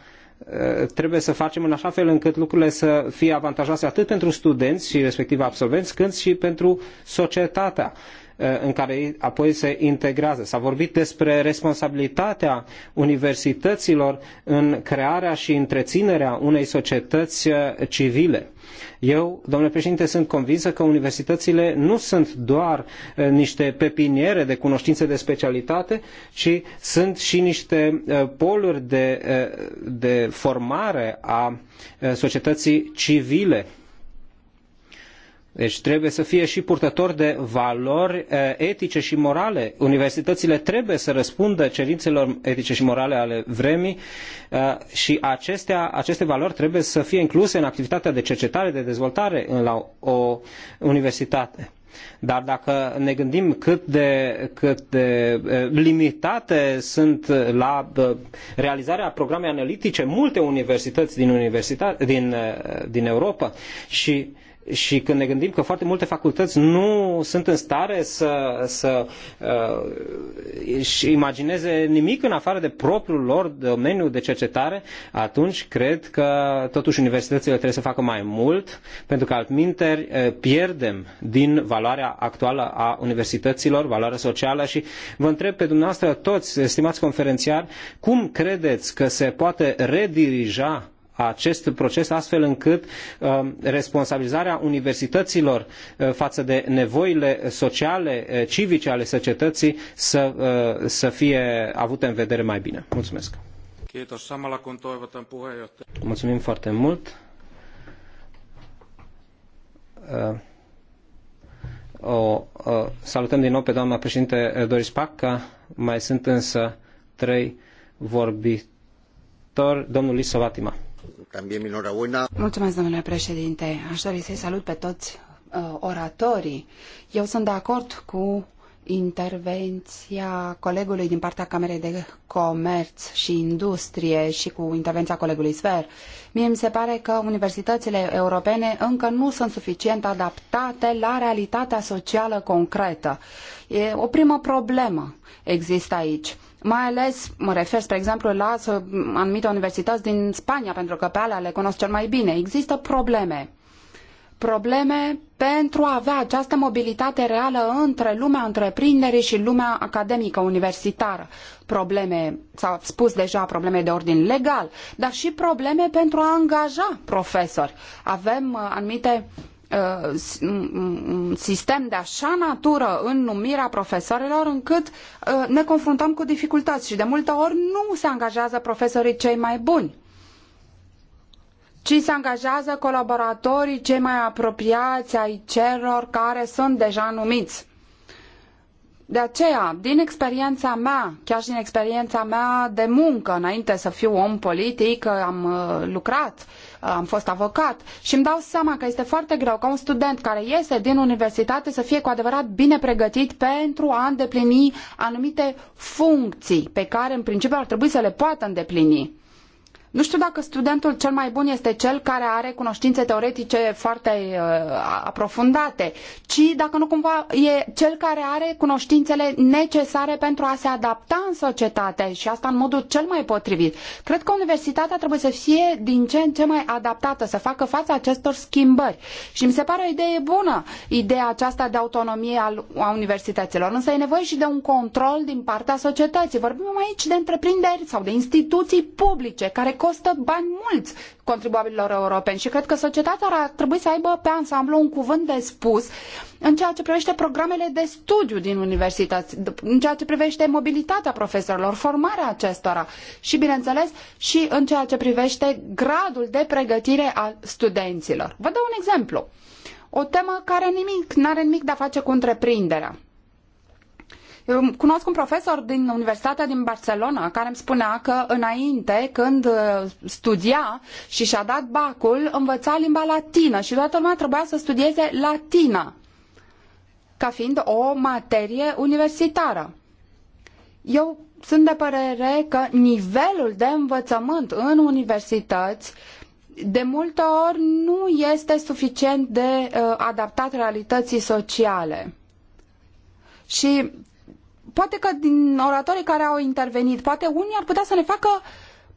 Eh, trebuie să facem în așa fel încât lucrurile să fie avantajoase atât pentru studenți și respectiv absolvenți, cât și pentru societatea Eh, în care apoi se integrează. S-a vorbit despre responsabilitatea universităților în crearea și întreținerea unei societăți eh, civile. Eu, domnule președinte, sunt convinsă că universitățile nu sunt doar eh, niște pepiniere de cunoștințe de specialitate, ci sunt și niște poluri de, de formare a societății civile deci trebuie să fie și purtător de valori eh, etice și morale. Universitățile trebuie să răspundă cerințelor etice și morale ale vremii eh, și acestea, aceste valori trebuie să fie incluse în activitatea de cercetare, de dezvoltare la o universitate. Dar dacă ne gândim cât de, cât de eh, limitate sunt la realizarea programei analitice multe universități din, universitate, din, din Europa și și când ne gândim că foarte multe facultăți nu sunt în stare să, să uh, și imagineze nimic în afară de propriul lor domeniu de cercetare, atunci cred că totuși universitățile trebuie să facă mai mult, pentru că altminteri uh, pierdem din valoarea actuală a universităților, valoarea socială și vă întreb pe dumneavoastră toți, stimați conferențiari, cum credeți că se poate redirija acest proces astfel încât um, responsabilizarea universităților uh, față de nevoile sociale, uh, civice ale societății să, uh, să fie avute în vedere mai bine. Mulțumesc! Mulțumim foarte mult! O salutăm din nou pe doamna președinte Doris Pacca. Mai sunt însă trei vorbitori. Domnul Lisovatima también mi enhorabuena. domnule președinte. Aș dori să-i salut pe toți uh, oratorii. Eu sunt de acord cu intervenția colegului din partea Camerei de Comerț și Industrie și cu intervenția colegului Sfer. Mie mi se pare că universitățile europene încă nu sunt suficient adaptate la realitatea socială concretă. E o primă problemă există aici mai ales mă refer, spre exemplu, la anumite universități din Spania, pentru că pe alea le cunosc cel mai bine. Există probleme. Probleme pentru a avea această mobilitate reală între lumea întreprinderii și lumea academică universitară. Probleme, s-a spus deja, probleme de ordin legal, dar și probleme pentru a angaja profesori. Avem uh, anumite Uh, un sistem de așa natură în numirea profesorilor încât uh, ne confruntăm cu dificultăți și de multe ori nu se angajează profesorii cei mai buni ci se angajează colaboratorii cei mai apropiați ai celor care sunt deja numiți. De aceea, din experiența mea, chiar și din experiența mea de muncă, înainte să fiu om politic, am uh, lucrat am fost avocat și îmi dau seama că este foarte greu ca un student care iese din universitate să fie cu adevărat bine pregătit pentru a îndeplini anumite funcții pe care în principiu ar trebui să le poată îndeplini. Nu știu dacă studentul cel mai bun este cel care are cunoștințe teoretice foarte uh, aprofundate, ci dacă nu cumva e cel care are cunoștințele necesare pentru a se adapta în societate și asta în modul cel mai potrivit. Cred că universitatea trebuie să fie din ce în ce mai adaptată, să facă față acestor schimbări. Și mi se pare o idee bună, ideea aceasta de autonomie al, a universităților, însă e nevoie și de un control din partea societății. Vorbim aici de întreprinderi sau de instituții publice care costă bani mulți contribuabililor europeni și cred că societatea ar trebui să aibă pe ansamblu un cuvânt de spus în ceea ce privește programele de studiu din universități, în ceea ce privește mobilitatea profesorilor, formarea acestora și, bineînțeles, și în ceea ce privește gradul de pregătire al studenților. Vă dau un exemplu. O temă care nimic, n-are nimic de a face cu întreprinderea cunosc un profesor din Universitatea din Barcelona care îmi spunea că înainte, când uh, studia și și-a dat bacul, învăța limba latină și toată lumea trebuia să studieze latina ca fiind o materie universitară. Eu sunt de părere că nivelul de învățământ în universități de multe ori nu este suficient de uh, adaptat realității sociale. Și poate că din oratorii care au intervenit, poate unii ar putea să ne facă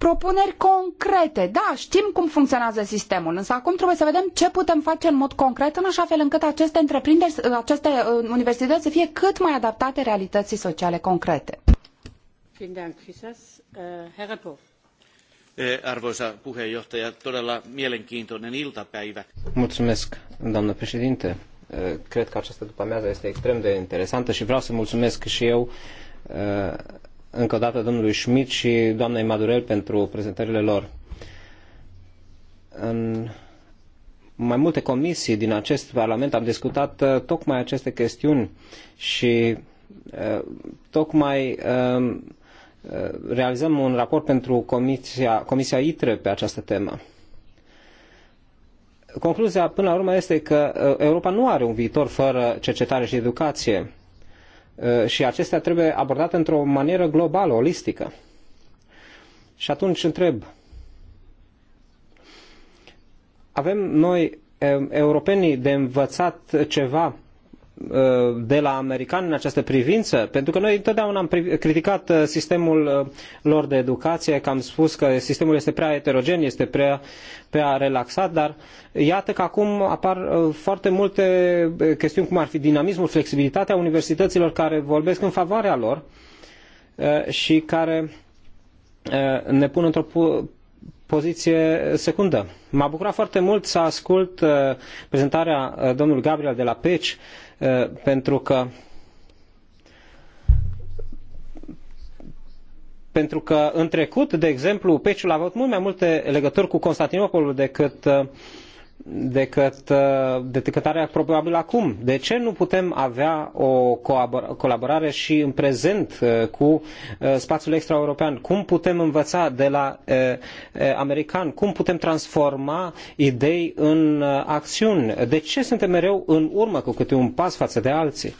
propuneri concrete. Da, știm cum funcționează sistemul, însă acum trebuie să vedem ce putem face în mod concret, în așa fel încât aceste întreprinderi, aceste uh, universități să fie cât mai adaptate realității sociale concrete. Uh, eh, arvoisa puheenjohtaja, todella mielenkiintoinen iltapäivä. Mulțumesc, doamnă președinte. Eh, cred că această după-amiază este extrem de interesantă și vreau să mulțumesc și eu eh, încă o dată domnului Schmidt și doamnei Madurel pentru prezentările lor. În mai multe comisii din acest Parlament am discutat eh, tocmai aceste chestiuni și tocmai ehm, realizăm un raport pentru Comisia, Comisia ITRE pe această temă concluzia până la urmă este că uh, Europa nu are un viitor fără cercetare și educație uh, și acestea trebuie abordate într-o manieră globală, olistică. Și atunci întreb, avem noi uh, europenii de învățat ceva Uh, de la americani în această privință, pentru că noi întotdeauna am criticat uh, sistemul uh, lor de educație, că am spus că sistemul este prea heterogen, este prea, prea relaxat, dar iată că acum apar foarte multe chestiuni, cum ar fi dinamismul, flexibilitatea universităților care vorbesc în favoarea lor și care ne pun într-o poziție secundă. M-a bucurat foarte mult să ascult prezentarea domnului Gabriel de la PECI, Uh, pentru că pentru că în trecut, de exemplu, Peciul a avut mult mai multe legături cu Constantinopolul decât uh, decât uh, detectarea probabil acum. De ce nu putem avea o colaborare și în prezent uh, cu uh, spațiul extraeuropean? Cum putem învăța de la americani? Cum putem transforma idei în acțiuni? De ce suntem mereu în urmă cu câte un pas față de alții?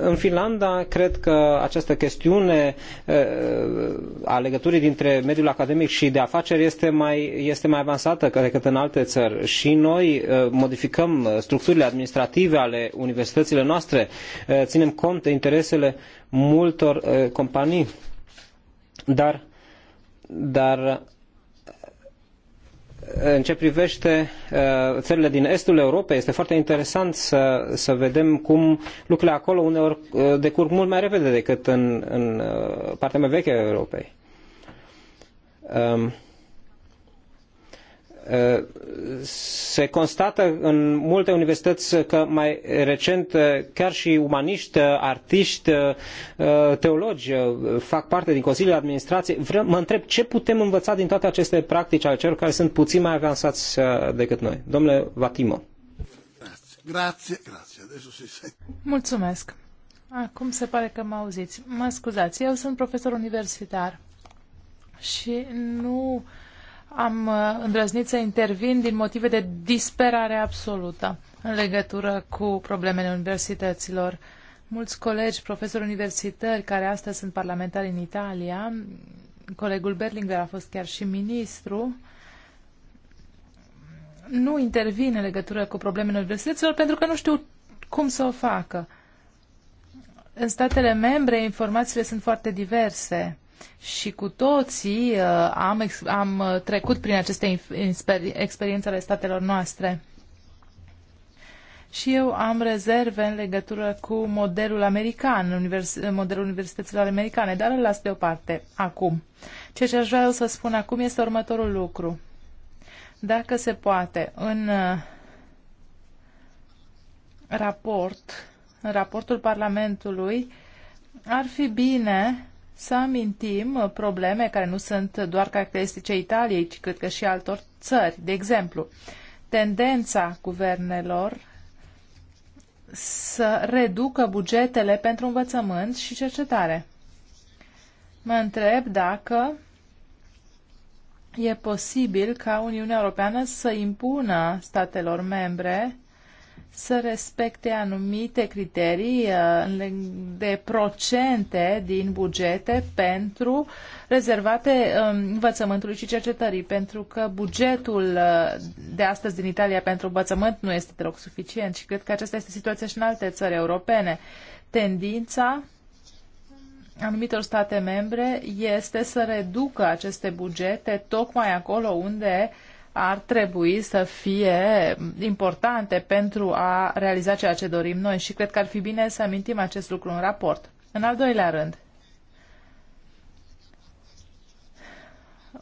În Finlanda, cred că această chestiune uh, a legăturii dintre mediul academic și de afaceri este mai, este mai avansată decât în alte țări. Și noi uh, modificăm uh, structurile administrative ale universităților noastre, ținem cont de interesele multor companii. Dar, dar în ce privește uh, țările din estul Europei, este foarte interesant să, să vedem cum lucrurile acolo uneori uh, decurg mult mai repede decât în, în uh, partea mai veche a Europei. Um, se constată în multe universități că mai recent chiar și umaniști, artiști, teologi fac parte din consiliul de administrație. mă întreb ce putem învăța din toate aceste practici ale celor care sunt puțin mai avansați uh, decât noi. Domnule Vatimo. Grazie, grazie. Mulțumesc. Acum se pare că mă auziți. Mă scuzați, eu sunt profesor universitar și nu uh, am uh, îndrăznit să intervin din motive de disperare absolută în legătură cu problemele universităților. Mulți colegi, profesori universitari care astăzi sunt parlamentari în Italia, colegul Berlinger a fost chiar și ministru, nu intervin în legătură cu problemele universităților pentru că nu știu cum să o facă. În statele membre informațiile sunt foarte diverse și cu toții uh, am, am uh, trecut prin aceste experiențe ale statelor noastre. Și eu am rezerve în legătură cu modelul american, univers, modelul universităților americane, dar îl las deoparte acum. Ceea ce aș vrea eu să spun acum este următorul lucru. Dacă se poate, în uh, raport, în raportul Parlamentului, ar fi bine să amintim uh, probleme care nu sunt doar caracteristice Italiei, ci cred că și altor țări. De exemplu, tendența guvernelor să reducă bugetele pentru învățământ și cercetare. Mă întreb dacă e posibil ca Uniunea Europeană să impună statelor membre să respecte anumite criterii uh, de procente din bugete pentru rezervate um, învățământului și cercetării, pentru că bugetul uh, de astăzi din Italia pentru învățământ nu este deloc suficient și cred că aceasta este situația și în alte țări europene. Tendința anumitor state membre este să reducă aceste bugete tocmai acolo unde uh, ar trebui să fie importante pentru a realiza ceea ce dorim noi și cred că ar fi bine să amintim acest lucru în raport. În al doilea rând,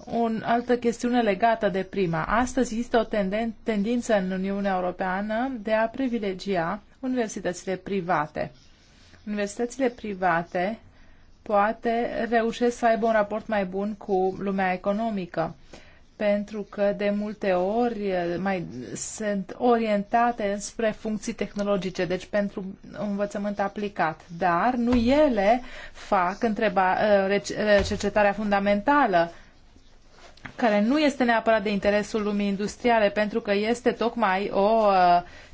o altă chestiune legată de prima. Astăzi există o tenden- tendință în Uniunea Europeană de a privilegia universitățile private. Universitățile private poate reușesc să aibă un raport mai bun cu lumea economică. Uh, pentru că de multe ori eh, mai sunt orientate spre funcții tehnologice, deci pentru învățământ aplicat. Dar nu ele fac întreba, eh, eh, cercetarea fundamentală care nu este neapărat de interesul lumii industriale, pentru că este tocmai o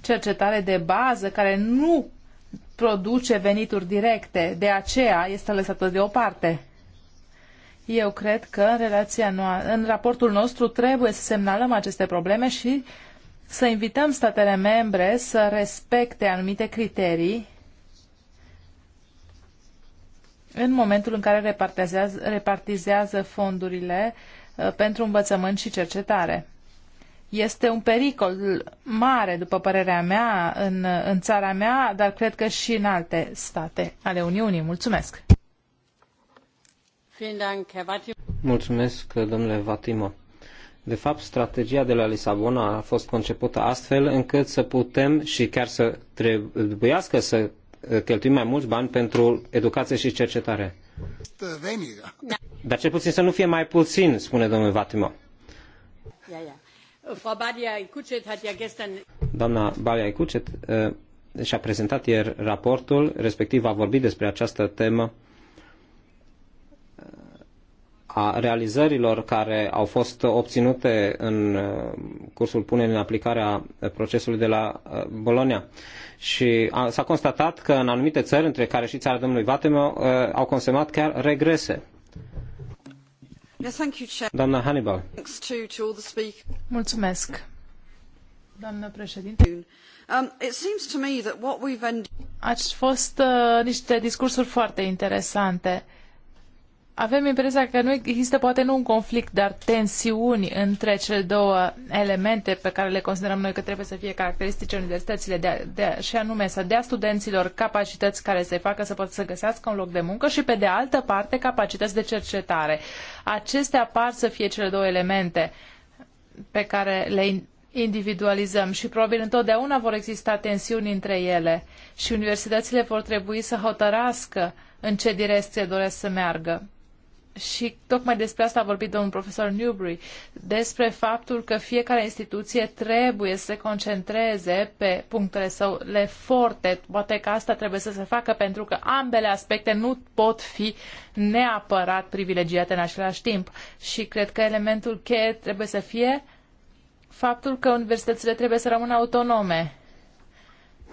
cercetare de bază care nu produce venituri directe, de aceea este lăsată deoparte. Eu cred că în, relația noastră, în raportul nostru trebuie să semnalăm aceste probleme și să invităm statele membre să respecte anumite criterii în momentul în care repartizează, repartizează fondurile uh, pentru învățământ și cercetare. Este un pericol mare, după părerea mea, în, în țara mea, dar cred că și în alte state ale Uniunii. Mulțumesc! Mulțumesc, domnule Vatima. De fapt, strategia de la Lisabona a fost concepută astfel încât să putem și chiar să trebuiască să cheltuim mai mulți bani pentru educație și cercetare. Dar cel puțin să nu fie mai puțin, spune domnul Vatimo. Doamna Balia Cucet eh, și-a prezentat ieri raportul, respectiv a vorbit despre această temă a realizărilor care au fost obținute în uh, cursul punerii în aplicare a procesului de la uh, Bologna. Și s-a constatat că în anumite țări, între care și țara domnului Vatemeu, uh, au consemnat chiar regrese. Doamna Hannibal. Mulțumesc. Doamna președinte. Um, Ați fost uh, niște discursuri foarte interesante. Uh, avem impresia că nu există poate nu un conflict, dar tensiuni între cele două elemente pe care le considerăm noi că trebuie să fie caracteristice universitățile, de, de, și anume să dea studenților capacități care să-i facă să poată să găsească un loc de muncă și, pe de altă parte, capacități de cercetare. Acestea par să fie cele două elemente pe care le individualizăm și probabil întotdeauna vor exista tensiuni între ele și universitățile vor trebui să hotărască în ce direcție doresc să meargă și tocmai despre asta a vorbit domnul profesor Newbury, despre faptul că fiecare instituție trebuie să se concentreze pe punctele sau le forte. Poate că asta trebuie să se facă pentru că ambele aspecte nu pot fi neapărat privilegiate în același timp. Și cred că elementul cheie trebuie să fie faptul că universitățile trebuie să rămână autonome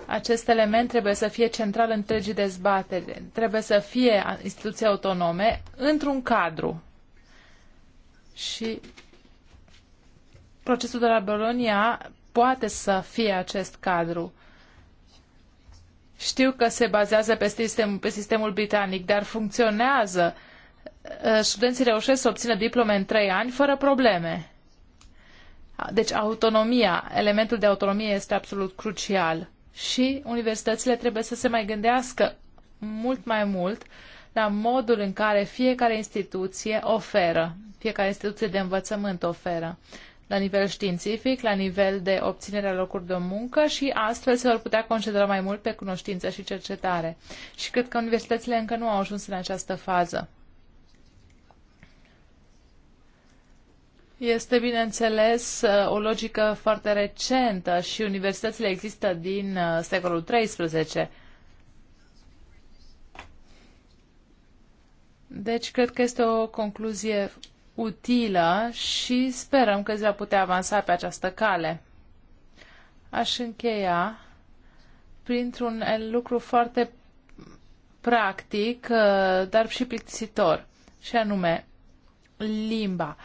acest element trebuie să fie central întregii dezbateri. Trebuie să fie instituții autonome într-un cadru. Și procesul de la Bologna poate să fie acest cadru. Știu că se bazează pe, sistem, pe sistemul britanic, dar funcționează. Ă, studenții reușesc să obțină diplome în trei ani fără probleme. Deci autonomia, elementul de autonomie este absolut crucial și universitățile trebuie să se mai gândească mult mai mult la modul în care fiecare instituție oferă, fiecare instituție de învățământ oferă la nivel științific, la nivel de obținerea locuri de muncă și astfel se vor putea concentra mai mult pe cunoștință și cercetare. Și cred că universitățile încă nu au ajuns în această fază. Este, bineînțeles, uh, o logică foarte recentă și universitățile există din uh, secolul XIII. Deci, cred că este o concluzie utilă și sperăm că se va putea avansa pe această cale. Aș încheia printr-un lucru foarte practic, uh, dar și plictisitor, și anume limba.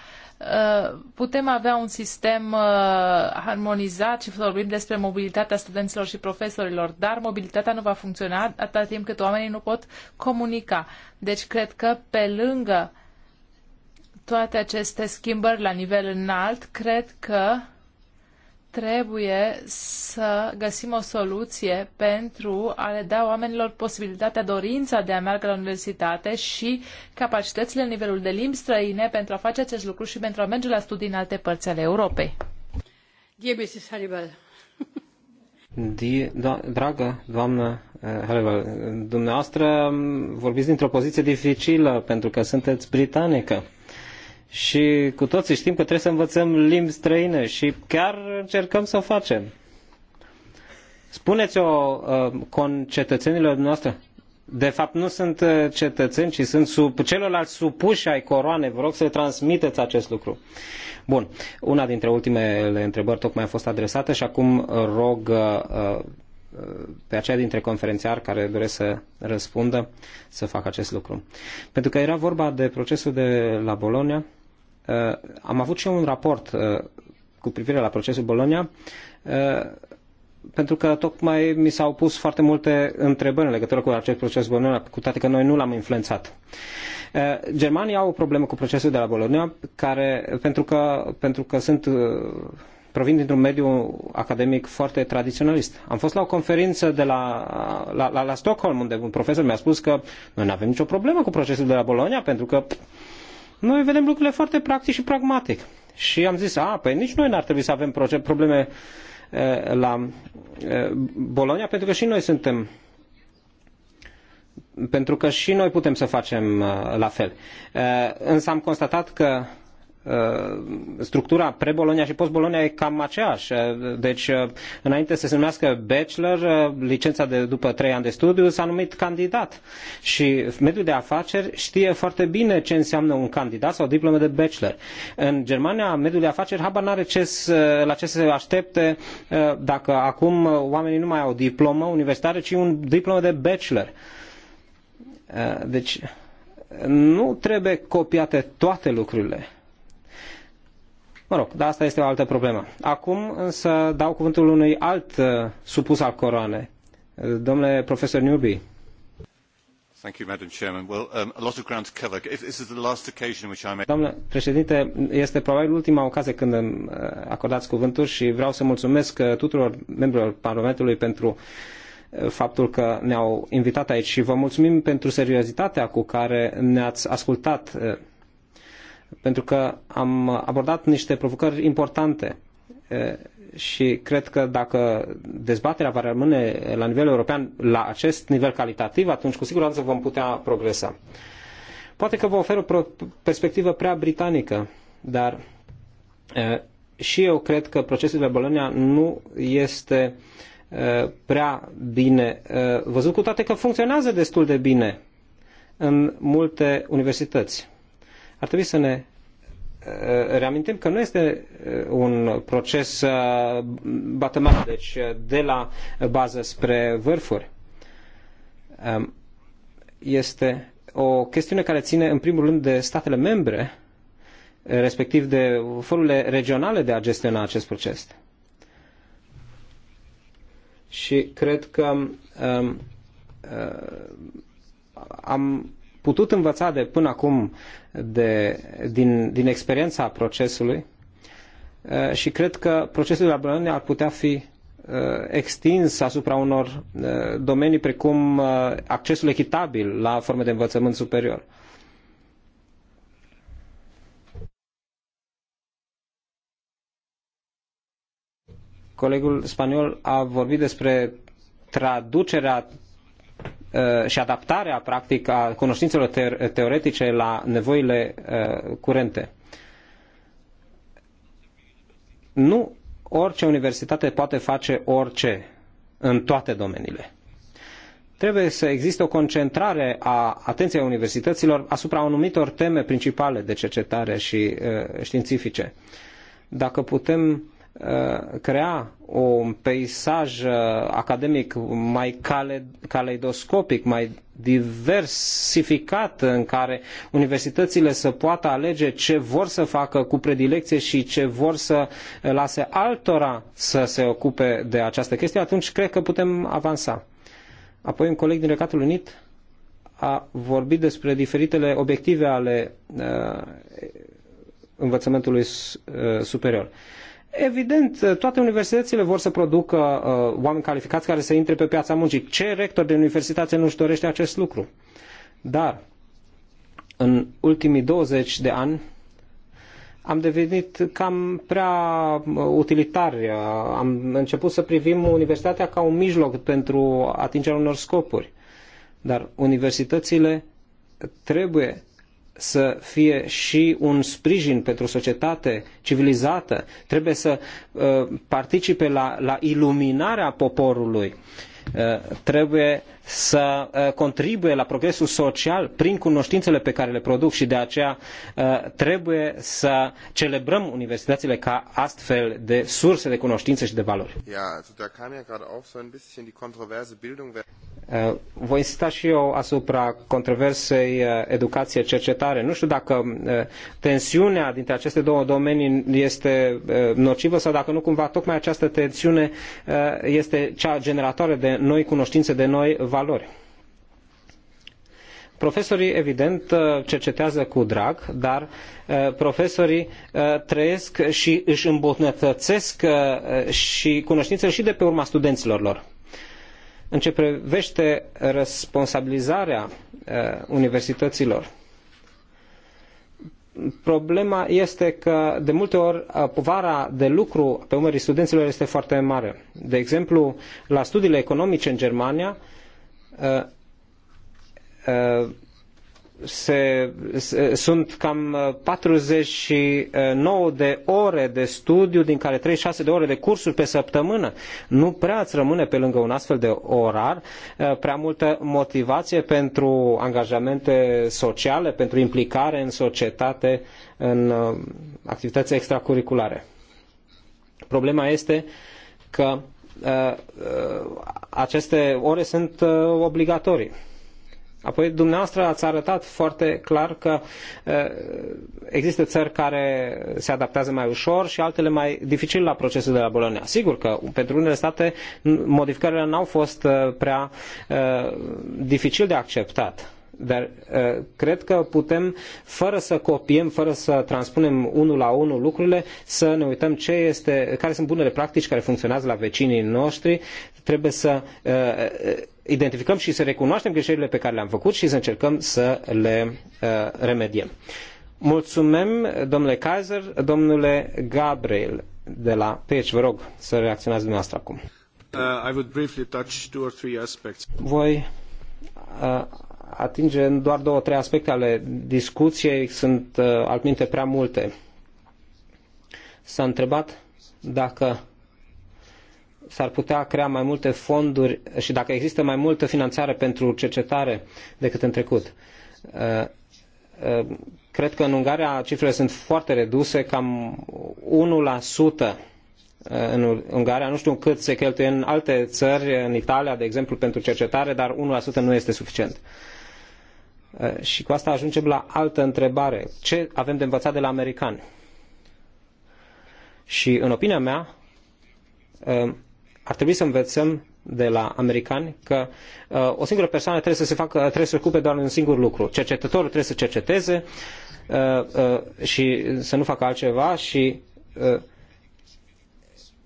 Uh, putem avea un sistem uh, harmonizat și vorbim despre mobilitatea studenților și profesorilor, dar mobilitatea nu va funcționa atâta timp cât oamenii nu pot comunica. Deci cred că pe lângă toate aceste schimbări la nivel înalt, cred că trebuie să găsim o soluție pentru a le da oamenilor posibilitatea, dorința de a meargă la universitate și capacitățile, nivelul de limbi străine pentru a face acest lucru și pentru a merge la studii în alte părți ale Europei. Dragă doamnă eh, Hannibal, dumneavoastră mm, vorbiți dintr-o poziție dificilă pentru că sunteți britanică și cu toții știm că trebuie să învățăm limbi străine și chiar încercăm să o facem. Spuneți-o uh, concetățenilor noastre. De fapt, nu sunt uh, cetățeni, ci sunt sub, celorlalți supuși ai coroane. Vă rog să transmiteți acest lucru. Bun. Una dintre ultimele întrebări tocmai a fost adresată și acum rog uh, pe aceia dintre conferențiari care doresc să răspundă să facă acest lucru. Pentru că era vorba de procesul de la Bologna, Uh, am avut și eu un raport uh, cu privire la procesul Bologna, uh, pentru că tocmai mi s-au pus foarte multe întrebări în legătură cu acest proces Bologna, cu toate că noi nu l-am influențat. Germania au o problemă cu procesul de la Bologna, care, pentru, că, pentru că sunt provin dintr-un mediu academic foarte tradiționalist. Am fost la o conferință de la, la, la, la Stockholm, unde un profesor mi-a spus că noi nu avem nicio problemă cu procesul de la Bologna, pentru că noi vedem lucrurile foarte practic și pragmatic. Și am zis, a, păi nici noi n-ar trebui să avem probleme la Bologna, pentru că și noi suntem pentru că și noi putem să facem la fel. Însă am constatat că Uh, structura pre-Bolonia și post-Bolonia e cam aceeași. Uh, deci, uh, înainte să se numească bachelor, licența de după trei ani de studiu s-a numit candidat. Și mediul de afaceri știe foarte bine ce înseamnă un candidat sau o diplomă de bachelor. În Germania, mediul de afaceri habar n-are ce, la ce se aștepte dacă acum oamenii nu mai au diplomă universitară, ci un diplomă de bachelor. Deci, nu trebuie copiate toate lucrurile Mă rog, dar asta este o altă problemă. Acum însă dau cuvântul unui alt uh, supus al coroane, uh, domnule profesor Newby. Um, Doamnă președinte, este probabil ultima ocazie când îmi uh, acordați cuvântul și vreau să mulțumesc uh, tuturor membrilor Parlamentului pentru faptul că ne-au invitat aici și vă mulțumim pentru seriozitatea cu care ne-ați ascultat uh, pentru că am abordat niște provocări importante și cred că dacă dezbaterea va rămâne la nivel european la acest nivel calitativ, atunci cu siguranță vom putea progresa. Poate că vă ofer o perspectivă prea britanică, dar și eu cred că procesul de Bolonia nu este prea bine văzut, cu toate că funcționează destul de bine în multe universități ar trebui să ne eh, reamintim că nu este eh, un proces eh, bottom-up, deci de la bază spre vârfuri. Ehm, este o chestiune care ține în primul rând de statele membre, respectiv de forurile regionale de a gestiona acest proces. Și cred că ehm, am putut învăța de până acum de, din, din experiența procesului uh, și cred că procesul de la Bologna ar putea fi uh, extins asupra unor uh, domenii precum accesul echitabil la forme de învățământ superior. Colegul spaniol a vorbit despre traducerea Uh, și adaptarea practic a cunoștințelor teoretice la nevoile uh, curente. Nu orice universitate poate face orice în toate domeniile. Trebuie să existe o concentrare a atenției universităților asupra anumitor teme principale de cercetare și uh, științifice. Dacă putem Uh, crea un peisaj uh, academic mai caleidoscopic, mai diversificat, în care universitățile să poată alege ce vor să facă cu predilecție și ce vor să lase altora să se ocupe de această chestie, atunci cred că putem avansa. Apoi un coleg din Recatul Unit a vorbit despre diferitele obiective ale uh, învățământului uh, superior. Uh, Evident, toate universitățile vor să producă uh, oameni calificați care să intre pe piața muncii. Ce rector de universitate nu-și dorește acest lucru? Dar, în ultimii 20 de ani, am devenit cam prea uh, utilitar. Am început să privim universitatea ca un mijloc pentru atingerea unor scopuri. Dar universitățile trebuie să fie și un sprijin pentru societate civilizată, trebuie să uh, participe la, la iluminarea poporului, uh, trebuie să uh, contribuie la progresul social prin cunoștințele pe care le produc și de aceea uh, trebuie să celebrăm universitățile ca astfel de surse de cunoștințe și de valori. Da uh, voi insista și eu asupra controversei educație-cercetare. Nu știu dacă tensiunea dintre aceste două domenii este nocivă sau dacă nu cumva tocmai această tensiune este cea generatoare de noi cunoștințe, de noi valori valori. Profesorii, evident, uh, cercetează cu drag, dar uh, profesorii uh, trăiesc și își îmbunătățesc și cunoștințele și de pe urma studenților lor. În ce privește responsabilizarea universităților, problema este că de multe ori povara de lucru pe umerii studenților este foarte mare. De exemplu, la studiile economice în Germania, se, se, sunt cam 49 de ore de studiu, din care 36 de ore de cursuri pe săptămână. Nu prea îți rămâne pe lângă un astfel de orar eh, prea multă motivație pentru angajamente sociale, pentru implicare în societate, în eh, activități extracurriculare. Problema este că Uh, uh, aceste ore sunt uh, obligatorii. Apoi dumneavoastră ați arătat foarte clar că există țări care se adaptează mai ușor și altele mai dificil la procesul de la Bologna. Sigur că pentru unele state modificările n-au fost prea dificil de acceptat. Dar uh, cred că putem, fără să copiem, fără să transpunem unul la unul lucrurile, să ne uităm ce este, care sunt bunele practici care funcționează la vecinii noștri. Trebuie să uh, identificăm și să recunoaștem greșelile pe care le-am făcut și să încercăm să le uh, remediem. Mulțumim, domnule Kaiser, domnule Gabriel de la PH, vă rog să reacționați dumneavoastră acum. Uh, I would briefly touch two or three aspects. Voi uh, atinge doar două, trei aspecte ale discuției, sunt uh, altminte prea multe. S-a întrebat dacă s-ar putea crea mai multe fonduri și dacă există mai multă finanțare pentru cercetare decât în trecut. Uh, uh, cred că în Ungaria cifrele sunt foarte reduse, cam 1% în Ungaria, nu știu cât se cheltuie în alte țări, în Italia, de exemplu, pentru cercetare, dar 1% nu este suficient. Eh, și cu asta ajungem la altă întrebare. Ce avem de învățat de la americani? Și, în opinia mea, eh, ar trebui să învățăm de la americani că eh, o singură persoană trebuie să se facă, trebuie să ocupe doar un singur lucru. Cercetătorul trebuie să cerceteze și să nu facă altceva și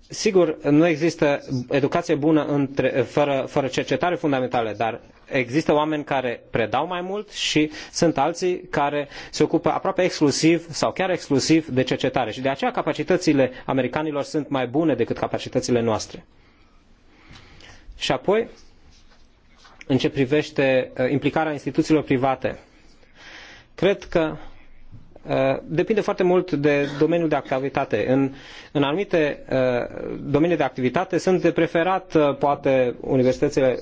sigur nu există educație bună între, fără, fără cercetare fundamentală, dar există oameni care predau mai mult și sunt alții care se ocupă aproape exclusiv sau chiar exclusiv de cercetare. Și de aceea capacitățile americanilor sunt mai bune decât capacitățile noastre. Și apoi, în ce privește uh, implicarea instituțiilor private, cred că Uh, depinde foarte mult de domeniul de activitate. În, în anumite uh, domenii de activitate sunt de preferat uh, poate universitățile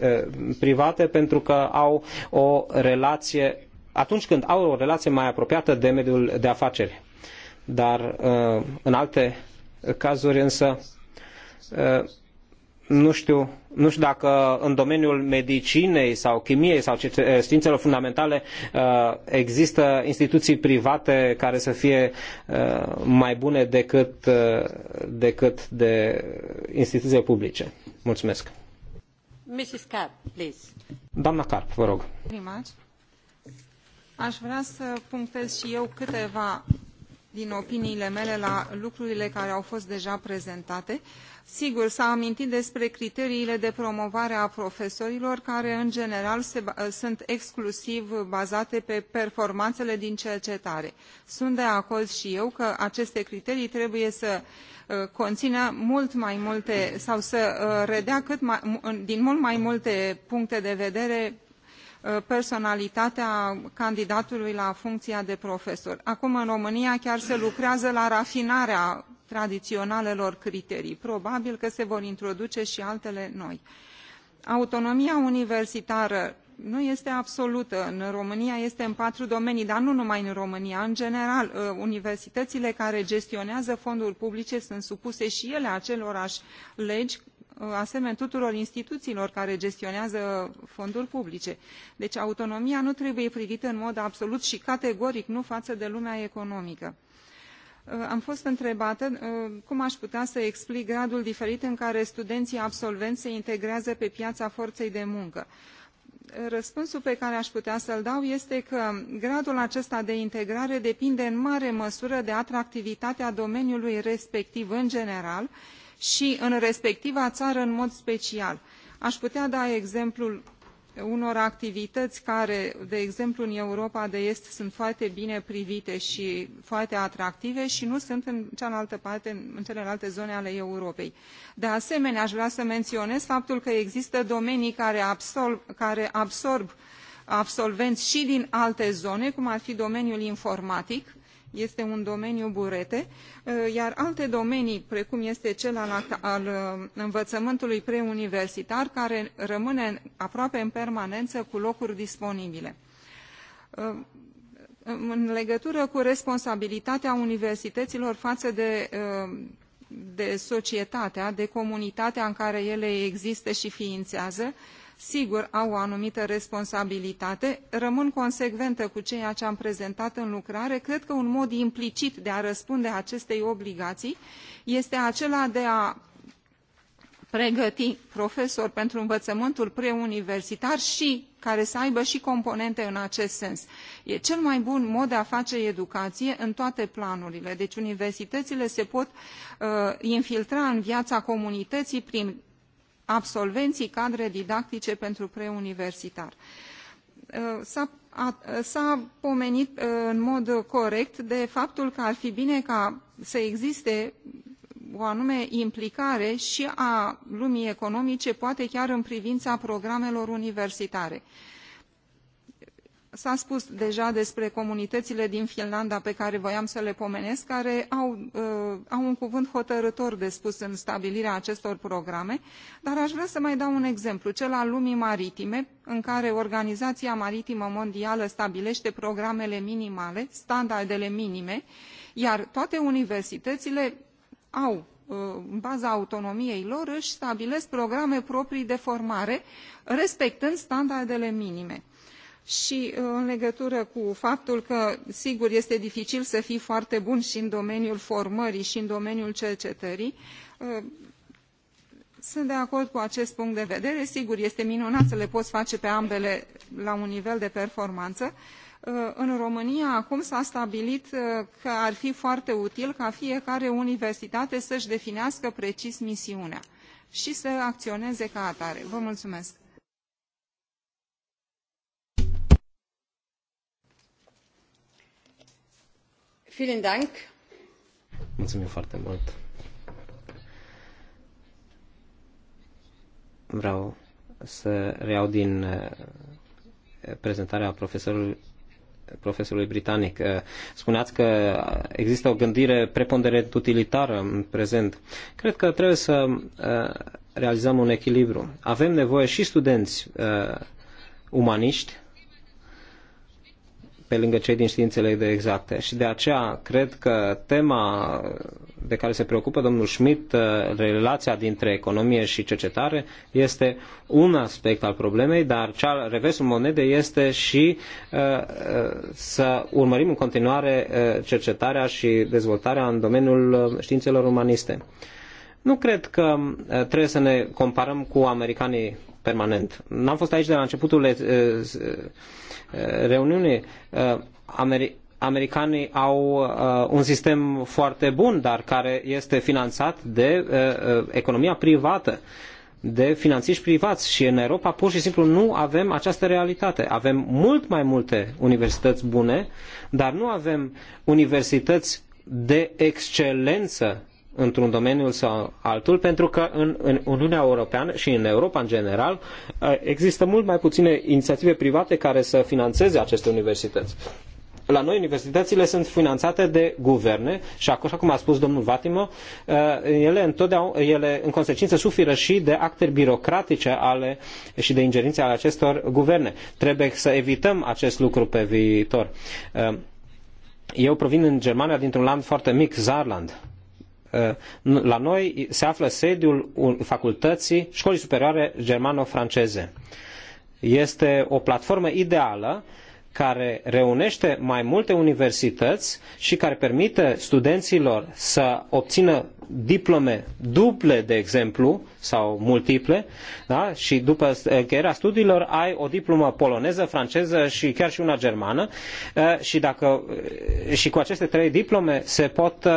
private pentru că au o relație atunci când au o relație mai apropiată de mediul de afaceri. Dar în alte cazuri însă nu știu nu știu dacă în domeniul medicinei sau chimiei sau științelor fundamentale uh, există instituții private care să fie uh, mai bune decât, uh, decât de instituțiile publice. Mulțumesc. Mrs. Carp, please. Doamna Carp, vă rog. Aș vrea să punctez și eu câteva din opiniile mele la lucrurile care au fost deja prezentate. Uh, sigur s a amintit despre criteriile de promovare a profesorilor care în general ă, sunt exclusiv bazate pe performanțele din cercetare. sunt de acord și eu că aceste criterii trebuie să ă, conțină mult mai multe sau să ă, redea mai, din mult mai multe puncte de vedere personalitatea candidatului la funcția de profesor. acum în românia chiar se lucrează la rafinarea tradiționalelor criterii probabil că se vor introduce și altele noi. autonomia universitară nu este absolută în românia este în patru domenii dar nu numai în românia în general uh, universitățile care gestionează fonduri publice sunt supuse și ele acelorași legi asemeni tuturor instituțiilor care gestionează fonduri publice. Deci autonomia nu trebuie privită în mod absolut și categoric, nu față de lumea economică uh, am fost întrebată uh, cum aș putea să explic gradul diferit în care studenții absolvenți se integrează pe piața forței de muncă. Răspunsul pe care aș putea să-l dau este că gradul acesta de integrare depinde în mare măsură de atractivitatea domeniului respectiv în general și în respectiva țară în mod special. Aș putea da exemplul unor activități care, de exemplu, în Europa de Est sunt foarte bine privite și foarte atractive și nu sunt în cealaltă parte, în celelalte zone ale Europei. De asemenea, aș vrea să menționez faptul că există domenii care absorb, care absorb absolvenți și din alte zone, cum ar fi domeniul informatic, este un domeniu burete uh, iar alte domenii precum este cel al, uh, învățământului preuniversitar care rămâne aproape în permanență cu locuri disponibile uh, în legătură cu responsabilitatea universităților față de, de societatea de comunitatea în care ele există și ființează sigur au o anumită responsabilitate rămân consecventă cu ceea ce am prezentat în lucrare cred că un mod implicit de a răspunde acestei obligații este acela de a pregăti profesori pentru învățământul preuniversitar și care să aibă și componente în acest sens. e cel mai bun mod de a face educație în toate planurile deci universitățile se pot uh, infiltra în viața comunității prin absolvenții cadre didactice pentru preuniversitar. Uh, s-a pomenit uh, în mod corect de faptul că ar fi bine ca să existe o anume implicare și a lumii economice, poate chiar în privința programelor universitare s a spus deja despre comunitățile din finlanda pe care voiam să le pomenesc care au, uh, au un cuvânt hotărâtor de spus în stabilirea acestor programe dar aș vrea să mai dau un exemplu cel al lumii maritime în care organizația maritimă mondială stabilește programele minimale standardele minime iar toate universitățile au uh, în baza autonomiei lor își stabilesc programe proprii de formare respectând standardele minime și uh, în legătură cu faptul că sigur este dificil să fii foarte bun și în domeniul formării și în domeniul cercetării uh, sunt de acord cu acest punct de vedere sigur este minunat să le poți face pe ambele la un nivel de performanță uh, în românia acum s a stabilit că ar fi foarte util ca fiecare universitate să și definească precis misiunea și să acționeze ca atare. Vă mulțumesc! Mulțumim foarte mult. Vreau să reiau din eh, prezentarea profesorului profesorului britanic. Eh, spuneați că există o gândire preponderent utilitară în prezent. Cred că trebuie să eh, realizăm un echilibru. Avem nevoie și studenți umaniști pe lângă cei din științele de exacte. Și de aceea cred că tema de care se preocupă domnul Schmidt, uh, relația dintre economie și cercetare, este un aspect al problemei, dar cea, reversul monedei este și uh, uh să urmărim în continuare uh, cercetarea și dezvoltarea în domeniul științelor umaniste. Nu cred că trebuie să ne comparăm cu americanii permanent. N-am fost aici de la începutul eh, eh, reuniunii. Eh, ameri- americanii au uh, un sistem foarte bun, dar care este finanțat de uh, economia privată, de finanțiști privați și în Europa pur și simplu nu avem această realitate. Avem mult mai multe universități bune, dar nu avem universități de excelență într-un domeniu sau altul, pentru că în, în Uniunea Europeană și în Europa în general uh, există mult mai puține inițiative private care să financeze aceste universități. La noi universitățile sunt finanțate de guverne și așa cum a spus domnul Vatimo, uh, ele, ele în consecință suferă și de acte birocratice ale, și de ingerințe ale acestor guverne. Trebuie să evităm acest lucru pe viitor. Uh, eu provin în Germania dintr-un land foarte mic, Saarland la noi se află sediul facultății Școlii Superioare Germano-Franceze. Este o platformă ideală care reunește mai multe universități și care permite studenților să obțină diplome duble, de exemplu, sau multiple, da? și după încheierea studiilor ai o diplomă poloneză, franceză și chiar și una germană și, dacă, și cu aceste trei diplome se pot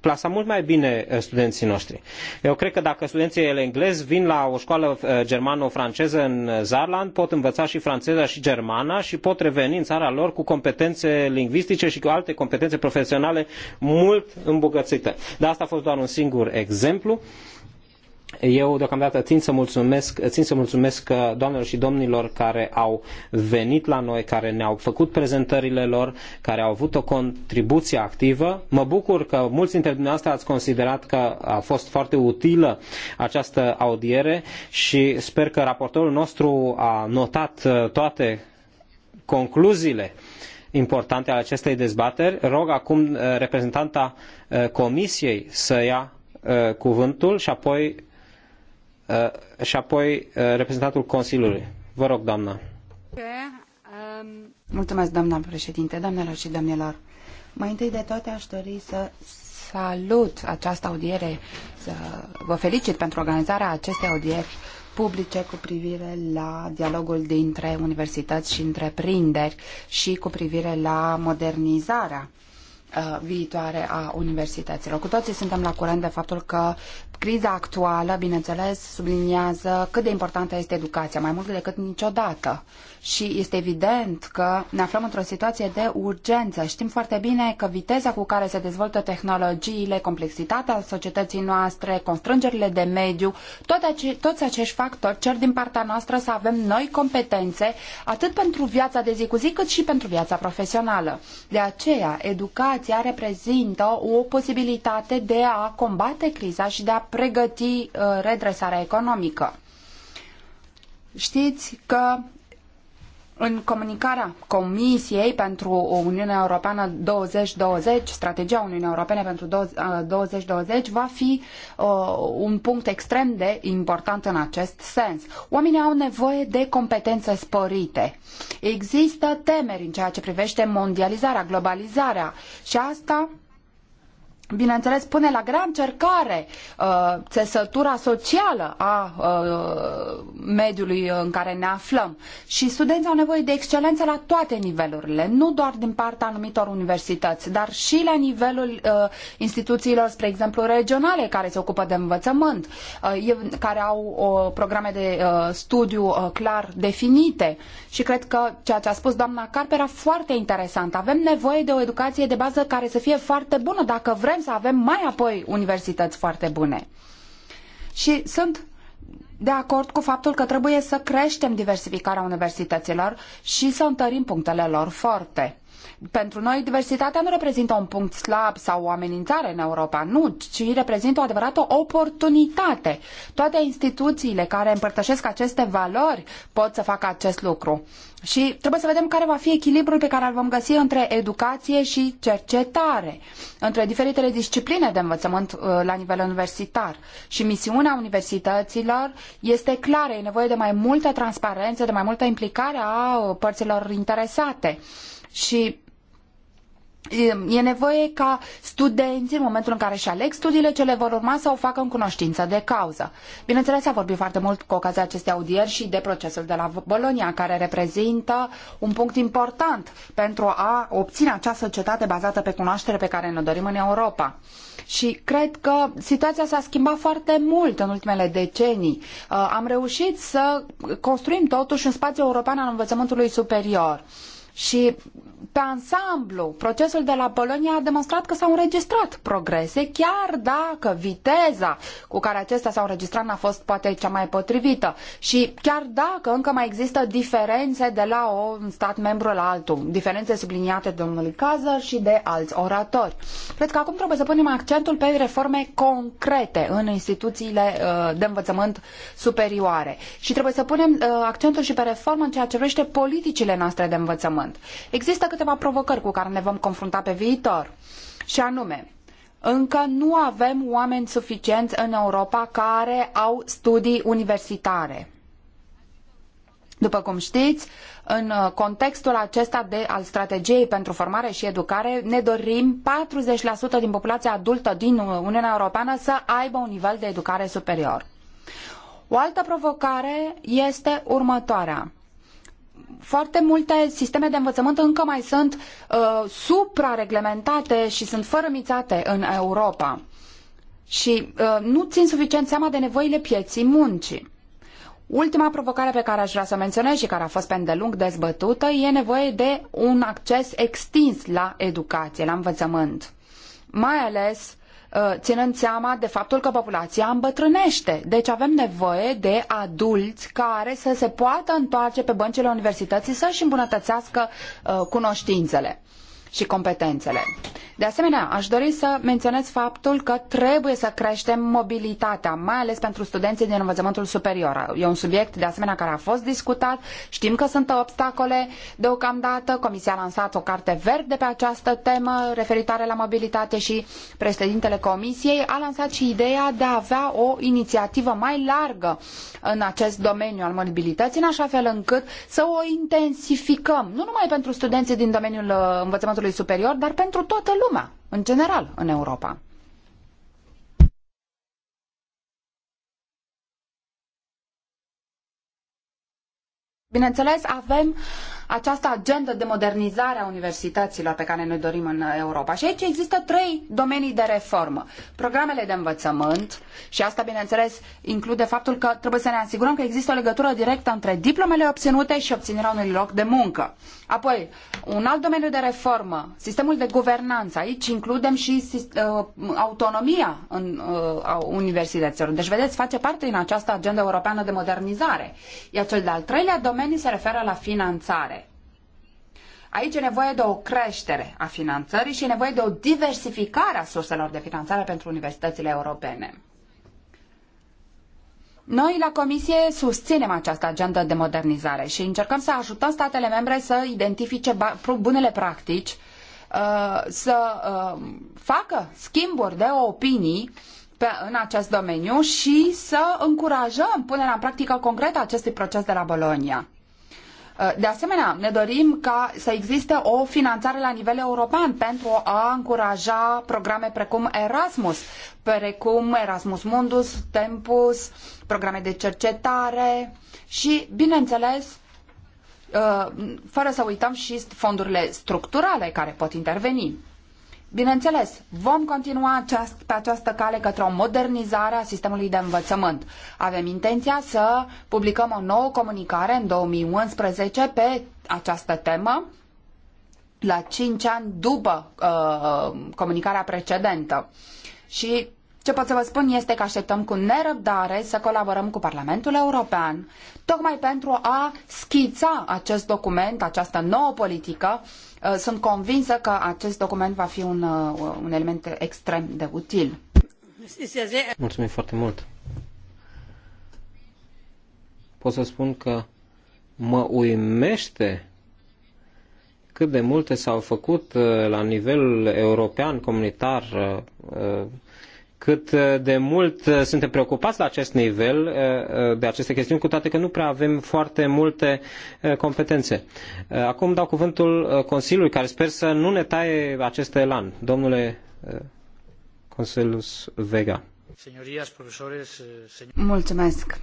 plasa mult mai bine studenții noștri. Eu cred că dacă studenții englezi vin la o școală germano-franceză în Zarland, pot învăța și franceza și germana și pot reveni în țara lor cu competențe lingvistice și cu alte competențe profesionale mult îmbogățite. Dar asta a fost doar un singur exemplu eu deocamdată țin să mulțumesc, țin să mulțumesc uh, doamnelor și domnilor care au venit la noi, care ne-au făcut prezentările lor, care au avut o contribuție activă. Mă bucur că mulți dintre dumneavoastră ați considerat că a fost foarte utilă această audiere și sper că raportorul nostru a notat uh, toate concluziile importante ale acestei dezbateri. Rog acum uh, reprezentanta Comisiei să ia cuvântul și apoi Uh, și apoi uh, reprezentantul Consiliului. Vă rog, doamnă. Mulțumesc, doamna președinte, doamnelor și domnilor. Mai întâi de toate aș dori să salut această audiere, să vă felicit pentru organizarea acestei audieri publice cu privire la dialogul dintre universități și întreprinderi și cu privire la modernizarea uh, Uh, viitoare a universităților. Cu toții suntem la curent de faptul că criza actuală, bineînțeles, subliniază cât de importantă este educația, mai mult decât niciodată. Și este evident că ne aflăm într-o situație de urgență. Știm foarte bine că viteza cu care se dezvoltă tehnologiile, complexitatea societății noastre, constrângerile de mediu, toate, toți acești factori cer din partea noastră să avem noi competențe, atât pentru viața de zi cu zi, cât și pentru viața profesională. De aceea, educația ea reprezintă o posibilitate de a combate criza și de a pregăti uh, redresarea economică. Știți că în comunicarea Comisiei pentru Uniunea Europeană 2020, strategia Uniunii Europene pentru 2020 va fi uh, un punct extrem de important în acest sens. Oamenii au nevoie de competențe sporite. Există temeri în ceea ce privește mondializarea, globalizarea și asta bineînțeles, pune la grea încercare uh, țesătura socială a uh, mediului în care ne aflăm. Și studenții au nevoie de excelență la toate nivelurile, nu doar din partea anumitor universități, dar și la nivelul uh, instituțiilor, spre exemplu, regionale, care se ocupă de învățământ, uh, care au o programe de uh, studiu uh, clar definite. Și cred că ceea ce a spus doamna Carp era foarte interesant. Avem nevoie de o educație de bază care să fie foarte bună dacă vrem vrem să avem mai apoi universități foarte bune. Și sunt de acord cu faptul că trebuie să creștem diversificarea universităților și să întărim punctele lor forte pentru noi diversitatea nu reprezintă un punct slab sau o amenințare în Europa, nu, ci reprezintă o adevărată oportunitate. Toate instituțiile care împărtășesc aceste valori pot să facă acest lucru. Și trebuie să vedem care va fi echilibrul pe care îl vom găsi între educație și cercetare, între diferitele discipline de învățământ uh, la nivel universitar. Și misiunea universităților este clară, e nevoie de mai multă transparență, de mai multă implicare a uh, părților interesate. Și E nevoie ca studenții, în momentul în care își aleg studiile ce le vor urma, să o facă în cunoștință de cauză. Bineînțeles, a vorbit foarte mult cu ocazia acestei audieri și de procesul de la Bolonia, care reprezintă un punct important pentru a obține acea societate bazată pe cunoaștere pe care ne dorim în Europa. Și cred că situația s-a schimbat foarte mult în ultimele decenii. Uh, am reușit să construim totuși un spațiu european al învățământului superior și pe ansamblu, procesul de la Polonia a demonstrat că s-au înregistrat progrese, chiar dacă viteza cu care acestea s-au înregistrat n-a fost poate cea mai potrivită și chiar dacă încă mai există diferențe de la un stat membru la altul, diferențe subliniate de domnul Cazăr și de alți oratori. Cred că acum trebuie să punem accentul pe reforme concrete în instituțiile uh, de învățământ superioare și trebuie să punem uh, accentul și pe reformă în ceea ce privește politicile noastre de învățământ cuvânt. Există câteva provocări cu care ne vom confrunta pe viitor. Și anume, încă nu avem oameni suficienți în Europa care au studii universitare. După cum știți, în contextul acesta de, al strategiei pentru formare și educare, ne dorim 40% din populația adultă din Uniunea Europeană să aibă un nivel de educare superior. O altă provocare este următoarea foarte multe sisteme de învățământ încă mai sunt uh, suprareglementate și sunt fărămițate în Europa și uh, nu țin suficient seama de nevoile pieții muncii. Ultima provocare pe care aș vrea să o menționez și care a fost pe îndelung dezbătută e nevoie de un acces extins la educație, la învățământ. Mai ales Uh, ținând seama de faptul că populația îmbătrânește. Deci avem nevoie de adulți care să se poată întoarce pe băncile universității să-și îmbunătățească uh, cunoștințele și competențele. De asemenea, aș dori să menționez faptul că trebuie să creștem mobilitatea, mai ales pentru studenții din învățământul superior. E un subiect, de asemenea, care a fost discutat. Știm că sunt obstacole deocamdată. Comisia a lansat o carte verde pe această temă referitoare la mobilitate și președintele Comisiei a lansat și ideea de a avea o inițiativă mai largă în acest domeniu al mobilității, în așa fel încât să o intensificăm, nu numai pentru studenții din domeniul uh, învățământului învățământului superior, dar pentru toată lumea, în general, în Europa. Bineînțeles, avem această agendă de modernizare a universităților pe care ne dorim în Europa. Și aici există trei domenii de reformă. Programele de învățământ și asta, bineînțeles, include faptul că trebuie să ne asigurăm că există o legătură directă între diplomele obținute și obținerea unui loc de muncă. Apoi, un alt domeniu de reformă, sistemul de guvernanță. Aici includem și uh, autonomia în, uh, a universităților. Deci, vedeți, face parte din această agendă europeană de modernizare. Iar cel de-al treilea domeniu se referă la finanțare. Aici e nevoie de o creștere a finanțării și e nevoie de o diversificare a surselor de finanțare pentru universitățile europene. Noi la Comisie susținem această agendă de modernizare și încercăm să ajutăm statele membre să identifice bunele practici, uh, să uh, facă schimburi de opinii pe, în acest domeniu și să încurajăm punerea în practică concretă a acestui proces de la Bologna. Uh, de asemenea, ne dorim ca să existe o finanțare la nivel european pentru a încuraja programe precum Erasmus, precum Erasmus Mundus, Tempus, programe de cercetare și, bineînțeles, uh, fără să uităm și fondurile structurale care pot interveni. Bineînțeles, vom continua aceast, pe această cale către o modernizare a sistemului de învățământ. Avem intenția să publicăm o nouă comunicare în 2011 pe această temă, la cinci ani după uh, comunicarea precedentă. Și ce pot să vă spun este că așteptăm cu nerăbdare să colaborăm cu Parlamentul European, tocmai pentru a schița acest document, această nouă politică, Uh, sunt convinsă că acest document va fi un, uh, un element extrem de util. Mulțumim foarte mult. Pot să spun că mă uimește cât de multe s-au făcut uh, la nivel european, comunitar, cât de mult uh, suntem preocupați la acest nivel uh, uh, de aceste chestiuni, cu toate că nu prea avem foarte multe competențe. Acum dau cuvântul Consiliului, care sper să nu ne taie acest elan. Domnule Conselus Vega. Eh,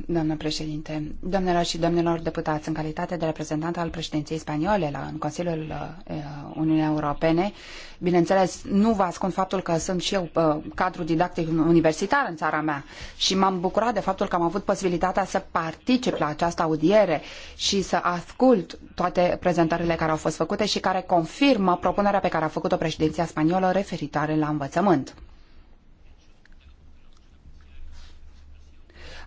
doamnă președinte. Doamnelor și domnilor deputați, în calitate de reprezentant al președinției spaniole la, în Consiliul eh, Uniunii Europene, bineînțeles, nu vă ascund faptul că sunt și eu eh, cadru didactic universitar în țara mea și m-am bucurat de faptul că am avut posibilitatea să particip la această audiere și să ascult toate prezentările care au fost făcute și care confirmă propunerea pe care a făcut-o președinția spaniolă referitoare la învățământ.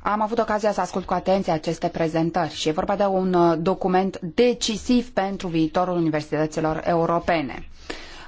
Am avut ocazia să ascult cu atenție aceste prezentări și e vorba de un uh, document decisiv pentru viitorul universităților europene.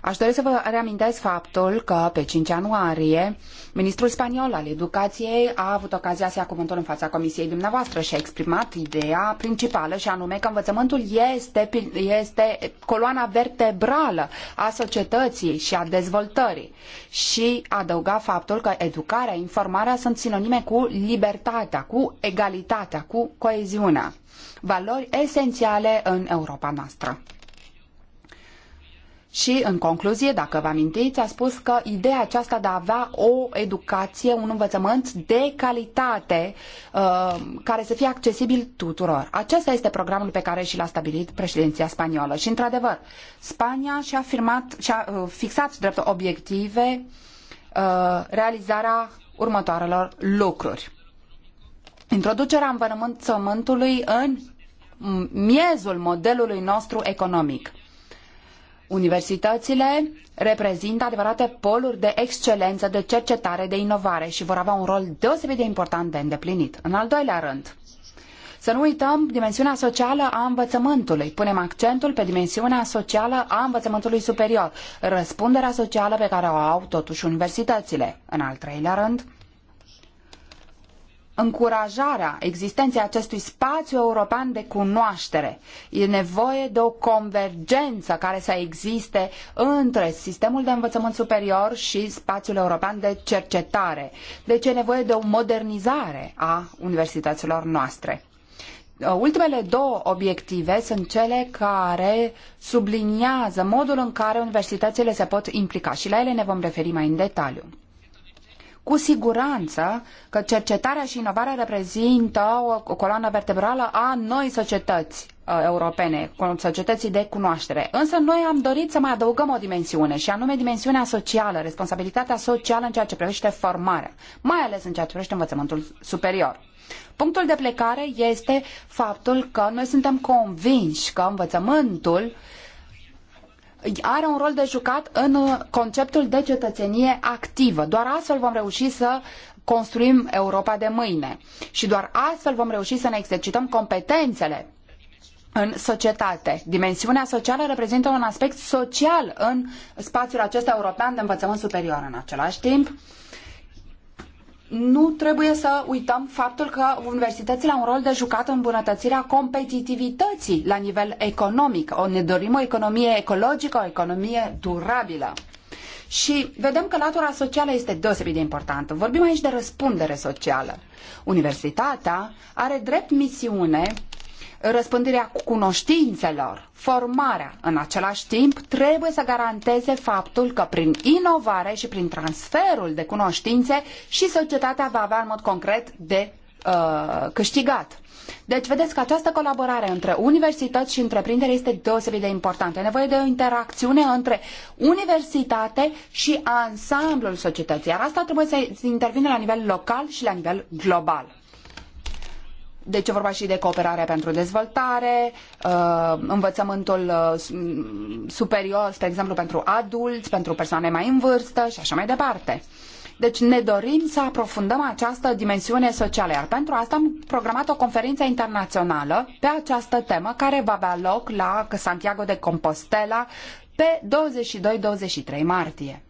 Aș dori să vă reamintesc faptul că pe 5 ianuarie ministrul spaniol al educației a avut ocazia să ia cuvântul în fața comisiei dumneavoastră și a exprimat ideea principală și anume că învățământul este, este coloana vertebrală a societății și a dezvoltării și adăuga faptul că educarea, informarea sunt sinonime cu libertatea, cu egalitatea, cu coeziunea valori esențiale în Europa noastră. Și, în concluzie, dacă vă amintiți, a spus că ideea aceasta de a avea o educație, un învățământ de calitate, uh, care să fie accesibil tuturor. Acesta este programul pe care și l-a stabilit președinția spaniolă. Și, într-adevăr, Spania și-a, afirmat și-a uh, fixat drept obiective uh, realizarea următoarelor lucruri. Introducerea învățământului în miezul modelului nostru economic – Universitățile reprezintă adevărate poluri de excelență, de cercetare, de inovare și vor avea un rol deosebit de important de îndeplinit. În al doilea rând, să nu uităm dimensiunea socială a învățământului. Punem accentul pe dimensiunea socială a învățământului superior, răspunderea socială pe care o au totuși universitățile. În al treilea rând, încurajarea existenței acestui spațiu european de cunoaștere. E nevoie de o convergență care să existe între sistemul de învățământ superior și spațiul european de cercetare. Deci e nevoie de o modernizare a universităților noastre. Uh, ultimele două obiective sunt cele care subliniază modul în care universitățile se pot implica și la ele ne vom referi mai în detaliu. Cu siguranță că cercetarea și inovarea reprezintă o coloană vertebrală a noi societăți uh, europene, societății de cunoaștere. Însă noi am dorit să mai adăugăm o dimensiune și anume dimensiunea socială, responsabilitatea socială în ceea ce privește formarea, mai ales în ceea ce privește învățământul superior. Punctul de plecare este faptul că noi suntem convinși că învățământul uh, are un rol de jucat în uh, conceptul de cetățenie activă. Doar astfel vom reuși să construim Europa de mâine și doar astfel vom reuși să ne exercităm competențele în societate. Dimensiunea socială reprezintă un aspect social în spațiul acesta european de învățământ superior în același timp nu trebuie să uităm faptul că universitățile au un rol de jucat în îmbunătățirea competitivității la nivel economic. O, ne dorim o economie ecologică, o economie durabilă. Și vedem că latura socială este deosebit de importantă. Vorbim aici de răspundere socială. Universitatea are drept misiune răspândirea cunoștințelor, formarea. În același timp, trebuie să garanteze faptul că prin inovare și prin transferul de cunoștințe și societatea va avea în mod concret de uh, câștigat. Deci vedeți că această colaborare între universități și întreprinderi este deosebit de importantă. E nevoie de o interacțiune între universitate și ansamblul societății, iar asta trebuie să intervină la nivel local și la nivel global. Deci e vorba și de cooperarea pentru dezvoltare, uh, învățământul uh, superior, spre exemplu, pentru adulți, pentru persoane mai în vârstă și așa mai departe. Deci ne dorim să aprofundăm această dimensiune socială, iar pentru asta am programat o conferință internațională pe această temă care va avea loc la Santiago de Compostela pe 22-23 martie.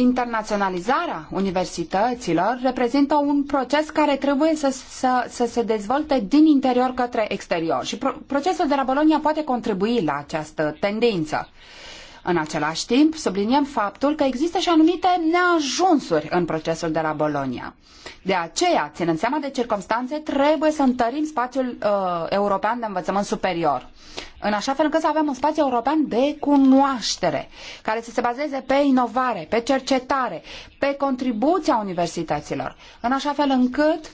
internaționalizarea universităților reprezintă un proces care trebuie să, să, să se dezvolte din interior către exterior și pro procesul de la Bologna poate contribui la această tendință. În același timp, subliniem faptul că există și anumite neajunsuri în procesul de la Bologna. De aceea, ținând seama de circunstanțe, trebuie să întărim spațiul uh, european de învățământ superior în așa fel încât să avem un spațiu european de cunoaștere, care să se bazeze pe inovare, pe cercetare, pe contribuția universităților, în așa fel încât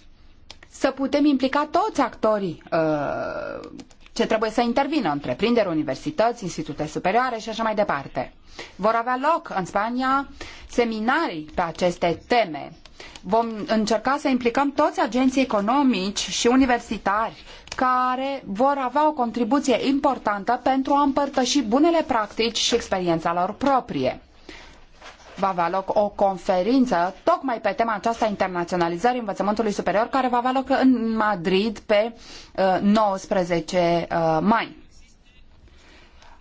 să putem implica toți actorii uh, ce trebuie să intervină, întreprinderi, universități, institute superioare și așa mai departe. Vor avea loc în Spania seminarii pe aceste teme Vom încerca să implicăm toți agenții economici și universitari care vor avea o contribuție importantă pentru a împărtăși bunele practici și experiența lor proprie va avea loc o conferință tocmai pe tema aceasta internaționalizării învățământului superior care va avea loc în Madrid pe 19 uh, uh, mai.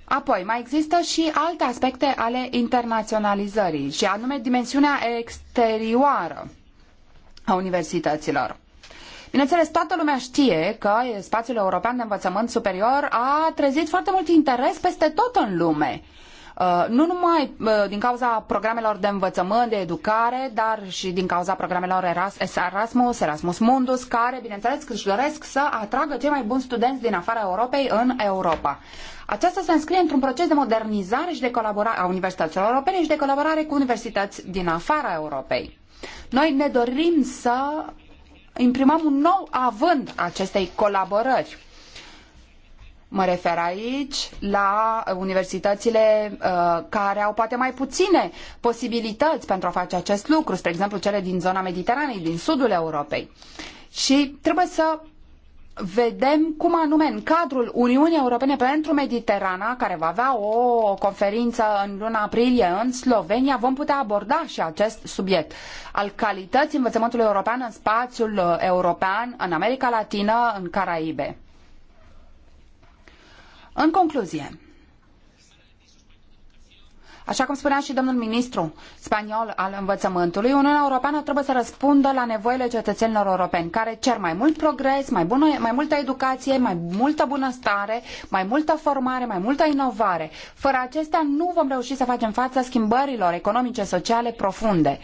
Apoi, mai există și alte aspecte ale internaționalizării, și anume dimensiunea exterioară a universităților. Bineînțeles, toată lumea știe că spațiul european de învățământ superior a trezit foarte mult interes peste tot în lume. Uh, Uh, nu numai uh, din cauza programelor de învățământ, de educare, dar și din cauza programelor Erasmus, Erasmus Mundus, care, bineînțeles, își doresc să atragă cei mai buni studenți din afara Europei în Europa. Aceasta se înscrie într-un proces de modernizare și de colaborare a universităților europene și de colaborare cu universități din afara Europei. Noi ne dorim să imprimăm un nou avânt acestei colaborări Mă refer aici la universitățile uh, care au poate mai puține posibilități pentru a face acest lucru, spre exemplu cele din zona Mediteranei, din sudul Europei. Și trebuie să vedem cum anume în cadrul Uniunii Europene pentru Mediterana, care va avea o conferință în luna aprilie în Slovenia, vom putea aborda și acest subiect al calității învățământului european în spațiul european, în America Latină, în Caraibe. În concluzie, Așa cum spunea și domnul ministru spaniol al învățământului, Uniunea Europeană trebuie să răspundă la nevoile cetățenilor europeni, care cer mai mult progres, mai, bună, mai multă educație, mai multă bunăstare, mai multă formare, mai multă inovare. Fără acestea nu vom reuși să facem față schimbărilor economice, sociale profunde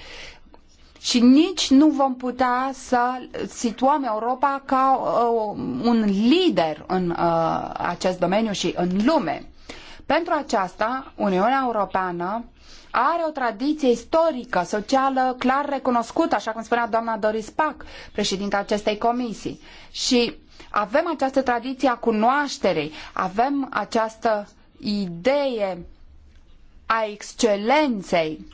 și nici nu vom putea să situăm Europa ca uh, un lider în uh, acest domeniu și în lume. Pentru aceasta, Uniunea Europeană are o tradiție istorică, socială, clar recunoscută, așa cum spunea doamna Doris Pack, președinta acestei comisii. Și avem această tradiție a cunoașterii, avem această idee a excelenței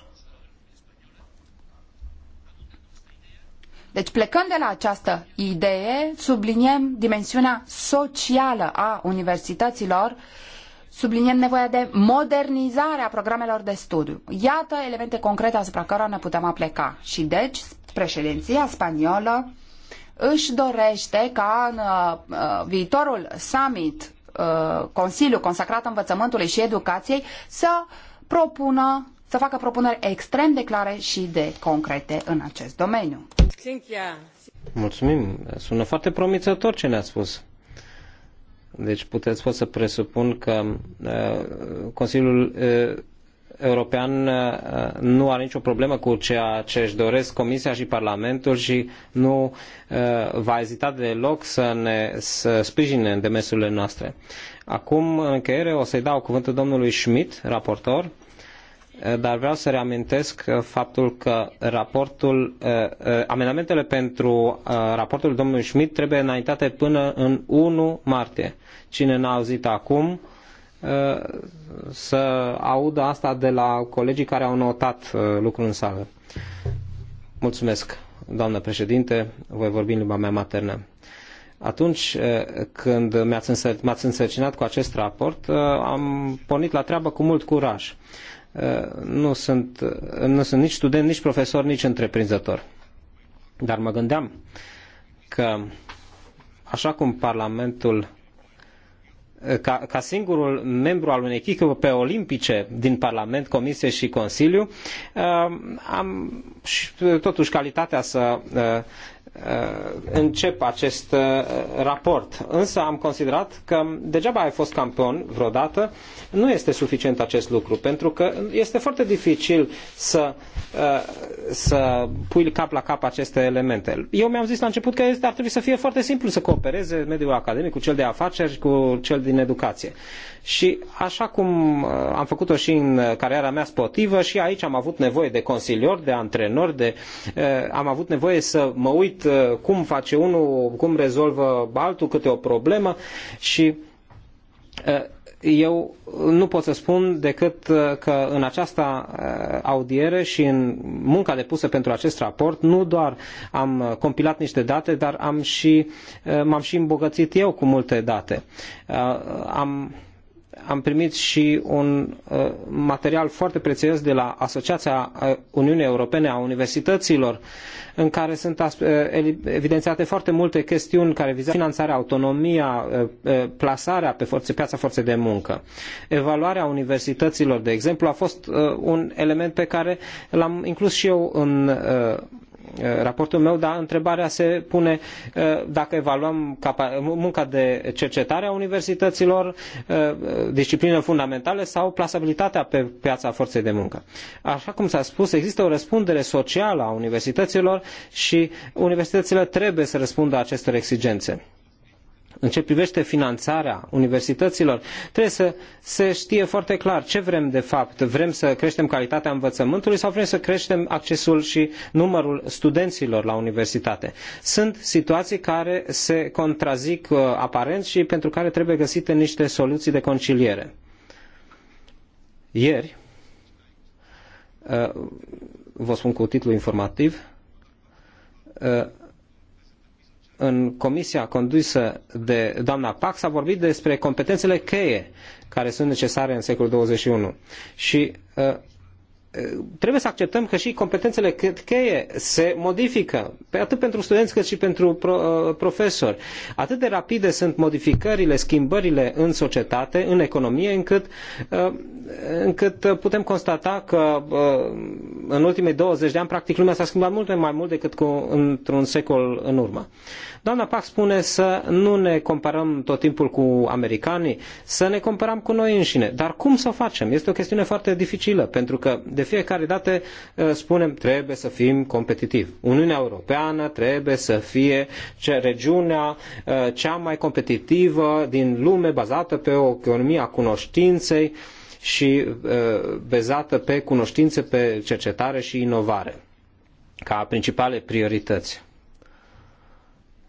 Deci, plecând de la această idee, subliniem dimensiunea socială a universităților, subliniem nevoia de modernizare a programelor de studiu. Iată elemente concrete asupra cărora ne putem apleca. Și deci, președinția spaniolă își dorește ca în uh, uh viitorul summit, uh, Consiliu consacrat învățământului și educației, să propună să facă propuneri extrem de clare și de concrete în acest domeniu. Mulțumim. Sună foarte promițător ce ne-a spus. Deci puteți pot să presupun că uh, Consiliul uh, European uh, nu are nicio problemă cu ceea ce își doresc Comisia și Parlamentul și nu uh, va ezita deloc să ne să sprijine demersurile noastre. Acum, în încheiere, o să-i dau cuvântul domnului Schmidt, raportor, Eh, dar vreau să reamintesc eh, faptul că raportul, eh, amendamentele pentru raportul domnului Schmidt trebuie înaintate până în 1 martie. Cine n-a auzit acum, să audă asta de la colegii care au notat lucrul în sală. Mulțumesc, doamnă președinte, voi vorbi în limba mea maternă. Atunci când m-ați însărcinat cu acest raport, am pornit la treabă cu mult curaj Uh, nu sunt, uh, nu sunt nici student, nici profesor, nici întreprinzător. Dar mă gândeam că așa cum Parlamentul uh, ca, ca, singurul membru al unei echipe olimpice din Parlament, Comisie și Consiliu, am și, totuși calitatea să Uh, încep acest uh, raport. Însă am considerat că degeaba ai fost campion vreodată, nu este suficient acest lucru, pentru că este foarte dificil să, uh, să pui cap la cap aceste elemente. Eu mi-am zis la început că este, ar trebui să fie foarte simplu să coopereze mediul academic cu cel de afaceri și cu cel din educație. Și așa cum am făcut-o și în cariera mea sportivă, și aici am avut nevoie de consilior, de antrenor, de, am avut nevoie să mă uit Uh, cum face unul, cum rezolvă altul câte o problemă și uh, eu nu pot să spun decât uh, că în această audiere și în munca depusă pentru acest raport nu doar am compilat niște date, dar am și, m-am și îmbogățit eu cu multe date. Am am primit și un uh, material foarte prețios de la Asociația uh, Uniunii Europene a Universităților, în care sunt uh, evidențiate foarte multe chestiuni care vizează finanțarea, autonomia, plasarea pe forțe, piața forței de muncă. Evaluarea universităților, de exemplu, a fost un element pe care l-am inclus și eu în Eh, raportul meu, dar întrebarea se pune eh, dacă evaluăm munca de cercetare a universităților, eh, disciplinele fundamentale sau plasabilitatea pe piața forței de muncă. Așa cum s-a spus, există o răspundere socială a universităților și universitățile trebuie să răspundă acestor exigențe în ce privește finanțarea universităților, trebuie să se știe foarte clar ce vrem de fapt. Vrem să creștem calitatea învățământului sau vrem să creștem accesul și numărul studenților la universitate. Sunt situații care se contrazic uh, aparent și pentru care trebuie găsite niște soluții de conciliere. Ieri, uh, vă spun cu titlu informativ, uh, în comisia condusă de doamna Pax a vorbit despre competențele cheie care sunt necesare în secolul 21. Și trebuie să acceptăm că și competențele cheie se modifică, atât pentru studenți cât și pentru uh, profesori. Atât de rapide sunt modificările, schimbările în societate, în economie, încât, uh, încât putem constata că uh, în ultimii 20 de ani, practic, lumea s-a schimbat mult mai mult decât într-un secol în urmă. Doamna Pac spune să nu ne comparăm tot timpul cu americanii, să ne comparăm cu noi înșine. Dar cum să facem? Este o chestiune foarte dificilă, pentru că de fiecare dată uh, spunem trebuie să fim competitivi. Uniunea Europeană trebuie să fie regiunea uh, cea mai competitivă din lume, bazată pe o economie a cunoștinței și uh, bazată pe cunoștințe, pe cercetare și inovare ca principale priorități.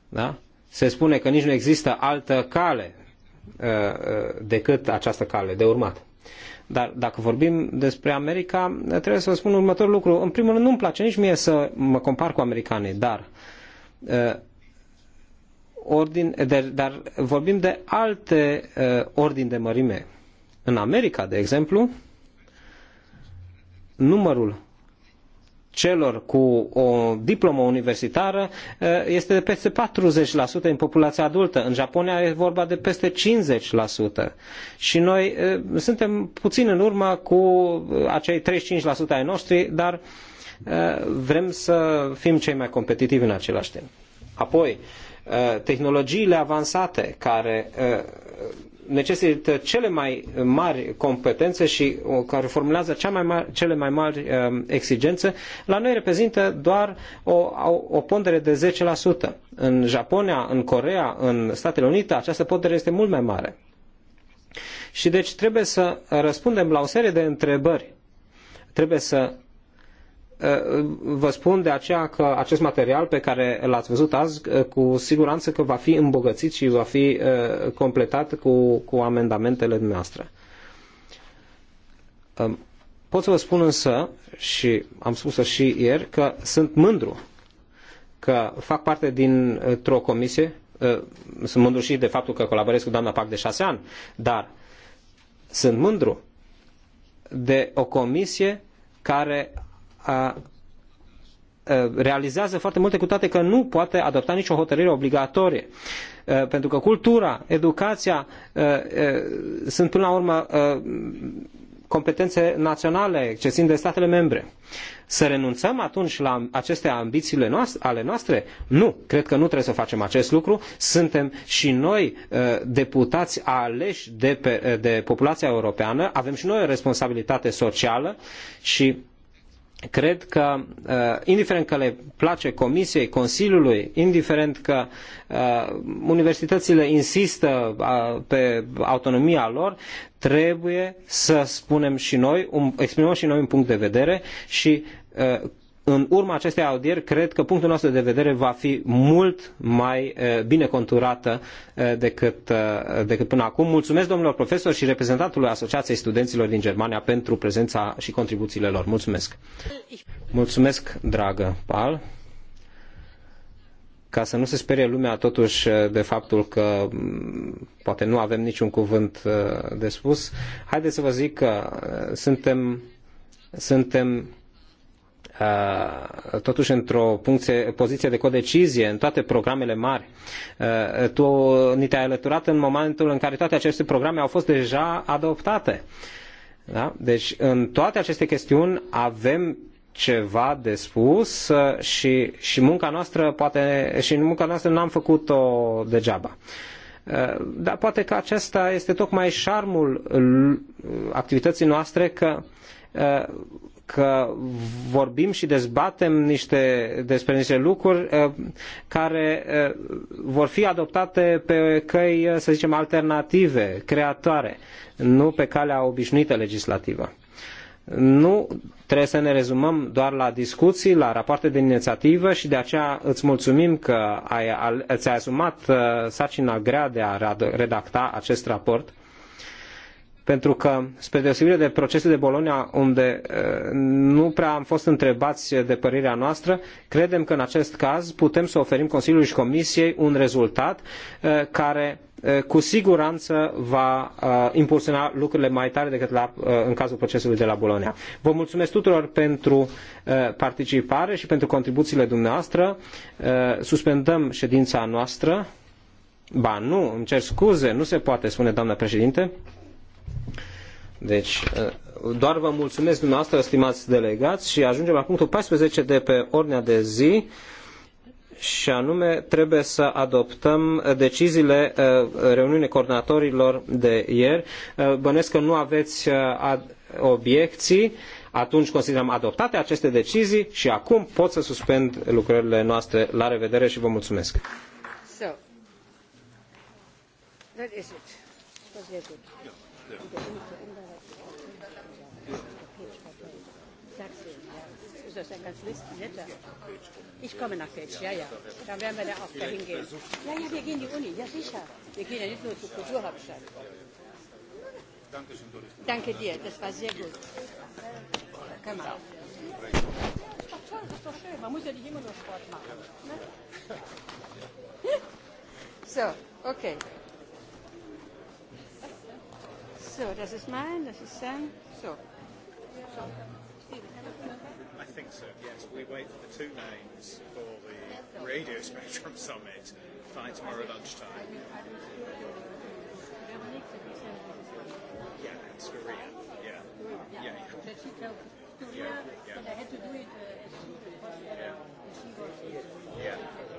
Da? Se spune că nici nu există altă cale uh, uh, decât această cale de urmat. Dar dacă vorbim despre America, trebuie să vă spun următorul lucru. În primul rând, nu-mi place nici mie să mă compar cu americanii, dar, uh, ordin, de, dar vorbim de alte uh, ordini de mărime. În America, de exemplu, numărul celor cu o diplomă universitară este de peste 40% în populația adultă. În Japonia e vorba de peste 50%. Și noi suntem puțin în urmă cu acei 35% ai noștri, dar vrem să fim cei mai competitivi în același timp. Apoi, tehnologiile avansate care necesită cele mai mari competențe și uh, care formulează cea mai mari, cele mai mari uh, exigențe, la noi reprezintă doar o, o pondere de 10%. În Japonia, în Corea, în Statele Unite, această pondere este mult mai mare. Și deci trebuie să răspundem la o serie de întrebări. Trebuie să Eh, vă spun de aceea că acest material pe care l-ați văzut azi, eh, cu siguranță că va fi îmbogățit și va fi eh, completat cu, cu amendamentele noastre. Ehm, pot să vă spun însă, și am spus-o și ieri, că sunt mândru că fac parte dintr-o comisie, sunt mândru și de faptul că colaborez cu doamna Pac de șase ani, dar sunt mândru de o comisie care a realizează foarte multe, cu toate că nu poate adopta nicio hotărâre obligatorie. Pentru că cultura, educația sunt până la urmă competențe naționale ce țin de statele membre. Să renunțăm atunci la aceste ambițiile noastre, ale noastre? Nu, cred că nu trebuie să facem acest lucru. Suntem și noi deputați aleși de, pe, de populația europeană, avem și noi o responsabilitate socială și cred că, uh, indiferent că le place Comisiei, Consiliului, indiferent că uh, universitățile insistă uh, pe autonomia lor, trebuie să spunem și noi, exprimăm și noi un punct de vedere și în urma acestei audieri, cred că punctul nostru de vedere va fi mult mai eh, bine conturată eh, decât, eh, decât până acum. Mulțumesc domnilor profesor și reprezentantului Asociației Studenților din Germania pentru prezența și contribuțiile lor. Mulțumesc! Mulțumesc, dragă Pal! Ca să nu se sperie lumea totuși de faptul că mm, poate nu avem niciun cuvânt de spus, haideți să vă zic că suntem, suntem Uh, totuși într-o poziție de codecizie în toate programele mari. Uh, tu ni te-ai alăturat în momentul în care toate aceste programe au fost deja adoptate. Da? Deci în toate aceste chestiuni avem ceva de spus uh, și, și munca noastră poate și munca noastră n-am făcut-o degeaba. Dar poate că acesta este tocmai șarmul activității noastre că că vorbim și dezbatem niște, despre niște lucruri uh, care uh, vor fi adoptate pe căi, uh, să zicem, alternative, creatoare, nu pe calea obișnuită legislativă. Nu trebuie să ne rezumăm doar la discuții, la rapoarte de inițiativă și de aceea îți mulțumim că ai, ți-ai asumat sarcina grea de a redacta acest raport pentru că, spre deosebire de procesul de Bologna, unde nu prea am fost întrebați de părerea noastră, credem că în acest caz putem să oferim Consiliului și Comisiei un rezultat care cu siguranță va impulsiona lucrurile mai tare decât la, în cazul procesului de la Bologna. Vă mulțumesc tuturor pentru participare și pentru contribuțiile dumneavoastră. Suspendăm ședința noastră. Ba nu, îmi cer scuze, nu se poate, spune doamna președinte. Deci, ă, doar vă mulțumesc dumneavoastră, stimați delegați, și ajungem la punctul 14 de pe ordinea de zi, și anume trebuie să adoptăm deciziile ă, reuniunii coordonatorilor de ieri. Ă, bănesc că nu aveți obiecții, atunci considerăm adoptate aceste decizii și acum pot să suspend lucrările noastre. La revedere și vă mulțumesc! So, Das ist ein ganz netter. Ich komme nach Fetsch, ja, ja. Dann werden wir da auch dahin gehen. Ja, ja, wir gehen in die Uni, ja sicher. Wir gehen ja nicht nur zur Kulturhauptstadt. Danke dir, das war sehr gut. Komm mal. auch. Ist doch toll, das ist doch schön. Man muss ja nicht immer nur Sport machen. Ne? So, okay. So, das ist mein, das ist Sam. So. I think so, yes. We wait for the two names for the Radio Spectrum Summit by tomorrow lunchtime. Yeah, that's Korea. Yeah. Yeah. yeah. yeah. Korea, yeah. but I uh, Yeah. Yeah.